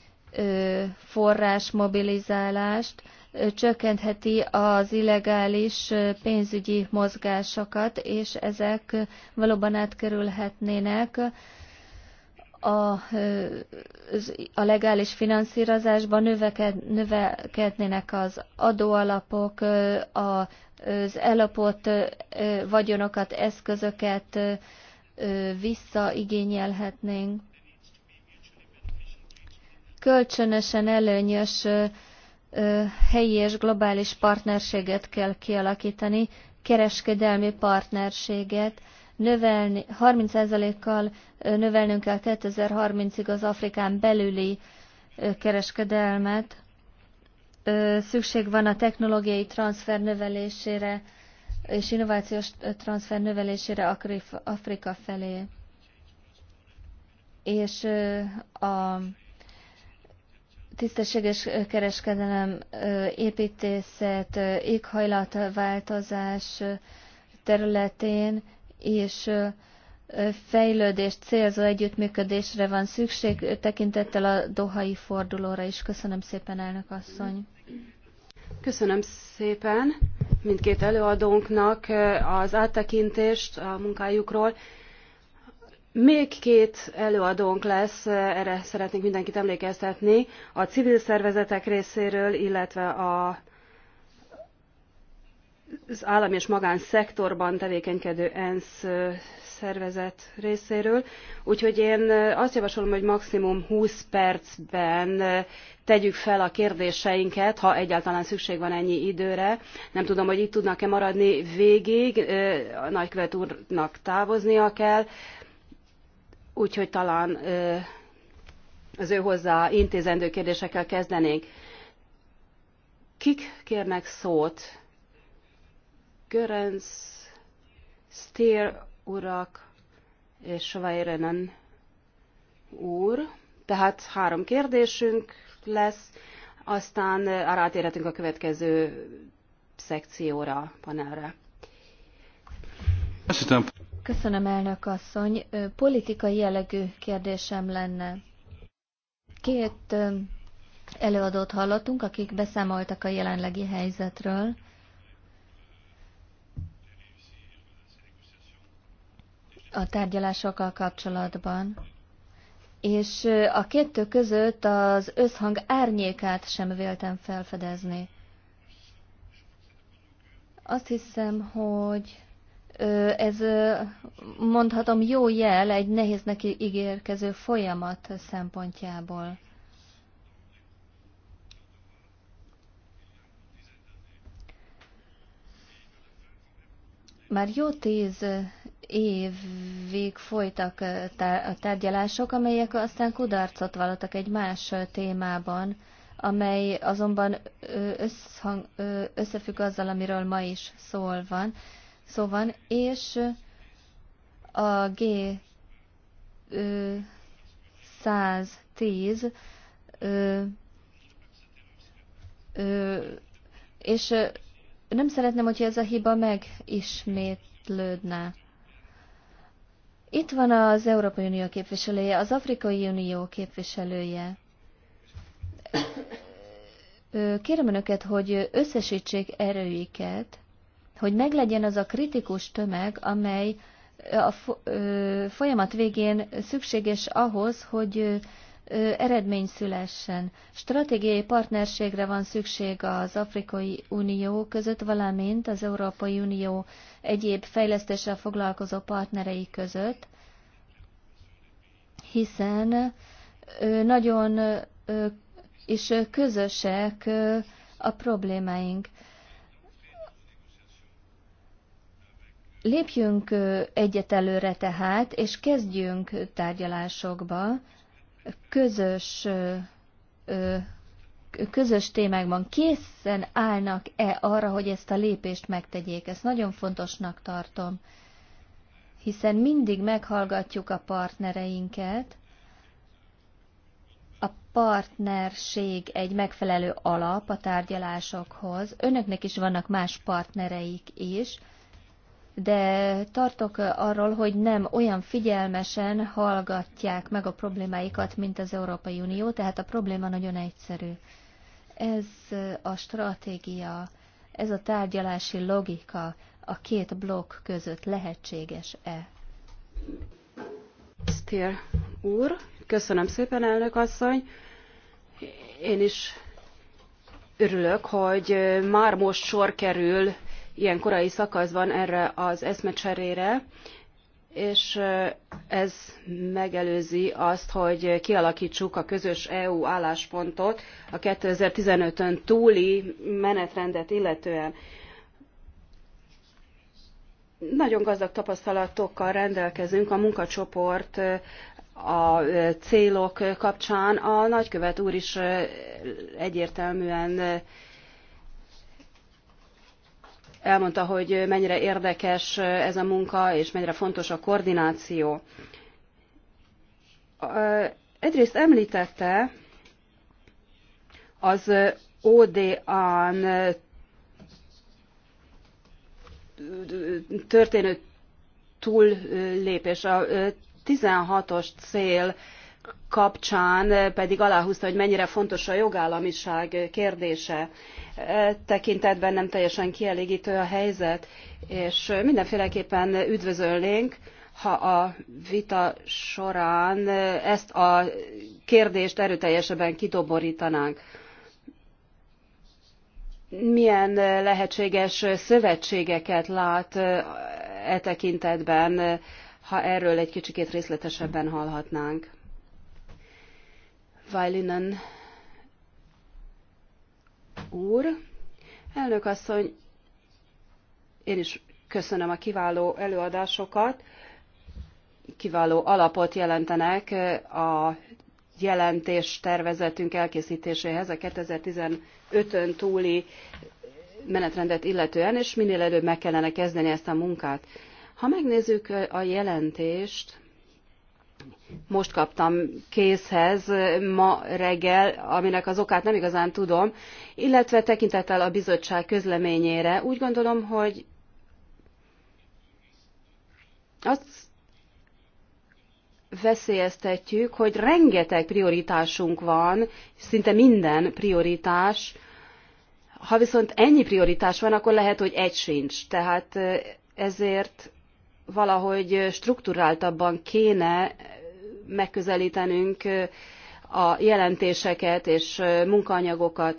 forrás mobilizálást, csökkentheti az illegális pénzügyi mozgásokat, és ezek valóban átkerülhetnének a, a legális finanszírozásban növeked, növekednének az adóalapok, az ellopott vagyonokat, eszközöket visszaigényelhetnénk. Kölcsönösen előnyös helyi és globális partnerséget kell kialakítani, kereskedelmi partnerséget, növelni, 30%-kal növelnünk kell 2030-ig az Afrikán belüli kereskedelmet. Szükség van a technológiai transfer növelésére és innovációs transfer növelésére Afrika felé. És a tisztességes kereskedelem, építészet, éghajlatváltozás területén és fejlődés célzó együttműködésre van szükség, tekintettel a dohai fordulóra is. Köszönöm szépen, elnök asszony. Köszönöm szépen mindkét előadónknak az áttekintést a munkájukról. Még két előadónk lesz, erre szeretnék mindenkit emlékeztetni, a civil szervezetek részéről, illetve a az állam és magánszektorban tevékenykedő ENSZ szervezet részéről. Úgyhogy én azt javasolom, hogy maximum 20 percben tegyük fel a kérdéseinket, ha egyáltalán szükség van ennyi időre. Nem tudom, hogy itt tudnak-e maradni végig, a nagykövet úrnak távoznia kell, úgyhogy talán az ő hozzá intézendő kérdésekkel kezdenénk. Kik kérnek szót? Görenc, Stier urak és Svairenen úr. Tehát három kérdésünk lesz, aztán rátérhetünk a következő szekcióra, panelre. Köszönöm, elnök asszony. Politikai jellegű kérdésem lenne. Két előadót hallottunk, akik beszámoltak a jelenlegi helyzetről. a tárgyalásokkal kapcsolatban, és a kettő között az összhang árnyékát sem véltem felfedezni. Azt hiszem, hogy ez mondhatom jó jel egy nehéznek ígérkező folyamat szempontjából. Már jó tíz évig folytak a tárgyalások, amelyek aztán kudarcot vallottak egy más témában, amely azonban összhang, összefügg azzal, amiről ma is szól van, szó van, és a G 110 és nem szeretném, hogyha ez a hiba megismétlődne. Itt van az Európai Unió képviselője, az Afrikai Unió képviselője. Kérem önöket, hogy összesítsék erőiket, hogy meglegyen az a kritikus tömeg, amely a folyamat végén szükséges ahhoz, hogy eredmény szülessen. Stratégiai partnerségre van szükség az Afrikai Unió között, valamint az Európai Unió egyéb fejlesztéssel foglalkozó partnerei között, hiszen nagyon és közösek a problémáink. Lépjünk egyet előre tehát, és kezdjünk tárgyalásokba, közös közös témákban készen állnak-e arra, hogy ezt a lépést megtegyék. Ezt nagyon fontosnak tartom, hiszen mindig meghallgatjuk a partnereinket. A partnerség egy megfelelő alap a tárgyalásokhoz. Önöknek is vannak más partnereik is, de tartok arról, hogy nem olyan figyelmesen hallgatják meg a problémáikat, mint az Európai Unió, tehát a probléma nagyon egyszerű. Ez a stratégia, ez a tárgyalási logika a két blokk között lehetséges-e? Stier úr, köszönöm szépen, elnök asszony. Én is örülök, hogy már most sor kerül ilyen korai szakasz van erre az eszmecserére, és ez megelőzi azt, hogy kialakítsuk a közös EU álláspontot a 2015-ön túli menetrendet illetően. Nagyon gazdag tapasztalatokkal rendelkezünk a munkacsoport a célok kapcsán. A nagykövet úr is egyértelműen elmondta, hogy mennyire érdekes ez a munka, és mennyire fontos a koordináció. Egyrészt említette az ODA-n történő túllépés, a 16-os cél kapcsán pedig aláhúzta, hogy mennyire fontos a jogállamiság kérdése. E tekintetben nem teljesen kielégítő a helyzet, és mindenféleképpen üdvözölnénk, ha a vita során ezt a kérdést erőteljesebben kidoborítanánk. Milyen lehetséges szövetségeket lát e tekintetben, ha erről egy kicsikét részletesebben hallhatnánk? Vajlinen úr. Elnök asszony, én is köszönöm a kiváló előadásokat. Kiváló alapot jelentenek a jelentés tervezetünk elkészítéséhez a 2015-ön túli menetrendet illetően, és minél előbb meg kellene kezdeni ezt a munkát. Ha megnézzük a jelentést, most kaptam készhez ma reggel, aminek az okát nem igazán tudom, illetve tekintettel a bizottság közleményére. Úgy gondolom, hogy azt veszélyeztetjük, hogy rengeteg prioritásunk van, szinte minden prioritás. Ha viszont ennyi prioritás van, akkor lehet, hogy egy sincs. Tehát eh, ezért valahogy strukturáltabban kéne megközelítenünk a jelentéseket és munkaanyagokat.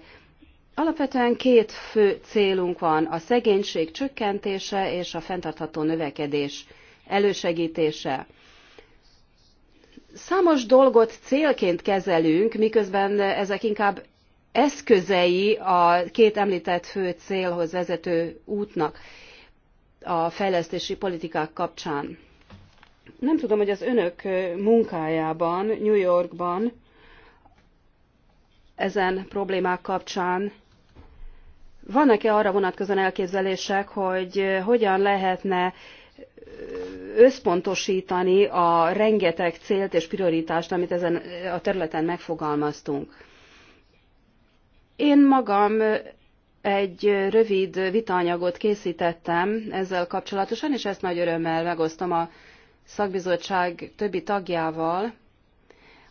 Alapvetően két fő célunk van, a szegénység csökkentése és a fenntartható növekedés elősegítése. Számos dolgot célként kezelünk, miközben ezek inkább eszközei a két említett fő célhoz vezető útnak a fejlesztési politikák kapcsán. Nem tudom, hogy az önök munkájában, New Yorkban ezen problémák kapcsán vannak-e arra vonatkozóan elképzelések, hogy hogyan lehetne összpontosítani a rengeteg célt és prioritást, amit ezen a területen megfogalmaztunk. Én magam egy rövid vitanyagot készítettem ezzel kapcsolatosan, és ezt nagy örömmel megosztom a szakbizottság többi tagjával,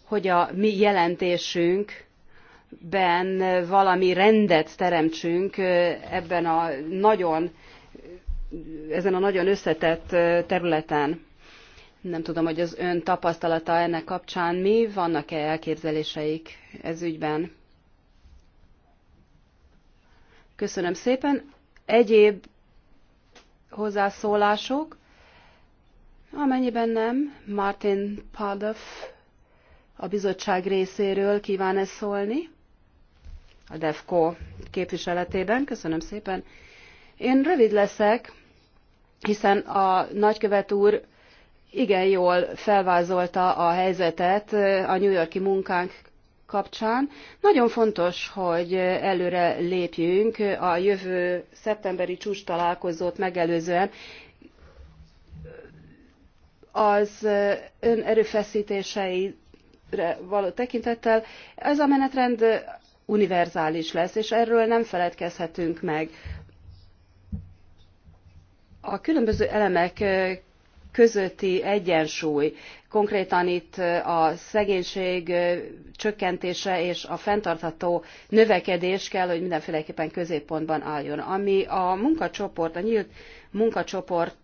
hogy a mi jelentésünkben valami rendet teremtsünk ebben a nagyon, ezen a nagyon összetett területen. Nem tudom, hogy az ön tapasztalata ennek kapcsán mi, vannak-e elképzeléseik ez ügyben? Köszönöm szépen. Egyéb hozzászólások? Amennyiben nem, Martin Padoff a bizottság részéről kíván ezt szólni a DEFCO képviseletében. Köszönöm szépen. Én rövid leszek, hiszen a nagykövet úr igen jól felvázolta a helyzetet a New Yorki munkánk kapcsán. Nagyon fontos, hogy előre lépjünk a jövő szeptemberi csúcs találkozót megelőzően. Az ön erőfeszítéseire való tekintettel ez a menetrend univerzális lesz, és erről nem feledkezhetünk meg. A különböző elemek közötti egyensúly. Konkrétan itt a szegénység csökkentése és a fenntartható növekedés kell, hogy mindenféleképpen középpontban álljon. Ami a munkacsoport, a nyílt munkacsoport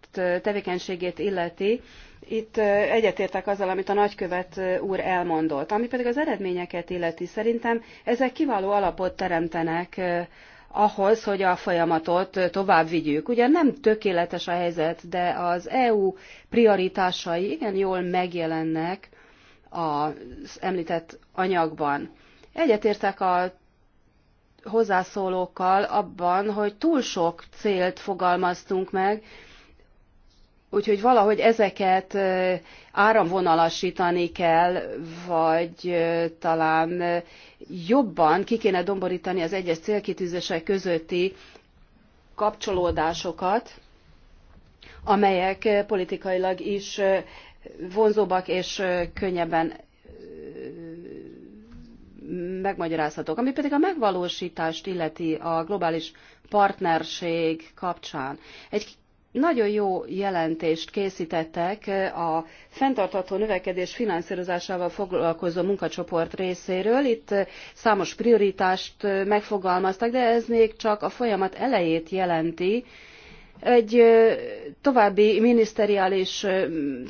tevékenységét illeti, itt egyetértek azzal, amit a nagykövet úr elmondott. Ami pedig az eredményeket illeti, szerintem ezek kiváló alapot teremtenek ahhoz, hogy a folyamatot tovább vigyük. Ugyan nem tökéletes a helyzet, de az EU prioritásai igen jól megjelennek az említett anyagban. Egyetértek a hozzászólókkal abban, hogy túl sok célt fogalmaztunk meg, Úgyhogy valahogy ezeket áramvonalasítani kell, vagy talán jobban ki kéne domborítani az egyes célkitűzések közötti kapcsolódásokat, amelyek politikailag is vonzóbbak és könnyebben megmagyarázhatók. Ami pedig a megvalósítást illeti a globális partnerség kapcsán. Egy nagyon jó jelentést készítettek a fenntartható növekedés finanszírozásával foglalkozó munkacsoport részéről. Itt számos prioritást megfogalmaztak, de ez még csak a folyamat elejét jelenti. Egy további miniszteriális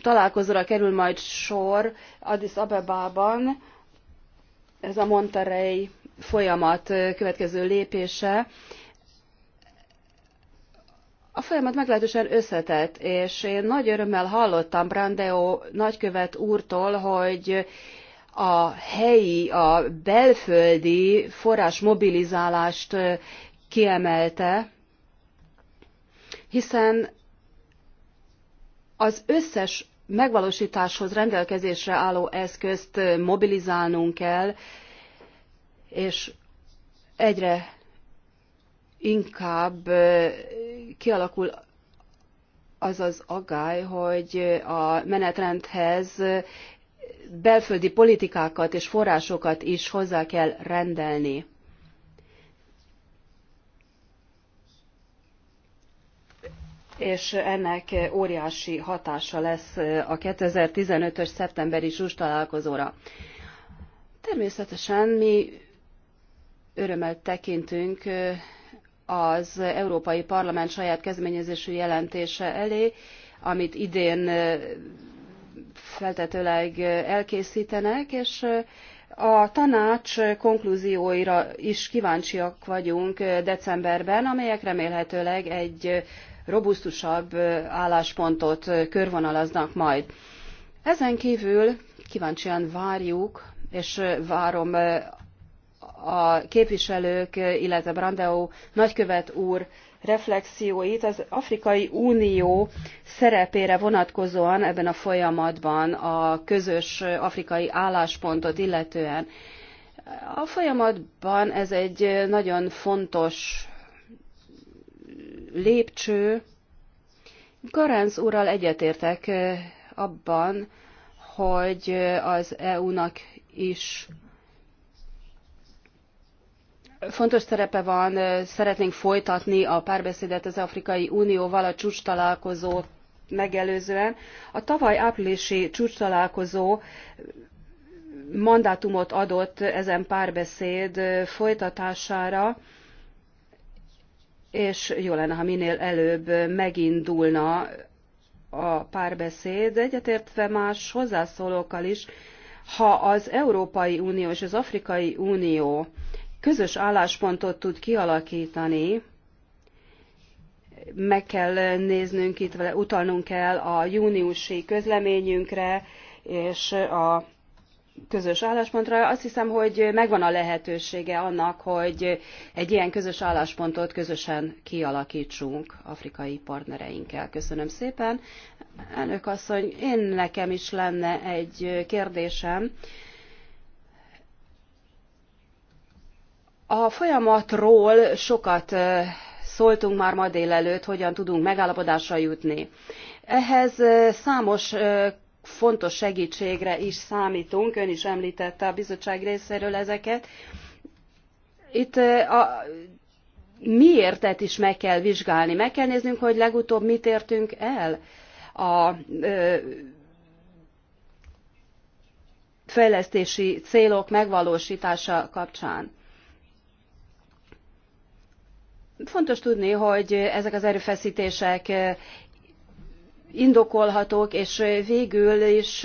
találkozóra kerül majd sor Addis Abebában, ez a Monterrey folyamat következő lépése a folyamat meglehetősen összetett, és én nagy örömmel hallottam Brandeo nagykövet úrtól, hogy a helyi, a belföldi forrás mobilizálást kiemelte, hiszen az összes megvalósításhoz rendelkezésre álló eszközt mobilizálnunk kell, és egyre inkább kialakul az az agály, hogy a menetrendhez belföldi politikákat és forrásokat is hozzá kell rendelni. és ennek óriási hatása lesz a 2015-ös szeptemberi sus találkozóra. Természetesen mi örömmel tekintünk az Európai Parlament saját kezdeményezésű jelentése elé, amit idén feltetőleg elkészítenek, és a tanács konklúzióira is kíváncsiak vagyunk decemberben, amelyek remélhetőleg egy robusztusabb álláspontot körvonalaznak majd. Ezen kívül kíváncsian várjuk, és várom a képviselők, illetve Brandeu nagykövet úr reflexióit az Afrikai Unió szerepére vonatkozóan ebben a folyamatban a közös afrikai álláspontot illetően. A folyamatban ez egy nagyon fontos lépcső. Garánc úrral egyetértek abban, hogy az EU-nak is Fontos szerepe van, szeretnénk folytatni a párbeszédet az Afrikai Unióval a csúcstalálkozót megelőzően. A tavaly áprilisi csúcstalálkozó mandátumot adott ezen párbeszéd folytatására, és jó lenne, ha minél előbb megindulna a párbeszéd, egyetértve más hozzászólókkal is, ha az Európai Unió és az Afrikai Unió közös álláspontot tud kialakítani, meg kell néznünk itt, utalnunk kell a júniusi közleményünkre és a közös álláspontra. Azt hiszem, hogy megvan a lehetősége annak, hogy egy ilyen közös álláspontot közösen kialakítsunk afrikai partnereinkkel. Köszönöm szépen. Elnök asszony, én nekem is lenne egy kérdésem. A folyamatról sokat szóltunk már ma délelőtt, hogyan tudunk megállapodásra jutni. Ehhez számos fontos segítségre is számítunk, ön is említette a bizottság részéről ezeket. Itt a miértet is meg kell vizsgálni, meg kell néznünk, hogy legutóbb mit értünk el a fejlesztési célok megvalósítása kapcsán. Fontos tudni, hogy ezek az erőfeszítések indokolhatók, és végül is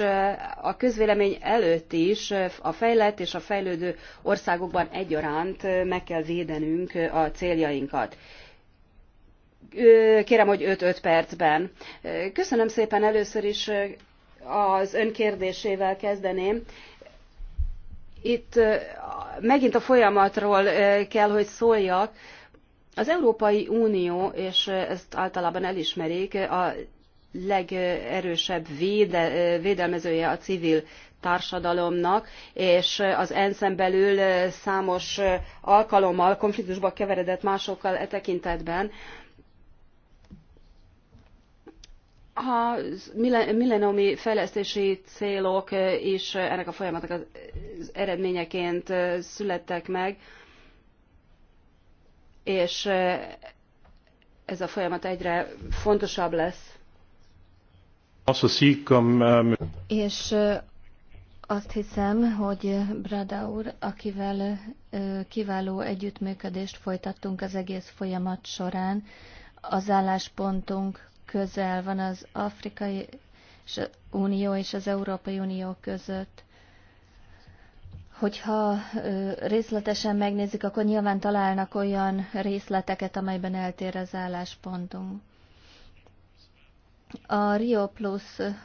a közvélemény előtt is a fejlett és a fejlődő országokban egyaránt meg kell védenünk a céljainkat. Kérem, hogy 5-5 percben. Köszönöm szépen először is az ön kérdésével kezdeném. Itt megint a folyamatról kell, hogy szóljak az Európai Unió, és ezt általában elismerik, a legerősebb véde, védelmezője a civil társadalomnak, és az ENSZ-en belül számos alkalommal konfliktusba keveredett másokkal e tekintetben. A millenomi fejlesztési célok is ennek a folyamatnak az eredményeként születtek meg és ez a folyamat egyre fontosabb lesz. És azt hiszem, hogy Brada úr, akivel kiváló együttműködést folytattunk az egész folyamat során, az álláspontunk közel van az Afrikai Unió és az Európai Unió között hogyha részletesen megnézik, akkor nyilván találnak olyan részleteket, amelyben eltér az álláspontunk. A Rio Plus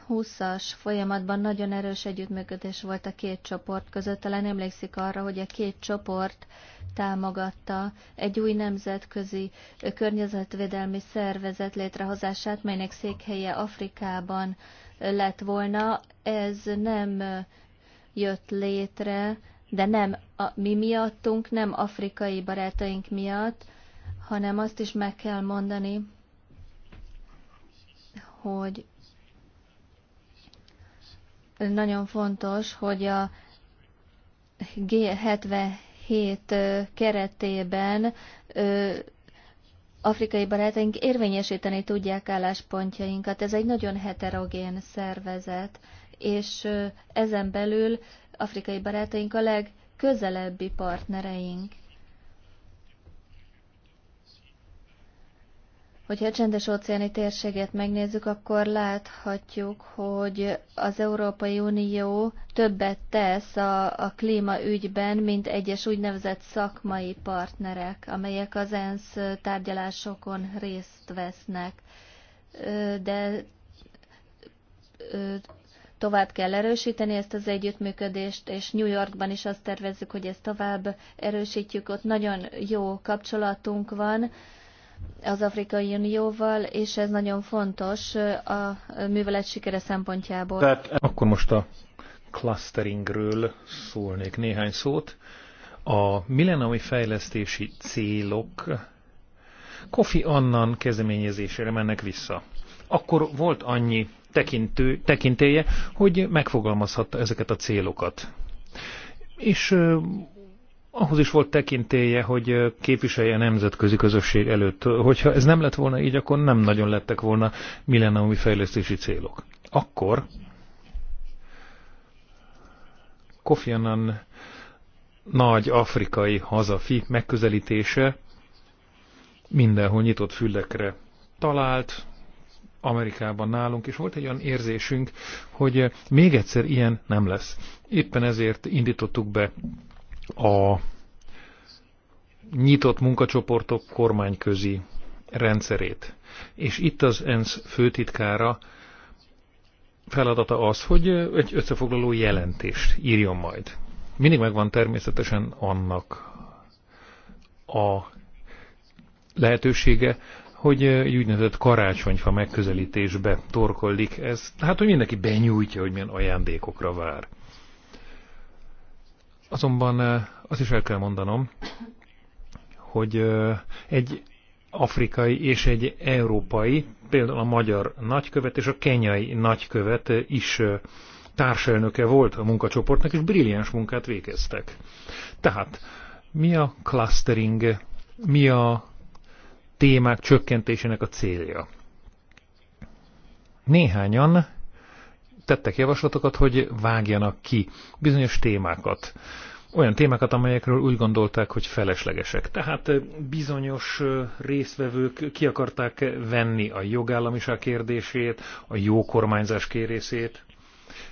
20-as folyamatban nagyon erős együttműködés volt a két csoport között. Talán emlékszik arra, hogy a két csoport támogatta egy új nemzetközi környezetvédelmi szervezet létrehozását, melynek székhelye Afrikában lett volna. Ez nem jött létre, de nem a, mi miattunk, nem afrikai barátaink miatt, hanem azt is meg kell mondani, hogy nagyon fontos, hogy a G77 keretében afrikai barátaink érvényesíteni tudják álláspontjainkat. Ez egy nagyon heterogén szervezet, és ezen belül afrikai barátaink a legközelebbi partnereink. Hogyha a csendes óceáni térséget megnézzük, akkor láthatjuk, hogy az Európai Unió többet tesz a, a klímaügyben, mint egyes úgynevezett szakmai partnerek, amelyek az ENSZ tárgyalásokon részt vesznek. De Tovább kell erősíteni ezt az együttműködést, és New Yorkban is azt tervezzük, hogy ezt tovább erősítjük. Ott nagyon jó kapcsolatunk van az Afrikai Unióval, és ez nagyon fontos a művelet sikere szempontjából. Tehát akkor most a clusteringről szólnék néhány szót. A millenami fejlesztési célok Kofi Annan kezdeményezésére mennek vissza. Akkor volt annyi tekintő, tekintélye, hogy megfogalmazhatta ezeket a célokat. És ahhoz is volt tekintélye, hogy képviselje a nemzetközi közösség előtt. Hogyha ez nem lett volna így, akkor nem nagyon lettek volna millenniumi fejlesztési célok. Akkor Kofi Annan nagy afrikai hazafi megközelítése mindenhol nyitott fülekre talált, Amerikában nálunk, és volt egy olyan érzésünk, hogy eh, még egyszer ilyen nem lesz. Éppen ezért indítottuk be a nyitott munkacsoportok kormányközi rendszerét. És itt az ENSZ főtitkára feladata az, hogy eh, egy összefoglaló jelentést írjon majd. Mindig megvan természetesen annak a lehetősége, hogy egy úgynevezett karácsonyfa megközelítésbe torkollik ez. Hát, hogy mindenki benyújtja, hogy milyen ajándékokra vár. Azonban azt is el kell mondanom, hogy egy afrikai és egy európai, például a magyar nagykövet és a kenyai nagykövet is társelnöke volt a munkacsoportnak, és brilliáns munkát végeztek. Tehát mi a clustering, mi a témák csökkentésének a célja. Néhányan tettek javaslatokat, hogy vágjanak ki bizonyos témákat. Olyan témákat, amelyekről úgy gondolták, hogy feleslegesek. Tehát bizonyos részvevők ki akarták venni a jogállamiság kérdését, a jó kormányzás kérését,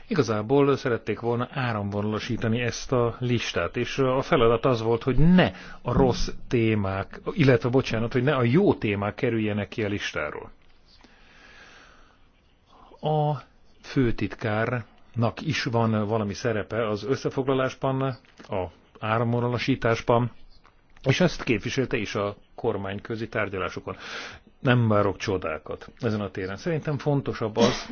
Igazából szerették volna áramvonalasítani ezt a listát, és a feladat az volt, hogy ne a rossz témák, illetve bocsánat, hogy ne a jó témák kerüljenek ki a listáról. A főtitkárnak is van valami szerepe az összefoglalásban, a áramvonalasításban, és ezt képviselte is a kormányközi tárgyalásokon. Nem várok csodákat ezen a téren. Szerintem fontosabb az,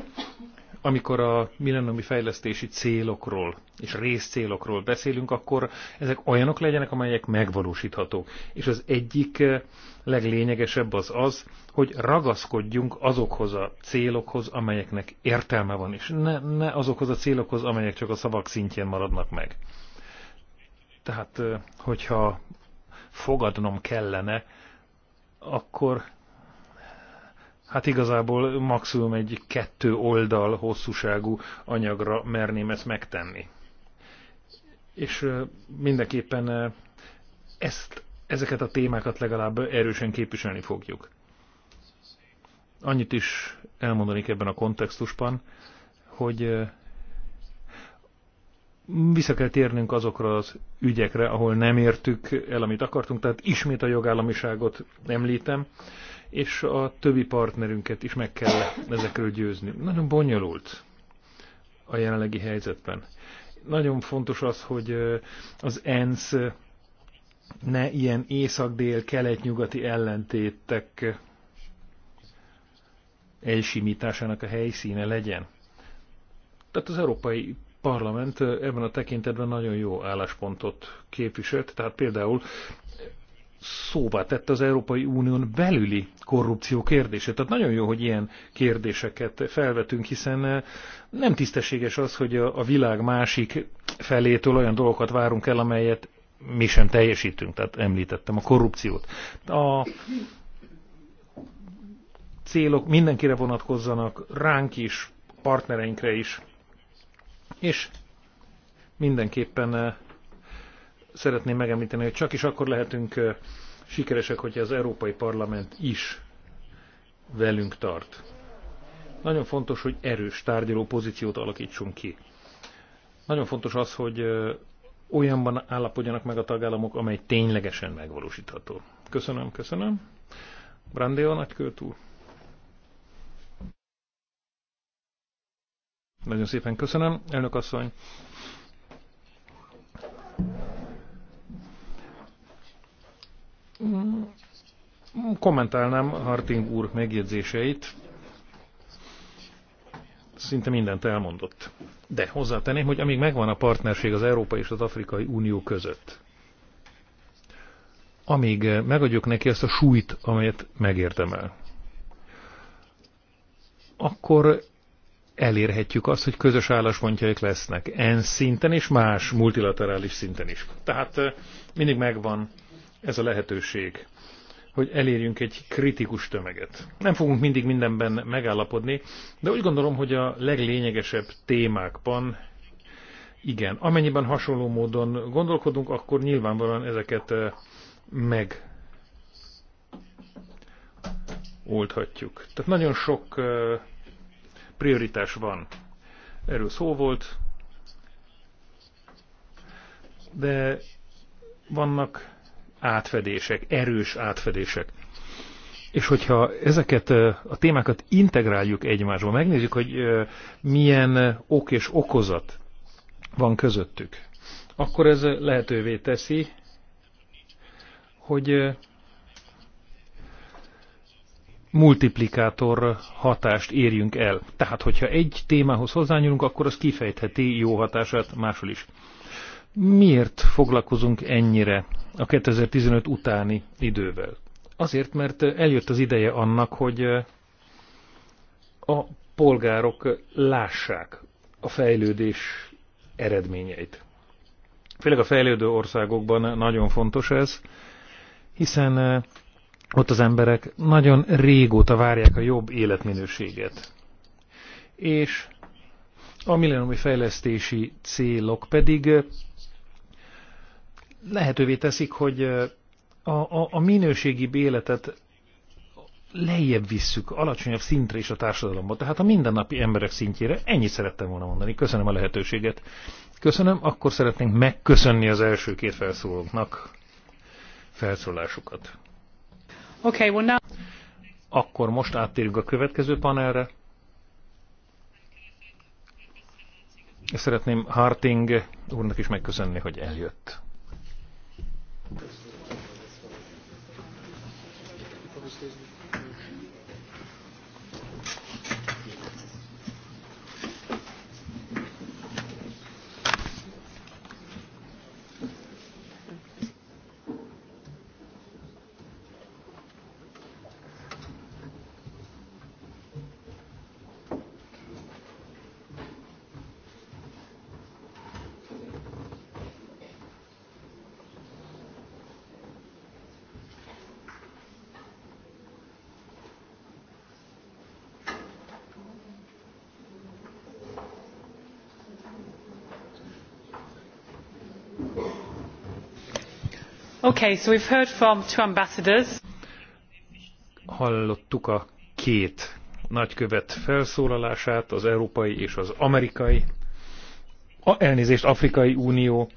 amikor a millenniumi fejlesztési célokról és részcélokról beszélünk, akkor ezek olyanok legyenek, amelyek megvalósíthatók. És az egyik eh, leglényegesebb az az, hogy ragaszkodjunk azokhoz a célokhoz, amelyeknek értelme van, és ne, ne azokhoz a célokhoz, amelyek csak a szavak szintjén maradnak meg. Tehát, eh, hogyha fogadnom kellene, akkor hát igazából maximum egy kettő oldal hosszúságú anyagra merném ezt megtenni. És mindenképpen ezt, ezeket a témákat legalább erősen képviselni fogjuk. Annyit is elmondanék ebben a kontextusban, hogy vissza kell térnünk azokra az ügyekre, ahol nem értük el, amit akartunk, tehát ismét a jogállamiságot említem, és a többi partnerünket is meg kell ezekről győzni. Nagyon bonyolult a jelenlegi helyzetben. Nagyon fontos az, hogy az ENSZ ne ilyen észak-dél-kelet-nyugati ellentétek elsimításának a helyszíne legyen. Tehát az Európai Parlament ebben a tekintetben nagyon jó álláspontot képviselt, tehát például szóvá tette az Európai Unión belüli korrupció kérdését. Tehát nagyon jó, hogy ilyen kérdéseket felvetünk, hiszen eh, nem tisztességes az, hogy a világ másik felétől olyan dolgokat várunk el, amelyet mi sem teljesítünk, tehát említettem a korrupciót. A célok mindenkire vonatkozzanak, ránk is, partnereinkre is, és mindenképpen eh, szeretném megemlíteni, hogy csak is akkor lehetünk sikeresek, hogy az Európai Parlament is velünk tart. Nagyon fontos, hogy erős tárgyaló pozíciót alakítsunk ki. Nagyon fontos az, hogy olyanban állapodjanak meg a tagállamok, amely ténylegesen megvalósítható. Köszönöm, köszönöm. Brandéa nagykölt úr. Nagyon szépen köszönöm, elnök asszony. kommentálnám Harting úr megjegyzéseit. Szinte mindent elmondott. De hozzátenném, hogy amíg megvan a partnerség az Európai és az Afrikai Unió között, amíg megadjuk neki ezt a súlyt, amelyet megérdemel, akkor elérhetjük azt, hogy közös álláspontjaik lesznek ENSZ szinten és más multilaterális szinten is. Tehát eh, mindig megvan ez a lehetőség, hogy elérjünk egy kritikus tömeget. Nem fogunk mindig mindenben megállapodni, de úgy gondolom, hogy a leglényegesebb témákban igen, amennyiben hasonló módon gondolkodunk, akkor nyilvánvalóan ezeket eh, meg oldhatjuk. Tehát nagyon sok eh, prioritás van. Erről szó volt, de vannak átfedések, erős átfedések. És hogyha ezeket a témákat integráljuk egymásba, megnézzük, hogy milyen ok és okozat van közöttük, akkor ez lehetővé teszi, hogy multiplikátor hatást érjünk el. Tehát, hogyha egy témához hozzányúlunk, akkor az kifejtheti jó hatását máshol is. Miért foglalkozunk ennyire a 2015 utáni idővel? Azért, mert eljött az ideje annak, hogy a polgárok lássák a fejlődés eredményeit. Főleg a fejlődő országokban nagyon fontos ez, hiszen ott az emberek nagyon régóta várják a jobb életminőséget. És a millenomi fejlesztési célok pedig lehetővé teszik, hogy a, a, a minőségi életet lejjebb visszük, alacsonyabb szintre is a társadalomba, tehát a mindennapi emberek szintjére. Ennyit szerettem volna mondani. Köszönöm a lehetőséget. Köszönöm, akkor szeretnénk megköszönni az első két felszólóknak felszólásukat. Okay, well now... Akkor most áttérünk a következő panelre. Szeretném Harting úrnak is megköszönni, hogy eljött. Köszönöm. Hallottuk a két nagykövet felszólalását, az európai és az amerikai, a, elnézést, Afrikai Unió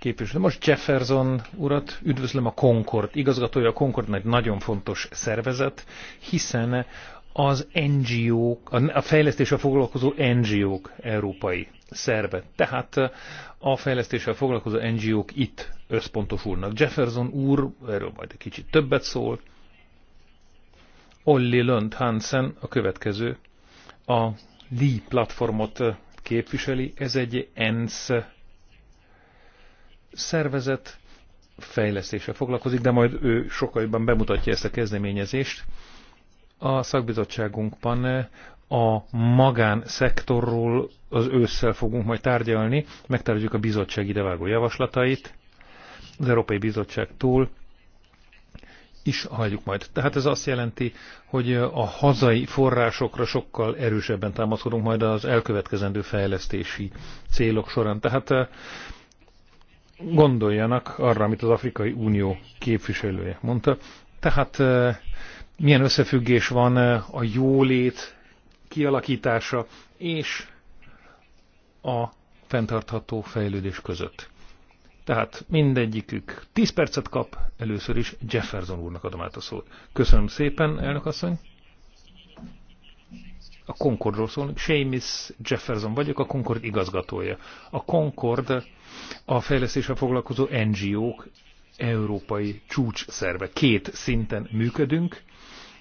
képviselő. Most Jefferson urat üdvözlöm a Concord igazgatója. A Concord egy nagyon fontos szervezet, hiszen az NGO-k, a fejlesztésre foglalkozó NGO-k európai szerve Tehát a fejlesztéssel foglalkozó NGO-k itt összpontosulnak. Jefferson úr, erről majd egy kicsit többet szól. Olli Lund Hansen a következő. A Lee platformot képviseli, ez egy ENSZ szervezet, fejlesztése foglalkozik, de majd ő sokkal jobban bemutatja ezt a kezdeményezést. A szakbizottságunkban a magánszektorról az ősszel fogunk majd tárgyalni, megtárgyaljuk a bizottság idevágó javaslatait, az Európai Bizottságtól is halljuk majd. Tehát ez azt jelenti, hogy a hazai forrásokra sokkal erősebben támaszkodunk majd az elkövetkezendő fejlesztési célok során. Tehát eh, gondoljanak arra, amit az Afrikai Unió képviselője mondta. Tehát eh, milyen összefüggés van eh, a jólét kialakítása és a fenntartható fejlődés között. Tehát mindegyikük 10 percet kap, először is Jefferson úrnak adom át a szót. Köszönöm szépen, elnök asszony. A Concordról szólunk. Seamus Jefferson vagyok, a Concord igazgatója. A Concord a fejlesztéssel foglalkozó NGO-k európai csúcsszerve. Két szinten működünk,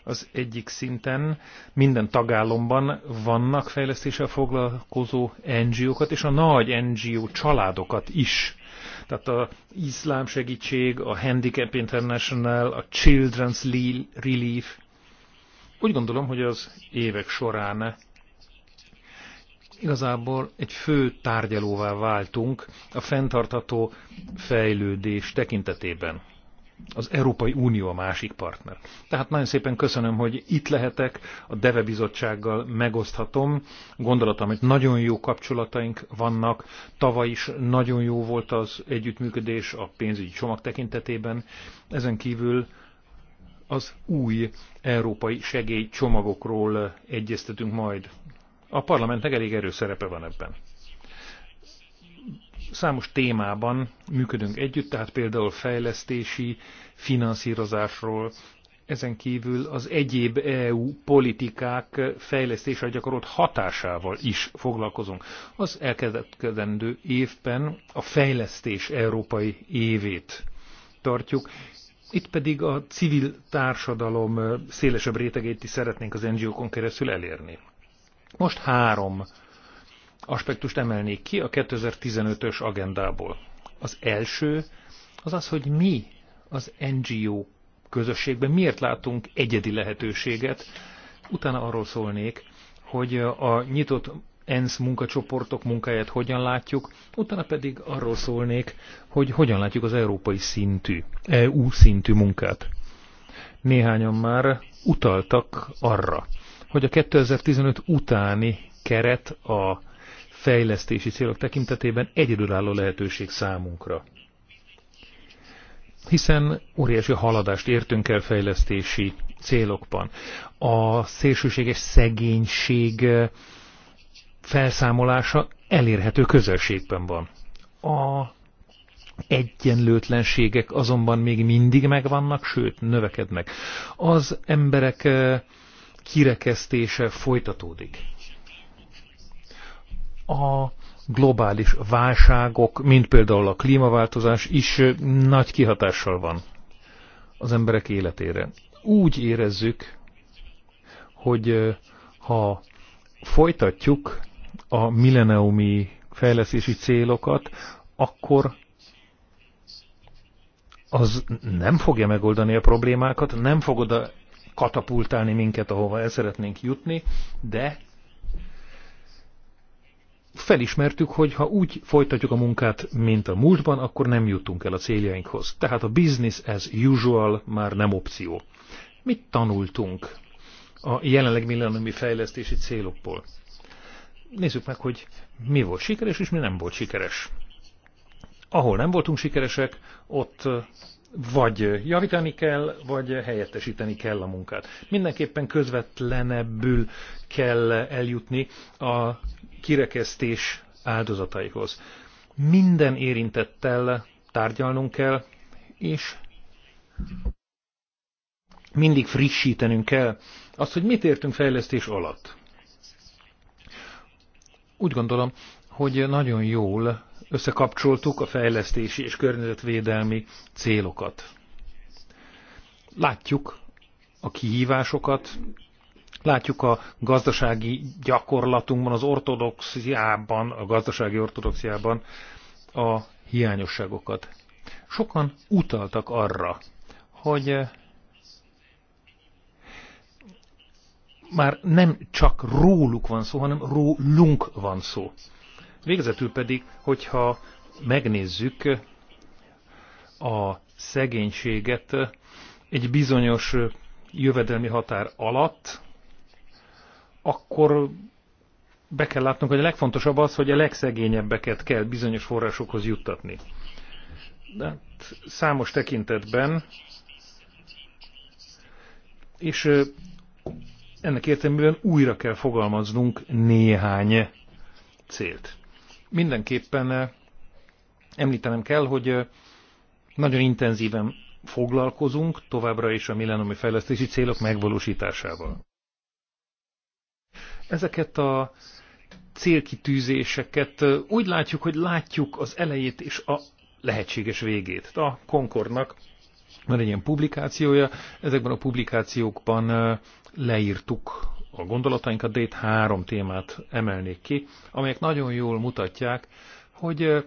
az egyik szinten minden tagállomban vannak fejlesztéssel foglalkozó NGO-kat, és a nagy NGO családokat is. Tehát a Iszlám Segítség, a Handicap International, a Children's Relief. Úgy gondolom, hogy az évek során igazából egy fő tárgyalóvá váltunk a fenntartató fejlődés tekintetében az Európai Unió a másik partner. Tehát nagyon szépen köszönöm, hogy itt lehetek, a DEVE bizottsággal megoszthatom gondolatom, hogy nagyon jó kapcsolataink vannak, tavaly is nagyon jó volt az együttműködés a pénzügyi csomag tekintetében, ezen kívül az új európai segélycsomagokról egyeztetünk majd. A parlamentnek elég erős szerepe van ebben. Számos témában működünk együtt, tehát például fejlesztési, finanszírozásról, ezen kívül az egyéb EU politikák fejlesztésre gyakorolt hatásával is foglalkozunk. Az elkezdendő évben a fejlesztés európai évét tartjuk. Itt pedig a civil társadalom szélesebb rétegét is szeretnénk az NGO-kon keresztül elérni. Most három aspektust emelnék ki a 2015-ös agendából. Az első az az, hogy mi az NGO közösségben miért látunk egyedi lehetőséget, utána arról szólnék, hogy a nyitott ENSZ munkacsoportok munkáját hogyan látjuk, utána pedig arról szólnék, hogy hogyan látjuk az európai szintű, EU szintű munkát. Néhányan már utaltak arra, hogy a 2015 utáni keret a fejlesztési célok tekintetében egyedülálló lehetőség számunkra. Hiszen óriási haladást értünk el fejlesztési célokban. A szélsőséges szegénység felszámolása elérhető közelségben van. A egyenlőtlenségek azonban még mindig megvannak, sőt, növekednek. Az emberek kirekesztése folytatódik a globális válságok, mint például a klímaváltozás is nagy kihatással van az emberek életére. Úgy érezzük, hogy ha folytatjuk a milleniumi fejlesztési célokat, akkor az nem fogja megoldani a problémákat, nem fog oda katapultálni minket, ahova el szeretnénk jutni, de felismertük, hogy ha úgy folytatjuk a munkát, mint a múltban, akkor nem jutunk el a céljainkhoz. Tehát a business as usual már nem opció. Mit tanultunk a jelenleg millenniumi fejlesztési célokból? Nézzük meg, hogy mi volt sikeres, és mi nem volt sikeres. Ahol nem voltunk sikeresek, ott vagy javítani kell, vagy helyettesíteni kell a munkát. Mindenképpen közvetlenebbül kell eljutni a kirekesztés áldozataihoz. Minden érintettel tárgyalnunk kell, és mindig frissítenünk kell azt, hogy mit értünk fejlesztés alatt. Úgy gondolom, hogy nagyon jól összekapcsoltuk a fejlesztési és környezetvédelmi célokat. Látjuk a kihívásokat, Látjuk a gazdasági gyakorlatunkban, az ortodoxiában, a gazdasági ortodoxiában a hiányosságokat. Sokan utaltak arra, hogy eh, már nem csak róluk van szó, hanem rólunk van szó. Végezetül pedig, hogyha megnézzük eh, a szegénységet eh, egy bizonyos jövedelmi határ alatt, akkor be kell látnunk, hogy a legfontosabb az, hogy a legszegényebbeket kell bizonyos forrásokhoz juttatni. De hát számos tekintetben, és ennek értelműen újra kell fogalmaznunk néhány célt. Mindenképpen említenem kell, hogy nagyon intenzíven foglalkozunk továbbra is a millenomi fejlesztési célok megvalósításával ezeket a célkitűzéseket úgy látjuk, hogy látjuk az elejét és a lehetséges végét. A Concordnak van egy ilyen publikációja, ezekben a publikációkban leírtuk a gondolatainkat, de itt három témát emelnék ki, amelyek nagyon jól mutatják, hogy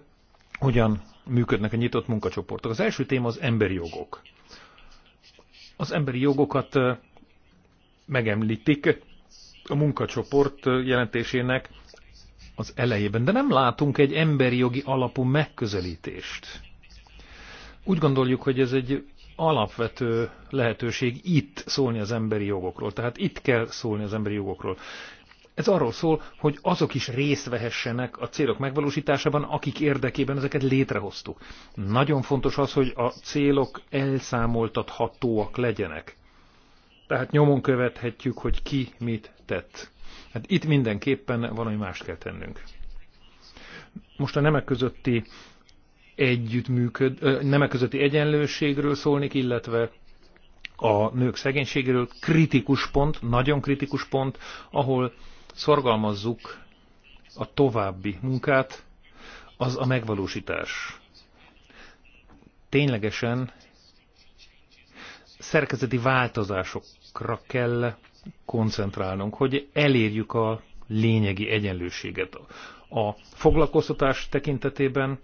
hogyan működnek a nyitott munkacsoportok. Az első téma az emberi jogok. Az emberi jogokat megemlítik a munkacsoport jelentésének az elejében, de nem látunk egy emberi jogi alapú megközelítést. Úgy gondoljuk, hogy ez egy alapvető lehetőség itt szólni az emberi jogokról. Tehát itt kell szólni az emberi jogokról. Ez arról szól, hogy azok is részt vehessenek a célok megvalósításában, akik érdekében ezeket létrehoztuk. Nagyon fontos az, hogy a célok elszámoltathatóak legyenek tehát nyomon követhetjük, hogy ki mit tett. Hát itt mindenképpen valami mást kell tennünk. Most a nemek közötti együttműköd, nemek közötti egyenlőségről szólnék, illetve a nők szegénységéről. Kritikus pont, nagyon kritikus pont, ahol szorgalmazzuk a további munkát, az a megvalósítás. Ténylegesen szerkezeti változások dolgokra kell koncentrálnunk, hogy elérjük a lényegi egyenlőséget a foglalkoztatás tekintetében,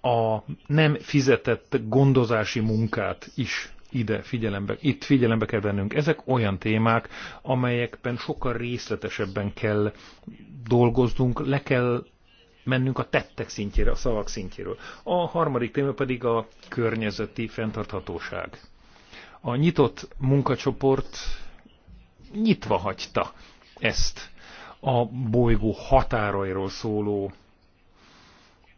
a nem fizetett gondozási munkát is ide figyelembe, itt figyelembe kell vennünk. Ezek olyan témák, amelyekben sokkal részletesebben kell dolgoznunk, le kell mennünk a tettek szintjére, a szavak szintjéről. A harmadik téma pedig a környezeti fenntarthatóság a nyitott munkacsoport nyitva hagyta ezt a bolygó határairól szóló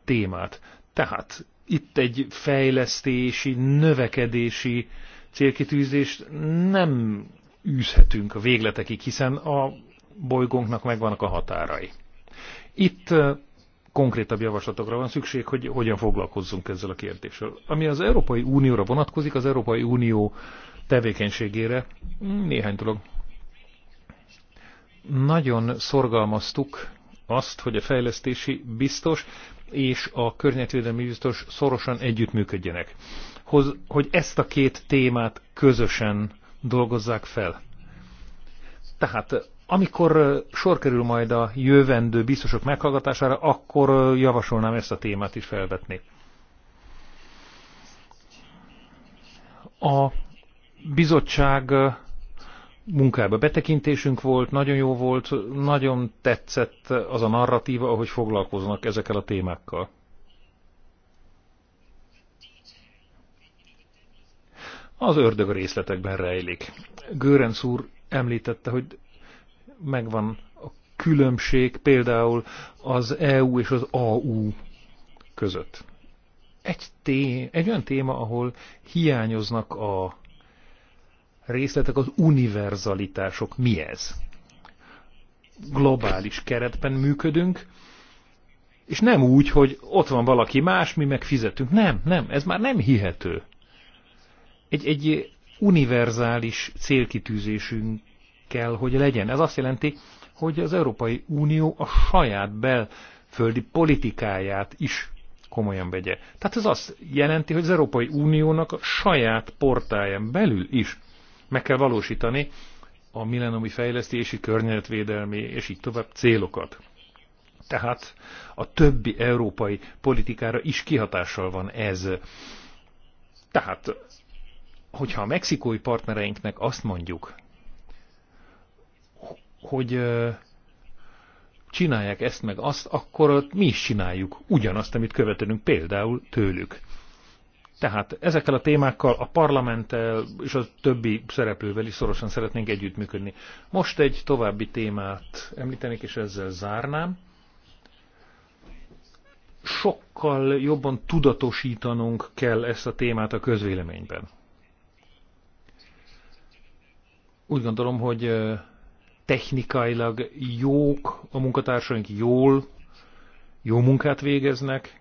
témát. Tehát itt egy fejlesztési, növekedési célkitűzést nem űzhetünk a végletekig, hiszen a bolygónknak megvannak a határai. Itt konkrétabb javaslatokra van szükség, hogy hogyan foglalkozzunk ezzel a kérdéssel. Ami az Európai Unióra vonatkozik, az Európai Unió tevékenységére néhány dolog. Nagyon szorgalmaztuk azt, hogy a fejlesztési biztos és a környezetvédelmi biztos szorosan együttműködjenek. Hoz, hogy ezt a két témát közösen dolgozzák fel. Tehát amikor sor kerül majd a jövendő biztosok meghallgatására, akkor javasolnám ezt a témát is felvetni. A bizottság munkába betekintésünk volt, nagyon jó volt, nagyon tetszett az a narratíva, ahogy foglalkoznak ezekkel a témákkal. Az ördög a részletekben rejlik. Görenc úr említette, hogy megvan a különbség például az EU és az AU között. Egy, té egy olyan téma, ahol hiányoznak a részletek, az univerzalitások. Mi ez? Globális keretben működünk, és nem úgy, hogy ott van valaki más, mi meg fizetünk. Nem, nem, ez már nem hihető. Egy, egy univerzális célkitűzésünk kell, hogy legyen. Ez azt jelenti, hogy az Európai Unió a saját belföldi politikáját is komolyan vegye. Tehát ez azt jelenti, hogy az Európai Uniónak a saját portáján belül is meg kell valósítani a millenomi fejlesztési, környezetvédelmi és így tovább célokat. Tehát a többi európai politikára is kihatással van ez. Tehát, hogyha a mexikói partnereinknek azt mondjuk, hogy csinálják ezt meg azt, akkor mi is csináljuk ugyanazt, amit követelünk például tőlük. Tehát ezekkel a témákkal a parlamenttel és a többi szereplővel is szorosan szeretnénk együttműködni. Most egy további témát említenék, és ezzel zárnám. Sokkal jobban tudatosítanunk kell ezt a témát a közvéleményben. Úgy gondolom, hogy technikailag jók, a munkatársaink jól, jó munkát végeznek,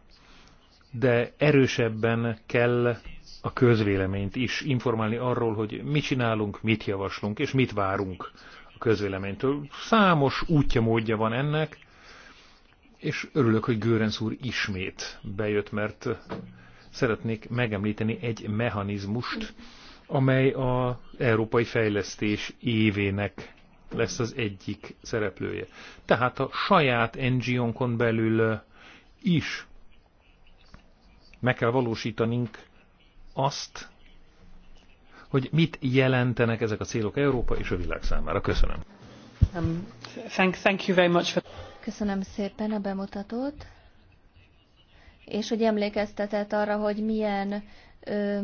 de erősebben kell a közvéleményt is informálni arról, hogy mit csinálunk, mit javaslunk, és mit várunk a közvéleménytől. Számos útja, módja van ennek, és örülök, hogy Görenc úr ismét bejött, mert szeretnék megemlíteni egy mechanizmust, amely az Európai Fejlesztés évének lesz az egyik szereplője. Tehát a saját NGO-nkon belül is meg kell valósítanunk azt, hogy mit jelentenek ezek a célok Európa és a világ számára. Köszönöm. Um, thank, thank you very much for... Köszönöm szépen a bemutatót, és hogy emlékeztetett arra, hogy milyen ö,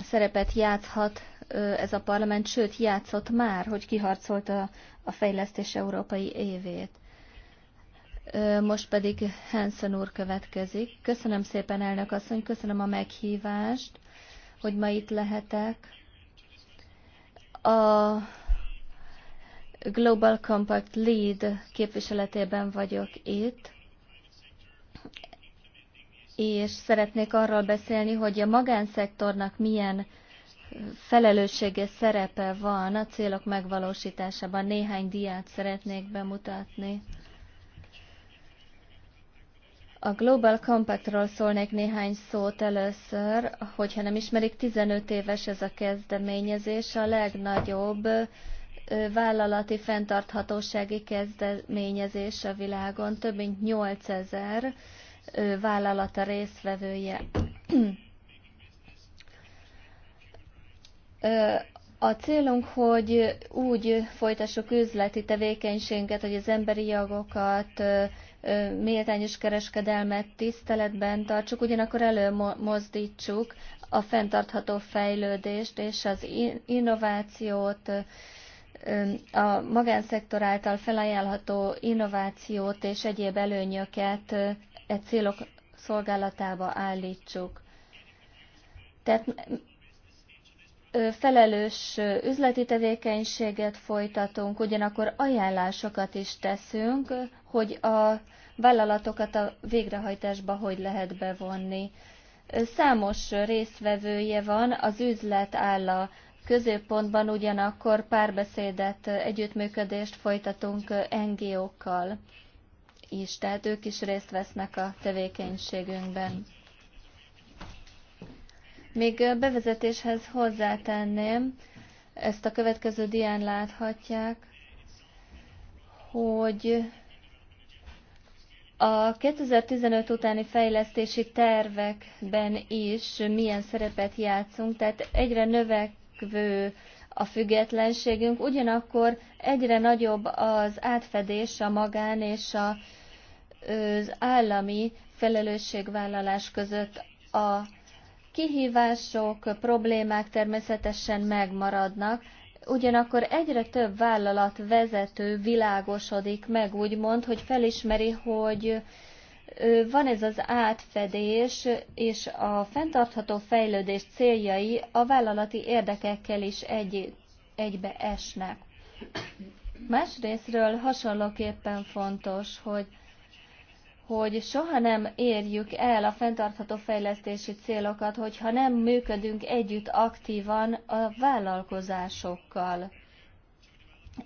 szerepet játszhat ez a parlament, sőt játszott már, hogy kiharcolta a fejlesztés európai évét. Most pedig Hansen úr következik. Köszönöm szépen, elnök asszony, köszönöm a meghívást, hogy ma itt lehetek. A Global Compact Lead képviseletében vagyok itt, és szeretnék arról beszélni, hogy a magánszektornak milyen felelőssége szerepe van a célok megvalósításában. Néhány diát szeretnék bemutatni. A Global Compactról szólnék néhány szót először, hogyha nem ismerik, 15 éves ez a kezdeményezés, a legnagyobb vállalati fenntarthatósági kezdeményezés a világon, több mint 8000 vállalata részvevője A célunk, hogy úgy folytassuk üzleti tevékenységünket, hogy az emberi jogokat, méltányos kereskedelmet tiszteletben tartsuk, ugyanakkor előmozdítsuk a fenntartható fejlődést és az innovációt, a magánszektor által felajánlható innovációt és egyéb előnyöket egy célok szolgálatába állítsuk. Tehát felelős üzleti tevékenységet folytatunk, ugyanakkor ajánlásokat is teszünk, hogy a vállalatokat a végrehajtásba hogy lehet bevonni. Számos résztvevője van, az üzlet áll a középpontban, ugyanakkor párbeszédet, együttműködést folytatunk NGO-kkal is, tehát ők is részt vesznek a tevékenységünkben. Még bevezetéshez hozzátenném, ezt a következő dián láthatják, hogy a 2015 utáni fejlesztési tervekben is milyen szerepet játszunk, tehát egyre növekvő a függetlenségünk, ugyanakkor egyre nagyobb az átfedés a magán és a, az állami felelősségvállalás között a Kihívások, problémák természetesen megmaradnak, ugyanakkor egyre több vállalat vezető világosodik meg, úgymond, hogy felismeri, hogy van ez az átfedés, és a fenntartható fejlődés céljai a vállalati érdekekkel is egy, egybe esnek. Másrésztről hasonlóképpen fontos, hogy hogy soha nem érjük el a fenntartható fejlesztési célokat, hogyha nem működünk együtt aktívan a vállalkozásokkal.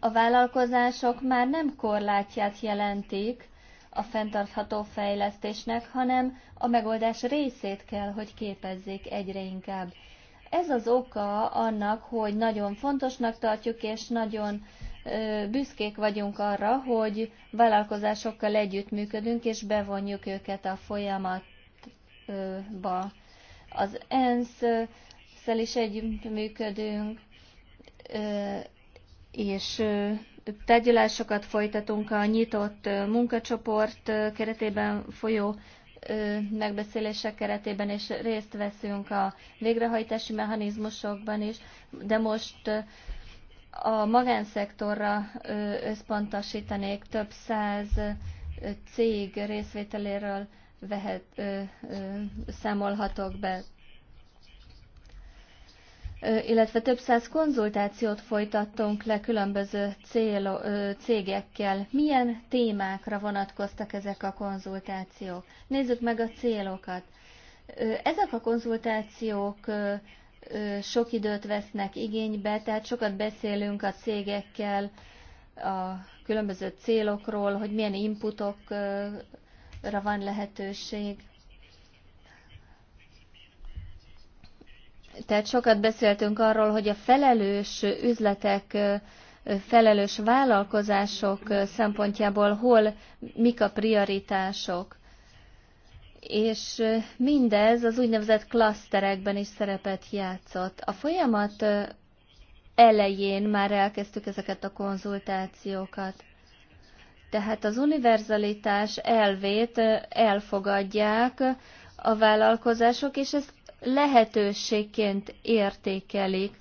A vállalkozások már nem korlátját jelentik a fenntartható fejlesztésnek, hanem a megoldás részét kell, hogy képezzék egyre inkább. Ez az oka annak, hogy nagyon fontosnak tartjuk és nagyon büszkék vagyunk arra, hogy vállalkozásokkal együttműködünk, és bevonjuk őket a folyamatba. Az ENSZ-szel is együttműködünk, és tárgyalásokat folytatunk a nyitott munkacsoport keretében folyó megbeszélések keretében, és részt veszünk a végrehajtási mechanizmusokban is, de most a magánszektorra összpontosítanék, több száz cég részvételéről vehet, ö, ö, számolhatok be. Ö, illetve több száz konzultációt folytattunk le különböző cél, ö, cégekkel. Milyen témákra vonatkoztak ezek a konzultációk? Nézzük meg a célokat. Ö, ezek a konzultációk ö, sok időt vesznek igénybe, tehát sokat beszélünk a cégekkel, a különböző célokról, hogy milyen inputokra van lehetőség. Tehát sokat beszéltünk arról, hogy a felelős üzletek, felelős vállalkozások szempontjából hol, mik a prioritások és mindez az úgynevezett klaszterekben is szerepet játszott. A folyamat elején már elkezdtük ezeket a konzultációkat. Tehát az univerzalitás elvét elfogadják a vállalkozások, és ezt lehetőségként értékelik.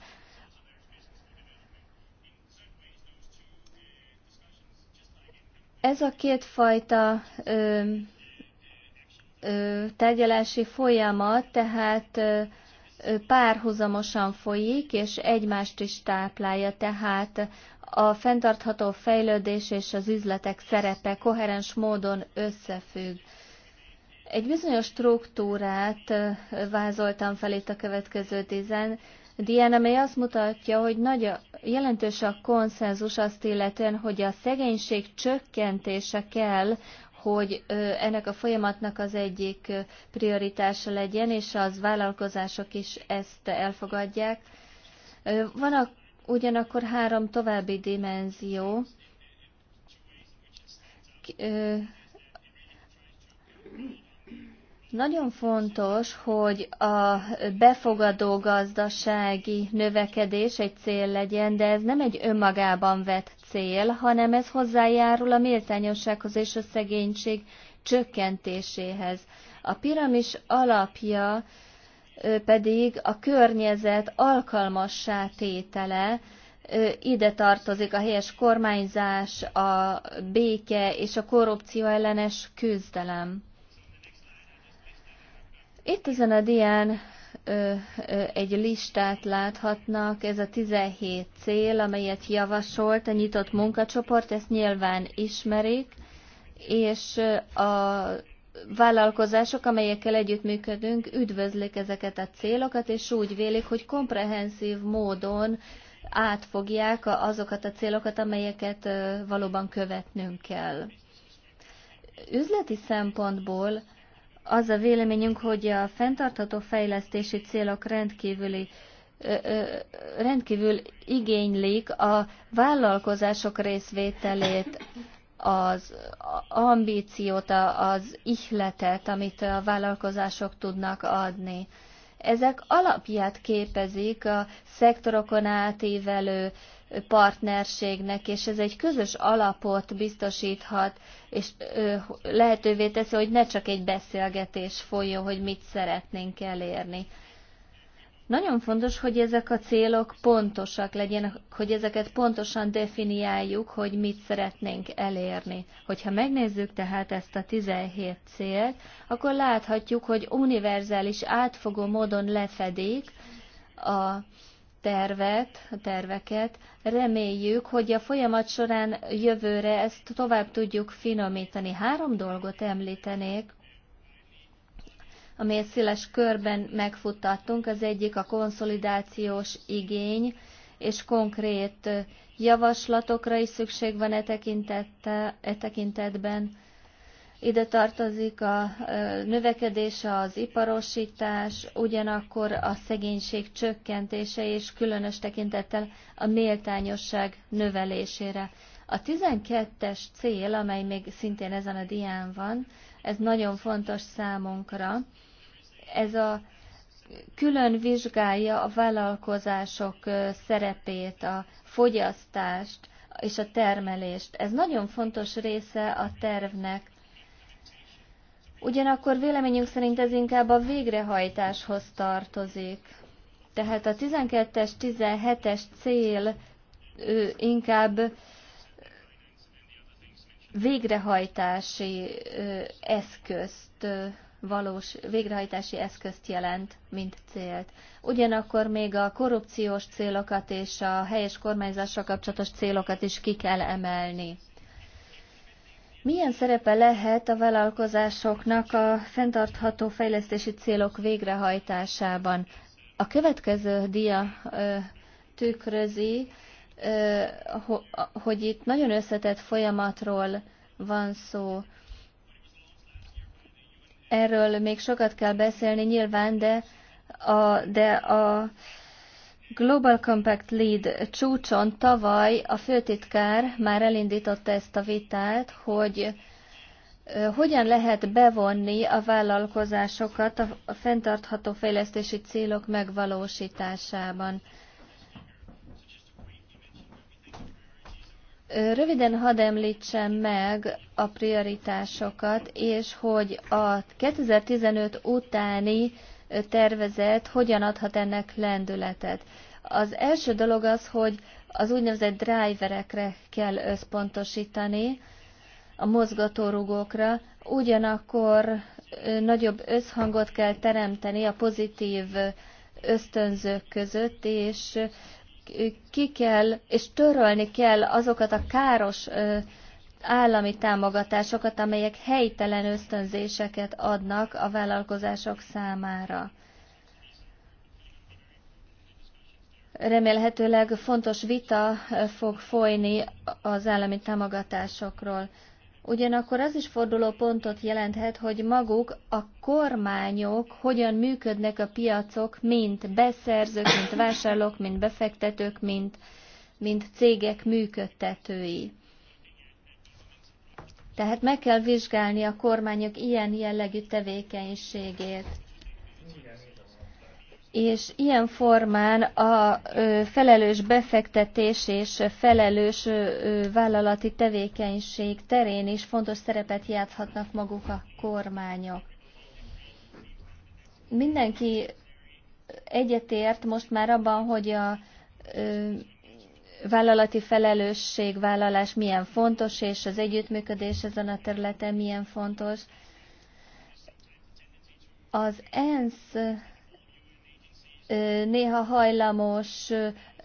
Ez a kétfajta tárgyalási folyamat tehát párhuzamosan folyik, és egymást is táplálja, tehát a fenntartható fejlődés és az üzletek szerepe koherens módon összefügg. Egy bizonyos struktúrát vázoltam fel itt a következő tizen, Dián, amely azt mutatja, hogy nagy a, jelentős a konszenzus azt illetően, hogy a szegénység csökkentése kell hogy ennek a folyamatnak az egyik prioritása legyen, és az vállalkozások is ezt elfogadják. Van a, ugyanakkor három további dimenzió, nagyon fontos, hogy a befogadó gazdasági növekedés egy cél legyen, de ez nem egy önmagában vett cél, hanem ez hozzájárul a méltányossághoz és a szegénység csökkentéséhez. A piramis alapja pedig a környezet alkalmassá tétele, ide tartozik a helyes kormányzás, a béke és a korrupció ellenes küzdelem. Itt ezen a dián ö, ö, egy listát láthatnak, ez a 17 cél, amelyet javasolt a nyitott munkacsoport, ezt nyilván ismerik, és a vállalkozások, amelyekkel együttműködünk, üdvözlik ezeket a célokat, és úgy vélik, hogy komprehenszív módon átfogják azokat a célokat, amelyeket valóban követnünk kell. Üzleti szempontból az a véleményünk, hogy a fenntartható fejlesztési célok rendkívüli rendkívül igénylik a vállalkozások részvételét, az ambíciót, az ihletet, amit a vállalkozások tudnak adni. Ezek alapját képezik a szektorokon átívelő partnerségnek, és ez egy közös alapot biztosíthat, és lehetővé teszi, hogy ne csak egy beszélgetés folyjon, hogy mit szeretnénk elérni. Nagyon fontos, hogy ezek a célok pontosak legyenek, hogy ezeket pontosan definiáljuk, hogy mit szeretnénk elérni. Hogyha megnézzük tehát ezt a 17 célt, akkor láthatjuk, hogy univerzális, átfogó módon lefedik a tervet, a terveket. Reméljük, hogy a folyamat során jövőre ezt tovább tudjuk finomítani. Három dolgot említenék, amelyet széles körben megfuttattunk. Az egyik a konszolidációs igény, és konkrét javaslatokra is szükség van e, tekintet, e tekintetben ide tartozik a növekedés, az iparosítás, ugyanakkor a szegénység csökkentése és különös tekintettel a méltányosság növelésére. A 12-es cél, amely még szintén ezen a dián van, ez nagyon fontos számunkra. Ez a külön vizsgálja a vállalkozások szerepét, a fogyasztást és a termelést. Ez nagyon fontos része a tervnek, Ugyanakkor véleményünk szerint ez inkább a végrehajtáshoz tartozik. Tehát a 12-es, 17-es cél ő, inkább végrehajtási ö, eszközt ö, valós végrehajtási eszközt jelent, mint célt. Ugyanakkor még a korrupciós célokat és a helyes kormányzással kapcsolatos célokat is ki kell emelni. Milyen szerepe lehet a vállalkozásoknak a fenntartható fejlesztési célok végrehajtásában? A következő dia tükrözi, hogy itt nagyon összetett folyamatról van szó. Erről még sokat kell beszélni nyilván, de a, de a Global Compact Lead csúcson tavaly a főtitkár már elindította ezt a vitát, hogy hogyan lehet bevonni a vállalkozásokat a fenntartható fejlesztési célok megvalósításában. Röviden hadd említsem meg a prioritásokat, és hogy a 2015 utáni tervezet hogyan adhat ennek lendületet. Az első dolog az, hogy az úgynevezett driverekre kell összpontosítani, a mozgatórugókra, ugyanakkor nagyobb összhangot kell teremteni a pozitív ösztönzők között, és ki kell, és törölni kell azokat a káros állami támogatásokat, amelyek helytelen ösztönzéseket adnak a vállalkozások számára. Remélhetőleg fontos vita eh, fog folyni az állami támogatásokról. Ugyanakkor az is forduló pontot jelenthet, hogy maguk a kormányok hogyan működnek a piacok, mint beszerzők, mint vásárlók, mint befektetők, mint, mint cégek működtetői. Tehát meg kell vizsgálni a kormányok ilyen jellegű tevékenységét. És ilyen formán a felelős befektetés és felelős vállalati tevékenység terén is fontos szerepet játszhatnak maguk a kormányok. Mindenki egyetért most már abban, hogy a vállalati felelősségvállalás milyen fontos, és az együttműködés ezen a területen milyen fontos. Az ENSZ néha hajlamos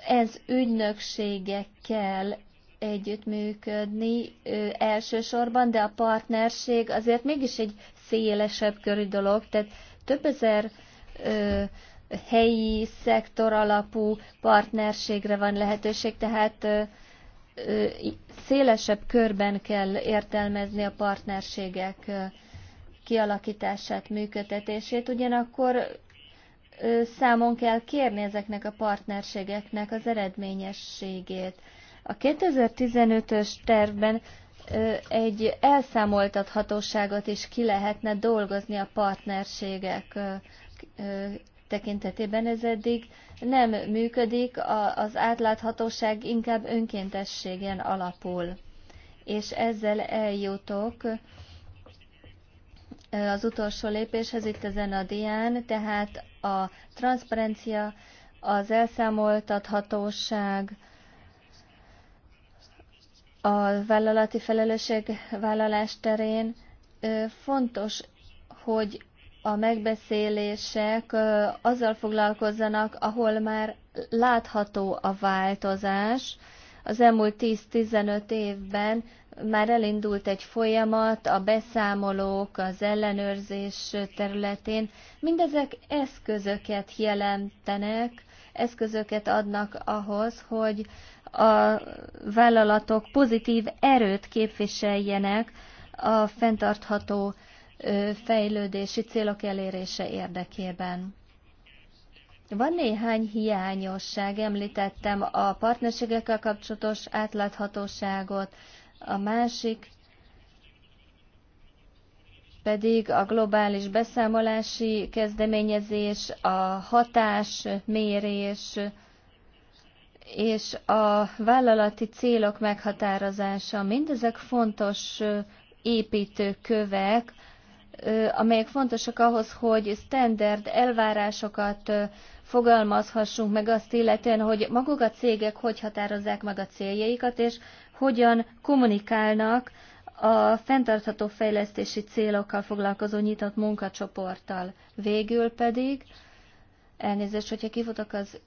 ENSZ ügynökségekkel együttműködni elsősorban, de a partnerség azért mégis egy szélesebb körű dolog, tehát több ezer helyi szektor alapú partnerségre van lehetőség, tehát szélesebb körben kell értelmezni a partnerségek kialakítását, működtetését, ugyanakkor számon kell kérni ezeknek a partnerségeknek az eredményességét. A 2015-ös tervben egy elszámoltathatóságot is ki lehetne dolgozni a partnerségek tekintetében ez eddig nem működik, az átláthatóság inkább önkéntességen alapul. És ezzel eljutok az utolsó lépéshez itt ezen a dián, tehát a transzparencia, az elszámoltathatóság, a vállalati felelősségvállalás terén fontos, hogy a megbeszélések azzal foglalkozzanak, ahol már látható a változás. Az elmúlt 10-15 évben már elindult egy folyamat a beszámolók, az ellenőrzés területén. Mindezek eszközöket jelentenek, eszközöket adnak ahhoz, hogy a vállalatok pozitív erőt képviseljenek a fenntartható fejlődési célok elérése érdekében. Van néhány hiányosság, említettem a partnerségekkel kapcsolatos átláthatóságot, a másik pedig a globális beszámolási kezdeményezés, a hatásmérés és a vállalati célok meghatározása. Mindezek fontos építőkövek amelyek fontosak ahhoz, hogy standard elvárásokat fogalmazhassunk meg azt illetően, hogy maguk a cégek hogy határozzák meg a céljaikat, és hogyan kommunikálnak a fenntartható fejlesztési célokkal foglalkozó nyitott munkacsoporttal. Végül pedig, elnézést, hogyha kifutok az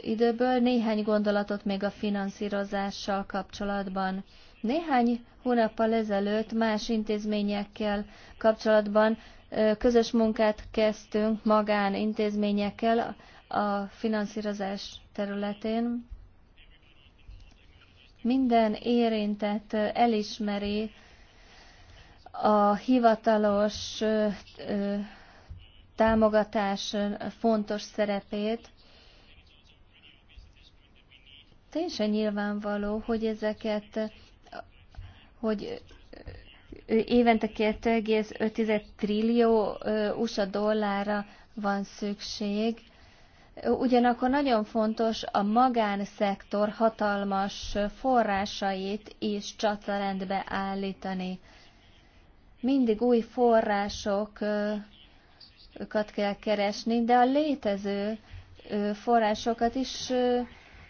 időből, néhány gondolatot még a finanszírozással kapcsolatban. Néhány hónappal ezelőtt más intézményekkel kapcsolatban közös munkát kezdtünk magánintézményekkel a finanszírozás területén. Minden érintett elismeri a hivatalos támogatás fontos szerepét. Tényleg nyilvánvaló, hogy ezeket hogy évente 2,5 trillió USA dollárra van szükség. Ugyanakkor nagyon fontos a magánszektor hatalmas forrásait is csatarendbe állítani. Mindig új forrásokat kell keresni, de a létező forrásokat is,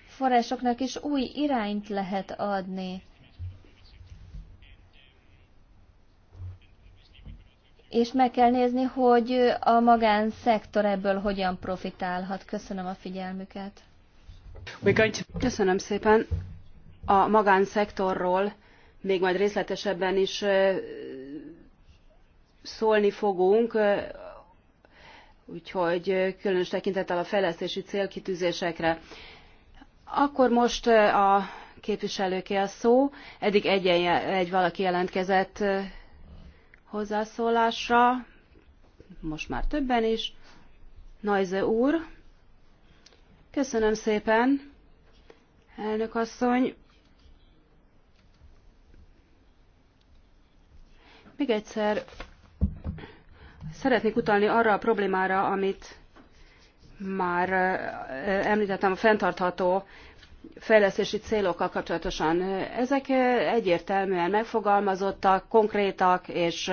forrásoknak is új irányt lehet adni és meg kell nézni, hogy a magánszektor ebből hogyan profitálhat. Köszönöm a figyelmüket. Köszönöm szépen. A magánszektorról még majd részletesebben is szólni fogunk, úgyhogy különös tekintettel a fejlesztési célkitűzésekre. Akkor most a képviselőké a szó. Eddig egy, egy valaki jelentkezett hozzászólásra, most már többen is. Najze úr, köszönöm szépen, elnök asszony. Még egyszer szeretnék utalni arra a problémára, amit már eh, említettem a fenntartható fejlesztési célokkal kapcsolatosan. Ezek egyértelműen megfogalmazottak, konkrétak és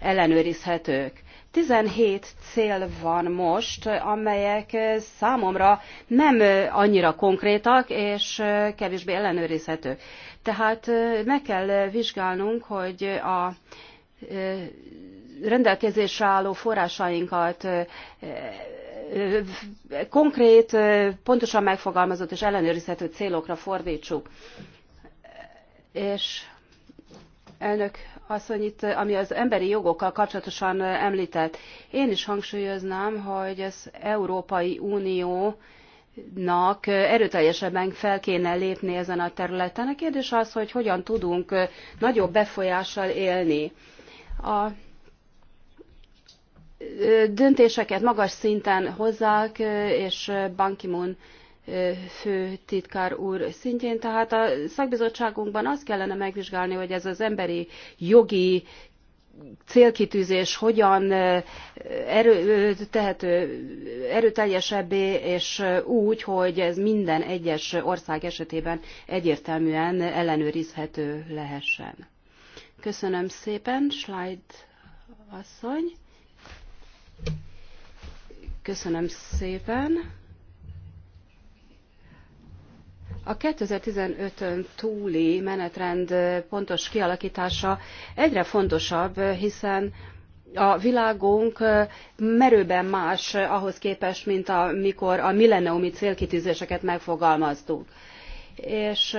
ellenőrizhetők. 17 cél van most, amelyek számomra nem annyira konkrétak és kevésbé ellenőrizhetők. Tehát meg kell vizsgálnunk, hogy a rendelkezésre álló forrásainkat konkrét, pontosan megfogalmazott és ellenőrizhető célokra fordítsuk. És elnök asszony itt, ami az emberi jogokkal kapcsolatosan említett, én is hangsúlyoznám, hogy az Európai Unió nak erőteljesebben fel kéne lépni ezen a területen. A kérdés az, hogy hogyan tudunk nagyobb befolyással élni. A döntéseket magas szinten hozzák, és Ban Ki-moon főtitkár úr szintjén. Tehát a szakbizottságunkban azt kellene megvizsgálni, hogy ez az emberi jogi célkitűzés hogyan erő, tehető erőteljesebbé, és úgy, hogy ez minden egyes ország esetében egyértelműen ellenőrizhető lehessen. Köszönöm szépen, Slide asszony. Köszönöm szépen. A 2015-ön túli menetrend pontos kialakítása egyre fontosabb, hiszen a világunk merőben más ahhoz képest, mint amikor a milleniumi célkitűzéseket megfogalmaztuk. És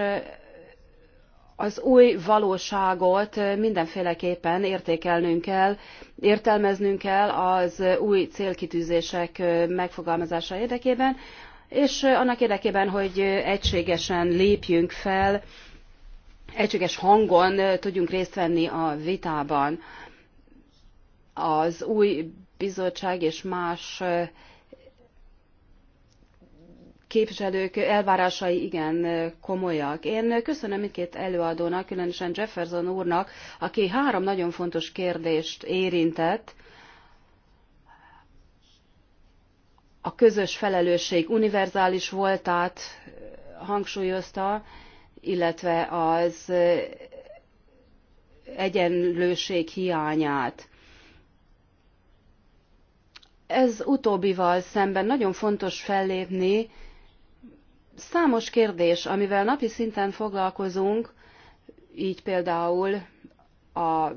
az új valóságot mindenféleképpen értékelnünk kell, értelmeznünk kell az új célkitűzések megfogalmazása érdekében, és annak érdekében, hogy egységesen lépjünk fel, egységes hangon tudjunk részt venni a vitában. Az új bizottság és más képviselők elvárásai igen komolyak. Én köszönöm mindkét előadónak, különösen Jefferson úrnak, aki három nagyon fontos kérdést érintett. A közös felelősség univerzális voltát hangsúlyozta, illetve az egyenlőség hiányát. Ez utóbbival szemben nagyon fontos fellépni, Számos kérdés, amivel napi szinten foglalkozunk, így például a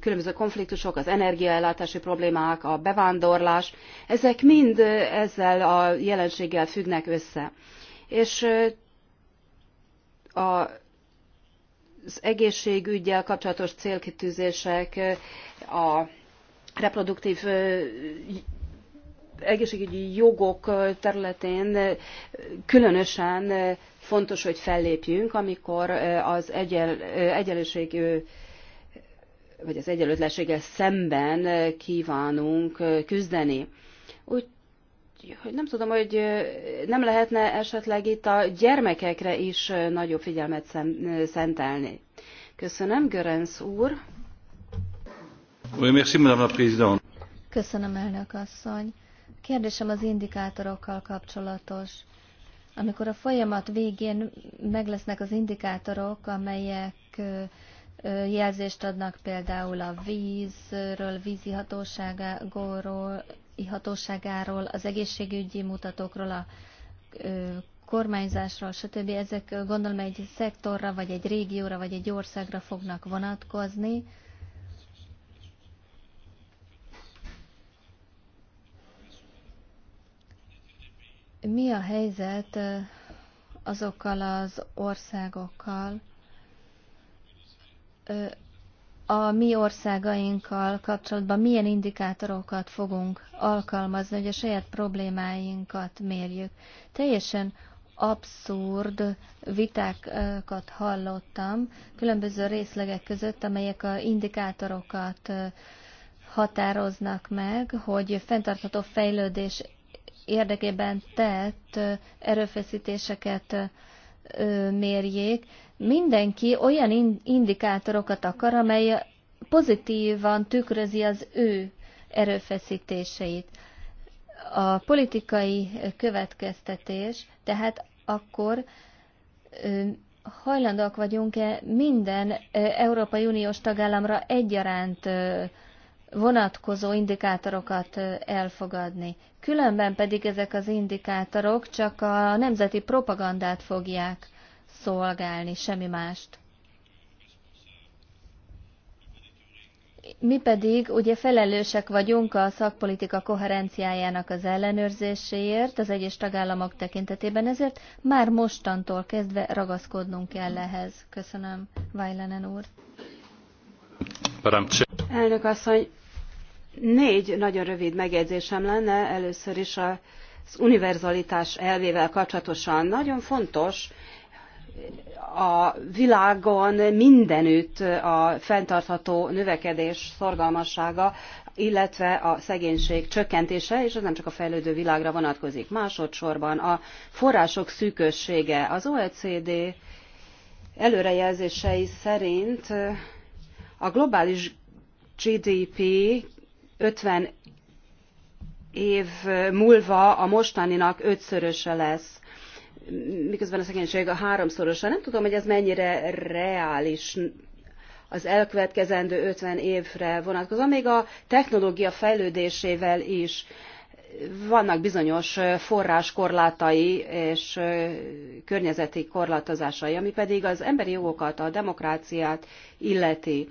különböző konfliktusok, az energiaellátási problémák, a bevándorlás, ezek mind ezzel a jelenséggel függnek össze. És a az egészségügyel kapcsolatos célkitűzések, a reproduktív egészségügyi jogok területén különösen fontos, hogy fellépjünk, amikor az egyel, egyenlőség vagy az egyenlőtlenséggel szemben kívánunk küzdeni. Úgy hogy nem tudom, hogy nem lehetne esetleg itt a gyermekekre is nagyobb figyelmet szentelni. Köszönöm, Görenc úr. Köszönöm, elnök asszony. Kérdésem az indikátorokkal kapcsolatos. Amikor a folyamat végén meglesznek az indikátorok, amelyek jelzést adnak például a vízről, vízi hatóságáról, hatóságáról az egészségügyi mutatókról, a kormányzásról, stb. Ezek gondolom egy szektorra, vagy egy régióra, vagy egy országra fognak vonatkozni Mi a helyzet azokkal az országokkal, a mi országainkkal kapcsolatban milyen indikátorokat fogunk alkalmazni, hogy a saját problémáinkat mérjük. Teljesen abszurd vitákat hallottam különböző részlegek között, amelyek a indikátorokat határoznak meg, hogy fenntartható fejlődés érdekében tett erőfeszítéseket mérjék. Mindenki olyan indikátorokat akar, amely pozitívan tükrözi az ő erőfeszítéseit. A politikai következtetés, tehát akkor hajlandóak vagyunk-e minden Európai Uniós tagállamra egyaránt vonatkozó indikátorokat elfogadni. Különben pedig ezek az indikátorok csak a nemzeti propagandát fogják szolgálni, semmi mást. Mi pedig ugye felelősek vagyunk a szakpolitika koherenciájának az ellenőrzéséért az egyes tagállamok tekintetében, ezért már mostantól kezdve ragaszkodnunk kell ehhez. Köszönöm, Vajlenen úr. Elnök asszony, Négy nagyon rövid megjegyzésem lenne, először is az univerzalitás elvével kapcsolatosan. Nagyon fontos a világon mindenütt a fenntartható növekedés szorgalmassága, illetve a szegénység csökkentése, és ez nem csak a fejlődő világra vonatkozik. Másodszorban a források szűkössége. Az OECD előrejelzései szerint a globális GDP 50 év múlva a mostaninak ötszöröse lesz miközben a szegénység a háromszorosa. Nem tudom, hogy ez mennyire reális az elkövetkezendő 50 évre vonatkozóan, még a technológia fejlődésével is vannak bizonyos forráskorlátai és környezeti korlátozásai, ami pedig az emberi jogokat, a demokráciát illeti.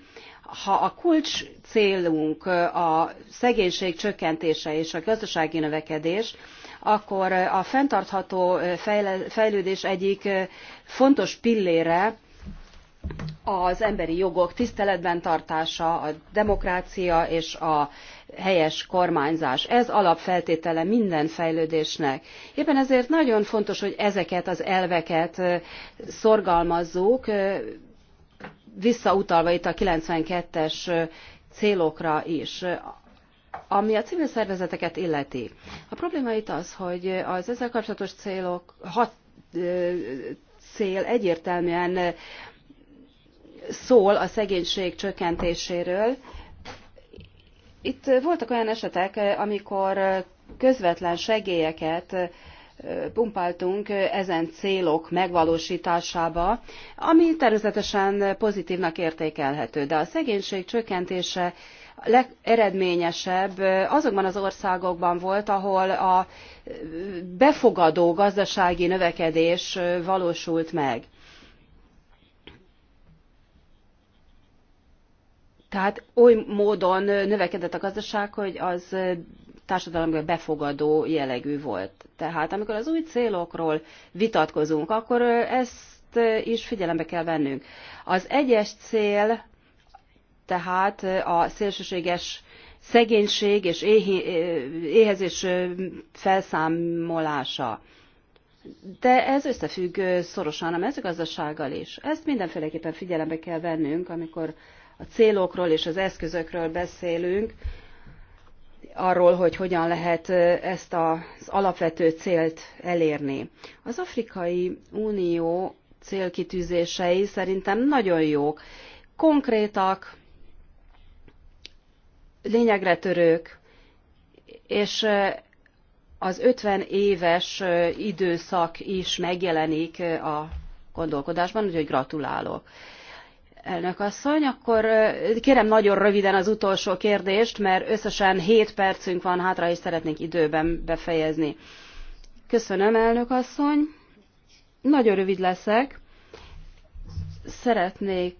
Ha a kulcs célunk a szegénység csökkentése és a gazdasági növekedés, akkor a fenntartható fejlődés egyik fontos pillére az emberi jogok tiszteletben tartása, a demokrácia és a helyes kormányzás. Ez alapfeltétele minden fejlődésnek. Éppen ezért nagyon fontos, hogy ezeket az elveket szorgalmazzuk, visszautalva itt a 92-es célokra is. Ami a civil szervezeteket illeti. A probléma itt az, hogy az ezzel kapcsolatos célok, hat cél egyértelműen szól a szegénység csökkentéséről, itt voltak olyan esetek, amikor közvetlen segélyeket pumpáltunk ezen célok megvalósításába, ami természetesen pozitívnak értékelhető, de a szegénység csökkentése legeredményesebb azokban az országokban volt, ahol a befogadó gazdasági növekedés valósult meg. Tehát oly módon növekedett a gazdaság, hogy az társadalomból befogadó jellegű volt. Tehát amikor az új célokról vitatkozunk, akkor ezt is figyelembe kell vennünk. Az egyes cél, tehát a szélsőséges szegénység és éhezés felszámolása. De ez összefügg szorosan a mezőgazdasággal is. Ezt mindenféleképpen figyelembe kell vennünk, amikor a célokról és az eszközökről beszélünk, arról, hogy hogyan lehet ezt az alapvető célt elérni. Az Afrikai Unió célkitűzései szerintem nagyon jók, konkrétak, lényegre törők, és az 50 éves időszak is megjelenik a gondolkodásban, úgyhogy gratulálok. Elnök asszony, akkor kérem nagyon röviden az utolsó kérdést, mert összesen 7 percünk van hátra, és szeretnénk időben befejezni. Köszönöm, elnök asszony. Nagyon rövid leszek. Szeretnék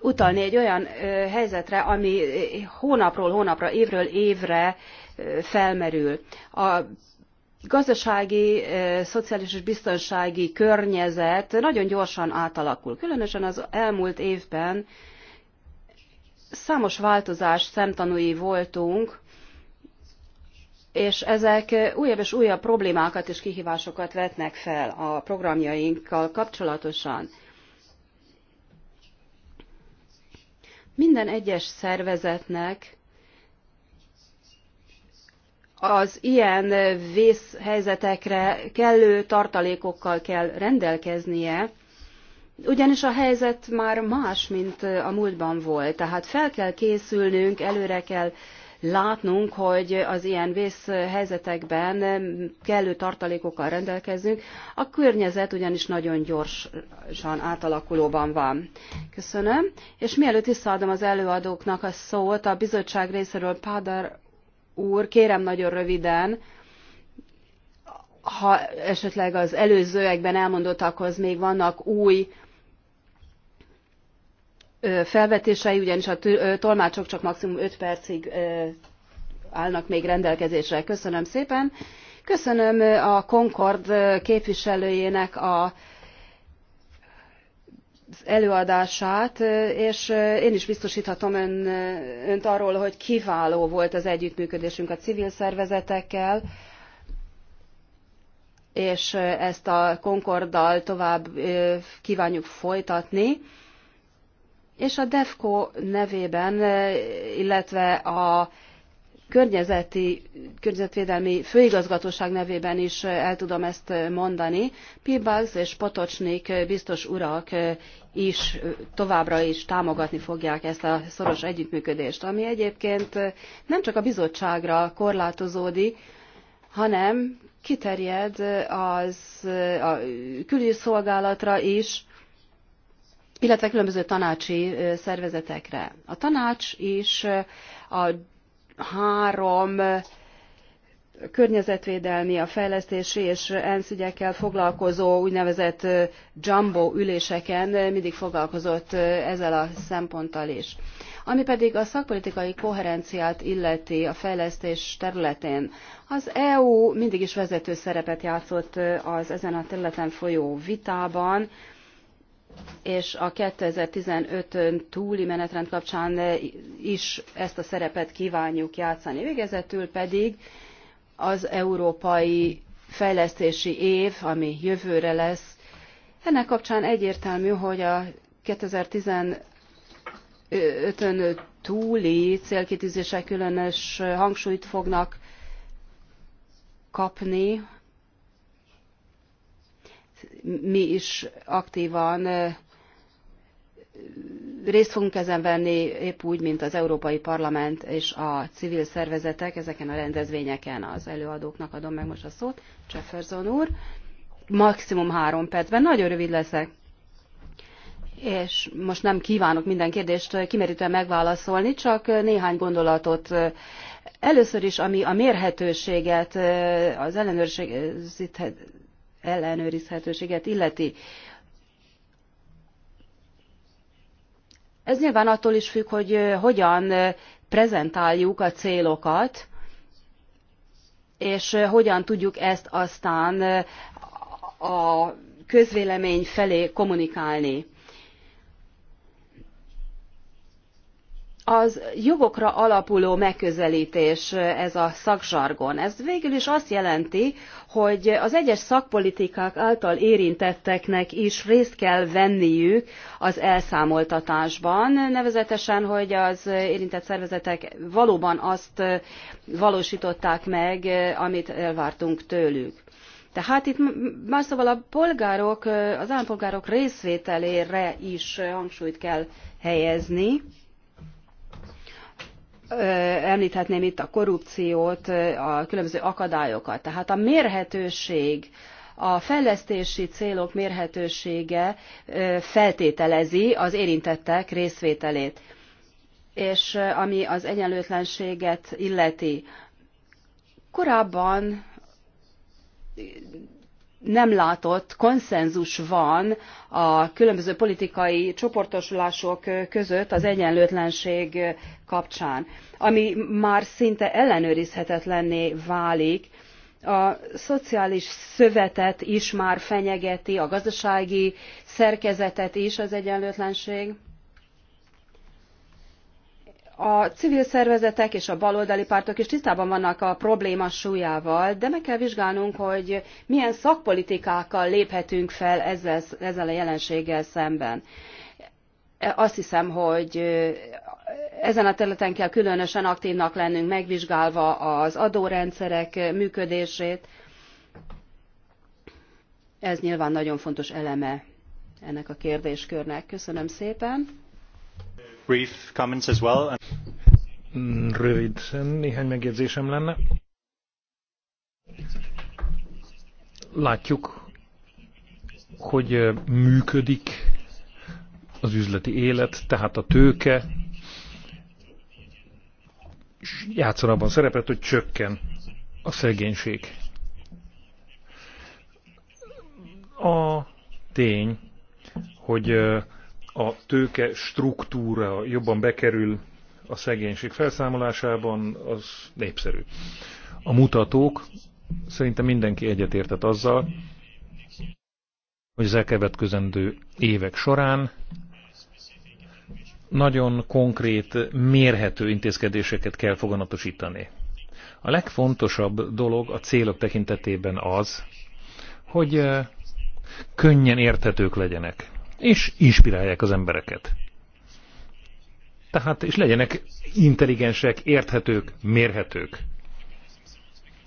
utalni egy olyan helyzetre, ami hónapról hónapra, évről évre felmerül. A gazdasági, szociális és biztonsági környezet nagyon gyorsan átalakul. Különösen az elmúlt évben számos változás szemtanúi voltunk, és ezek újabb és újabb problémákat és kihívásokat vetnek fel a programjainkkal kapcsolatosan. Minden egyes szervezetnek az ilyen vészhelyzetekre kellő tartalékokkal kell rendelkeznie, ugyanis a helyzet már más, mint a múltban volt. Tehát fel kell készülnünk, előre kell látnunk, hogy az ilyen vészhelyzetekben kellő tartalékokkal rendelkezünk. A környezet ugyanis nagyon gyorsan átalakulóban van. Köszönöm. És mielőtt visszaadom az előadóknak a szót, a bizottság részéről Pádár úr, kérem nagyon röviden, ha esetleg az előzőekben elmondottakhoz még vannak új felvetései, ugyanis a tolmácsok csak maximum 5 percig állnak még rendelkezésre. Köszönöm szépen. Köszönöm a Concord képviselőjének a előadását, és én is biztosíthatom ön, önt arról, hogy kiváló volt az együttműködésünk a civil szervezetekkel, és ezt a Concorddal tovább kívánjuk folytatni. És a DEFCO nevében, illetve a környezeti, környezetvédelmi főigazgatóság nevében is el tudom ezt mondani. Pibags és Potocsnik biztos urak is továbbra is támogatni fogják ezt a szoros együttműködést, ami egyébként nem csak a bizottságra korlátozódik, hanem kiterjed az a külügyszolgálatra szolgálatra is, illetve különböző tanácsi szervezetekre. A tanács is a három környezetvédelmi, a fejlesztési és ENSZ ügyekkel foglalkozó úgynevezett jumbo üléseken mindig foglalkozott ezzel a szemponttal is. Ami pedig a szakpolitikai koherenciát illeti a fejlesztés területén, az EU mindig is vezető szerepet játszott az ezen a területen folyó vitában, és a 2015-ön túli menetrend kapcsán is ezt a szerepet kívánjuk játszani. Végezetül pedig az európai fejlesztési év, ami jövőre lesz, ennek kapcsán egyértelmű, hogy a 2015-ön túli célkitűzések különös hangsúlyt fognak kapni, mi is aktívan részt fogunk ezen venni, épp úgy, mint az Európai Parlament és a civil szervezetek ezeken a rendezvényeken. Az előadóknak adom meg most a szót, Jefferson úr. Maximum három percben, nagyon rövid leszek. És most nem kívánok minden kérdést kimerítően megválaszolni, csak néhány gondolatot Először is, ami a mérhetőséget, az ellenőrizhetőséget illeti. Ez nyilván attól is függ, hogy hogyan prezentáljuk a célokat, és hogyan tudjuk ezt aztán a közvélemény felé kommunikálni. az jogokra alapuló megközelítés ez a szakzsargon. Ez végül is azt jelenti, hogy az egyes szakpolitikák által érintetteknek is részt kell venniük az elszámoltatásban, nevezetesen, hogy az érintett szervezetek valóban azt valósították meg, amit elvártunk tőlük. Tehát itt más szóval a polgárok, az állampolgárok részvételére is hangsúlyt kell helyezni említhetném itt a korrupciót, a különböző akadályokat. Tehát a mérhetőség, a fejlesztési célok mérhetősége feltételezi az érintettek részvételét. És ami az egyenlőtlenséget illeti, korábban nem látott konszenzus van a különböző politikai csoportosulások között az egyenlőtlenség kapcsán, ami már szinte ellenőrizhetetlenné válik. A szociális szövetet is már fenyegeti, a gazdasági szerkezetet is az egyenlőtlenség a civil szervezetek és a baloldali pártok is tisztában vannak a probléma súlyával, de meg kell vizsgálnunk, hogy milyen szakpolitikákkal léphetünk fel ezzel, ezzel a jelenséggel szemben. E, azt hiszem, hogy ezen a területen kell különösen aktívnak lennünk, megvizsgálva az adórendszerek működését. Ez nyilván nagyon fontos eleme ennek a kérdéskörnek. Köszönöm szépen! Röviden, Rövid, néhány megjegyzésem lenne. Látjuk, hogy működik az üzleti élet, tehát a tőke játszon abban szerepet, hogy csökken a szegénység. A tény, hogy a tőke struktúra jobban bekerül a szegénység felszámolásában, az népszerű. A mutatók, szerintem mindenki egyetértett azzal, hogy az elkövetkezendő évek során nagyon konkrét, mérhető intézkedéseket kell foganatosítani. A legfontosabb dolog a célok tekintetében az, hogy eh, könnyen érthetők legyenek és inspirálják az embereket. Tehát, és legyenek intelligensek, érthetők, mérhetők.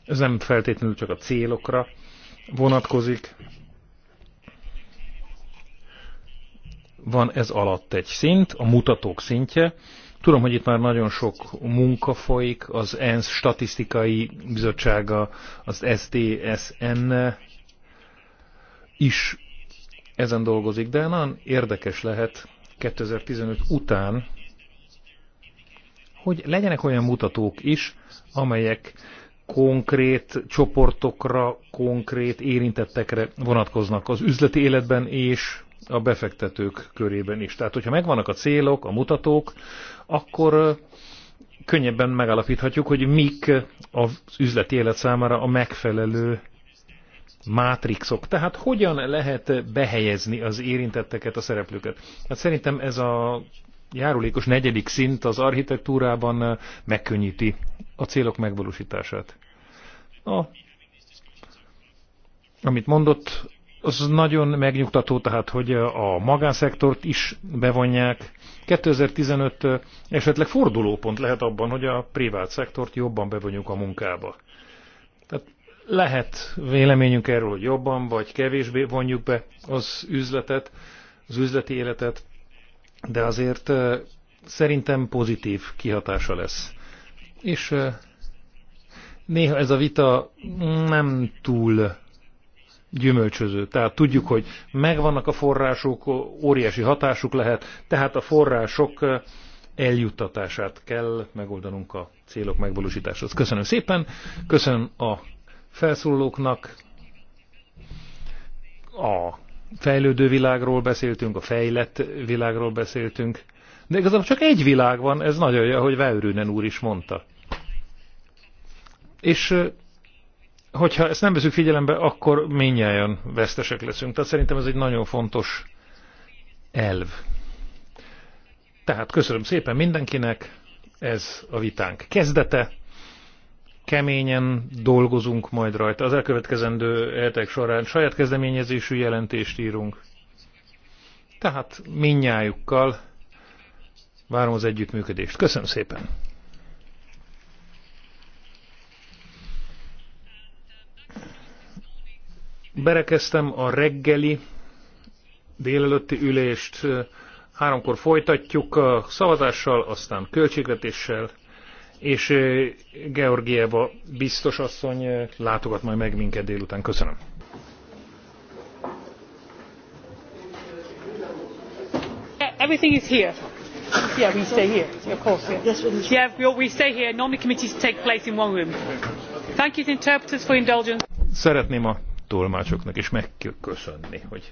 Ez nem feltétlenül csak a célokra vonatkozik. Van ez alatt egy szint, a mutatók szintje. Tudom, hogy itt már nagyon sok munka folyik, az ENSZ statisztikai bizottsága, az STSN is ezen dolgozik, de nagyon érdekes lehet 2015 után, hogy legyenek olyan mutatók is, amelyek konkrét csoportokra, konkrét érintettekre vonatkoznak az üzleti életben és a befektetők körében is. Tehát, hogyha megvannak a célok, a mutatók, akkor könnyebben megállapíthatjuk, hogy mik az üzleti élet számára a megfelelő mátrixok. Tehát hogyan lehet behelyezni az érintetteket, a szereplőket? Hát szerintem ez a járulékos negyedik szint az architektúrában eh, megkönnyíti a célok megvalósítását. A, amit mondott, az nagyon megnyugtató, tehát hogy a magánszektort is bevonják. 2015 eh, esetleg fordulópont lehet abban, hogy a privát szektort jobban bevonjuk a munkába. Tehát lehet véleményünk erről, hogy jobban vagy kevésbé vonjuk be az üzletet, az üzleti életet, de azért szerintem pozitív kihatása lesz. És néha ez a vita nem túl gyümölcsöző. Tehát tudjuk, hogy megvannak a források, óriási hatásuk lehet, tehát a források eljuttatását kell megoldanunk a célok megvalósításhoz. Köszönöm szépen, köszönöm a felszólóknak. A fejlődő világról beszéltünk, a fejlett világról beszéltünk, de igazából csak egy világ van, ez nagyon jó, ahogy Veurünen úr is mondta. És hogyha ezt nem veszük figyelembe, akkor minnyáján vesztesek leszünk. Tehát szerintem ez egy nagyon fontos elv. Tehát köszönöm szépen mindenkinek, ez a vitánk kezdete keményen dolgozunk majd rajta. Az elkövetkezendő hetek során saját kezdeményezésű jelentést írunk. Tehát minnyájukkal várom az együttműködést. Köszönöm szépen! Berekeztem a reggeli délelőtti ülést. Háromkor folytatjuk a szavazással, aztán költségvetéssel és Georgieva biztos asszony látogat majd meg minket délután. Köszönöm. Everything is here. Yeah, we stay here. Of course. Yeah, yeah we stay here. Normally committees take place in one room. Thank you to interpreters for indulgence. Szeretném a tolmácsoknak is megköszönni, hogy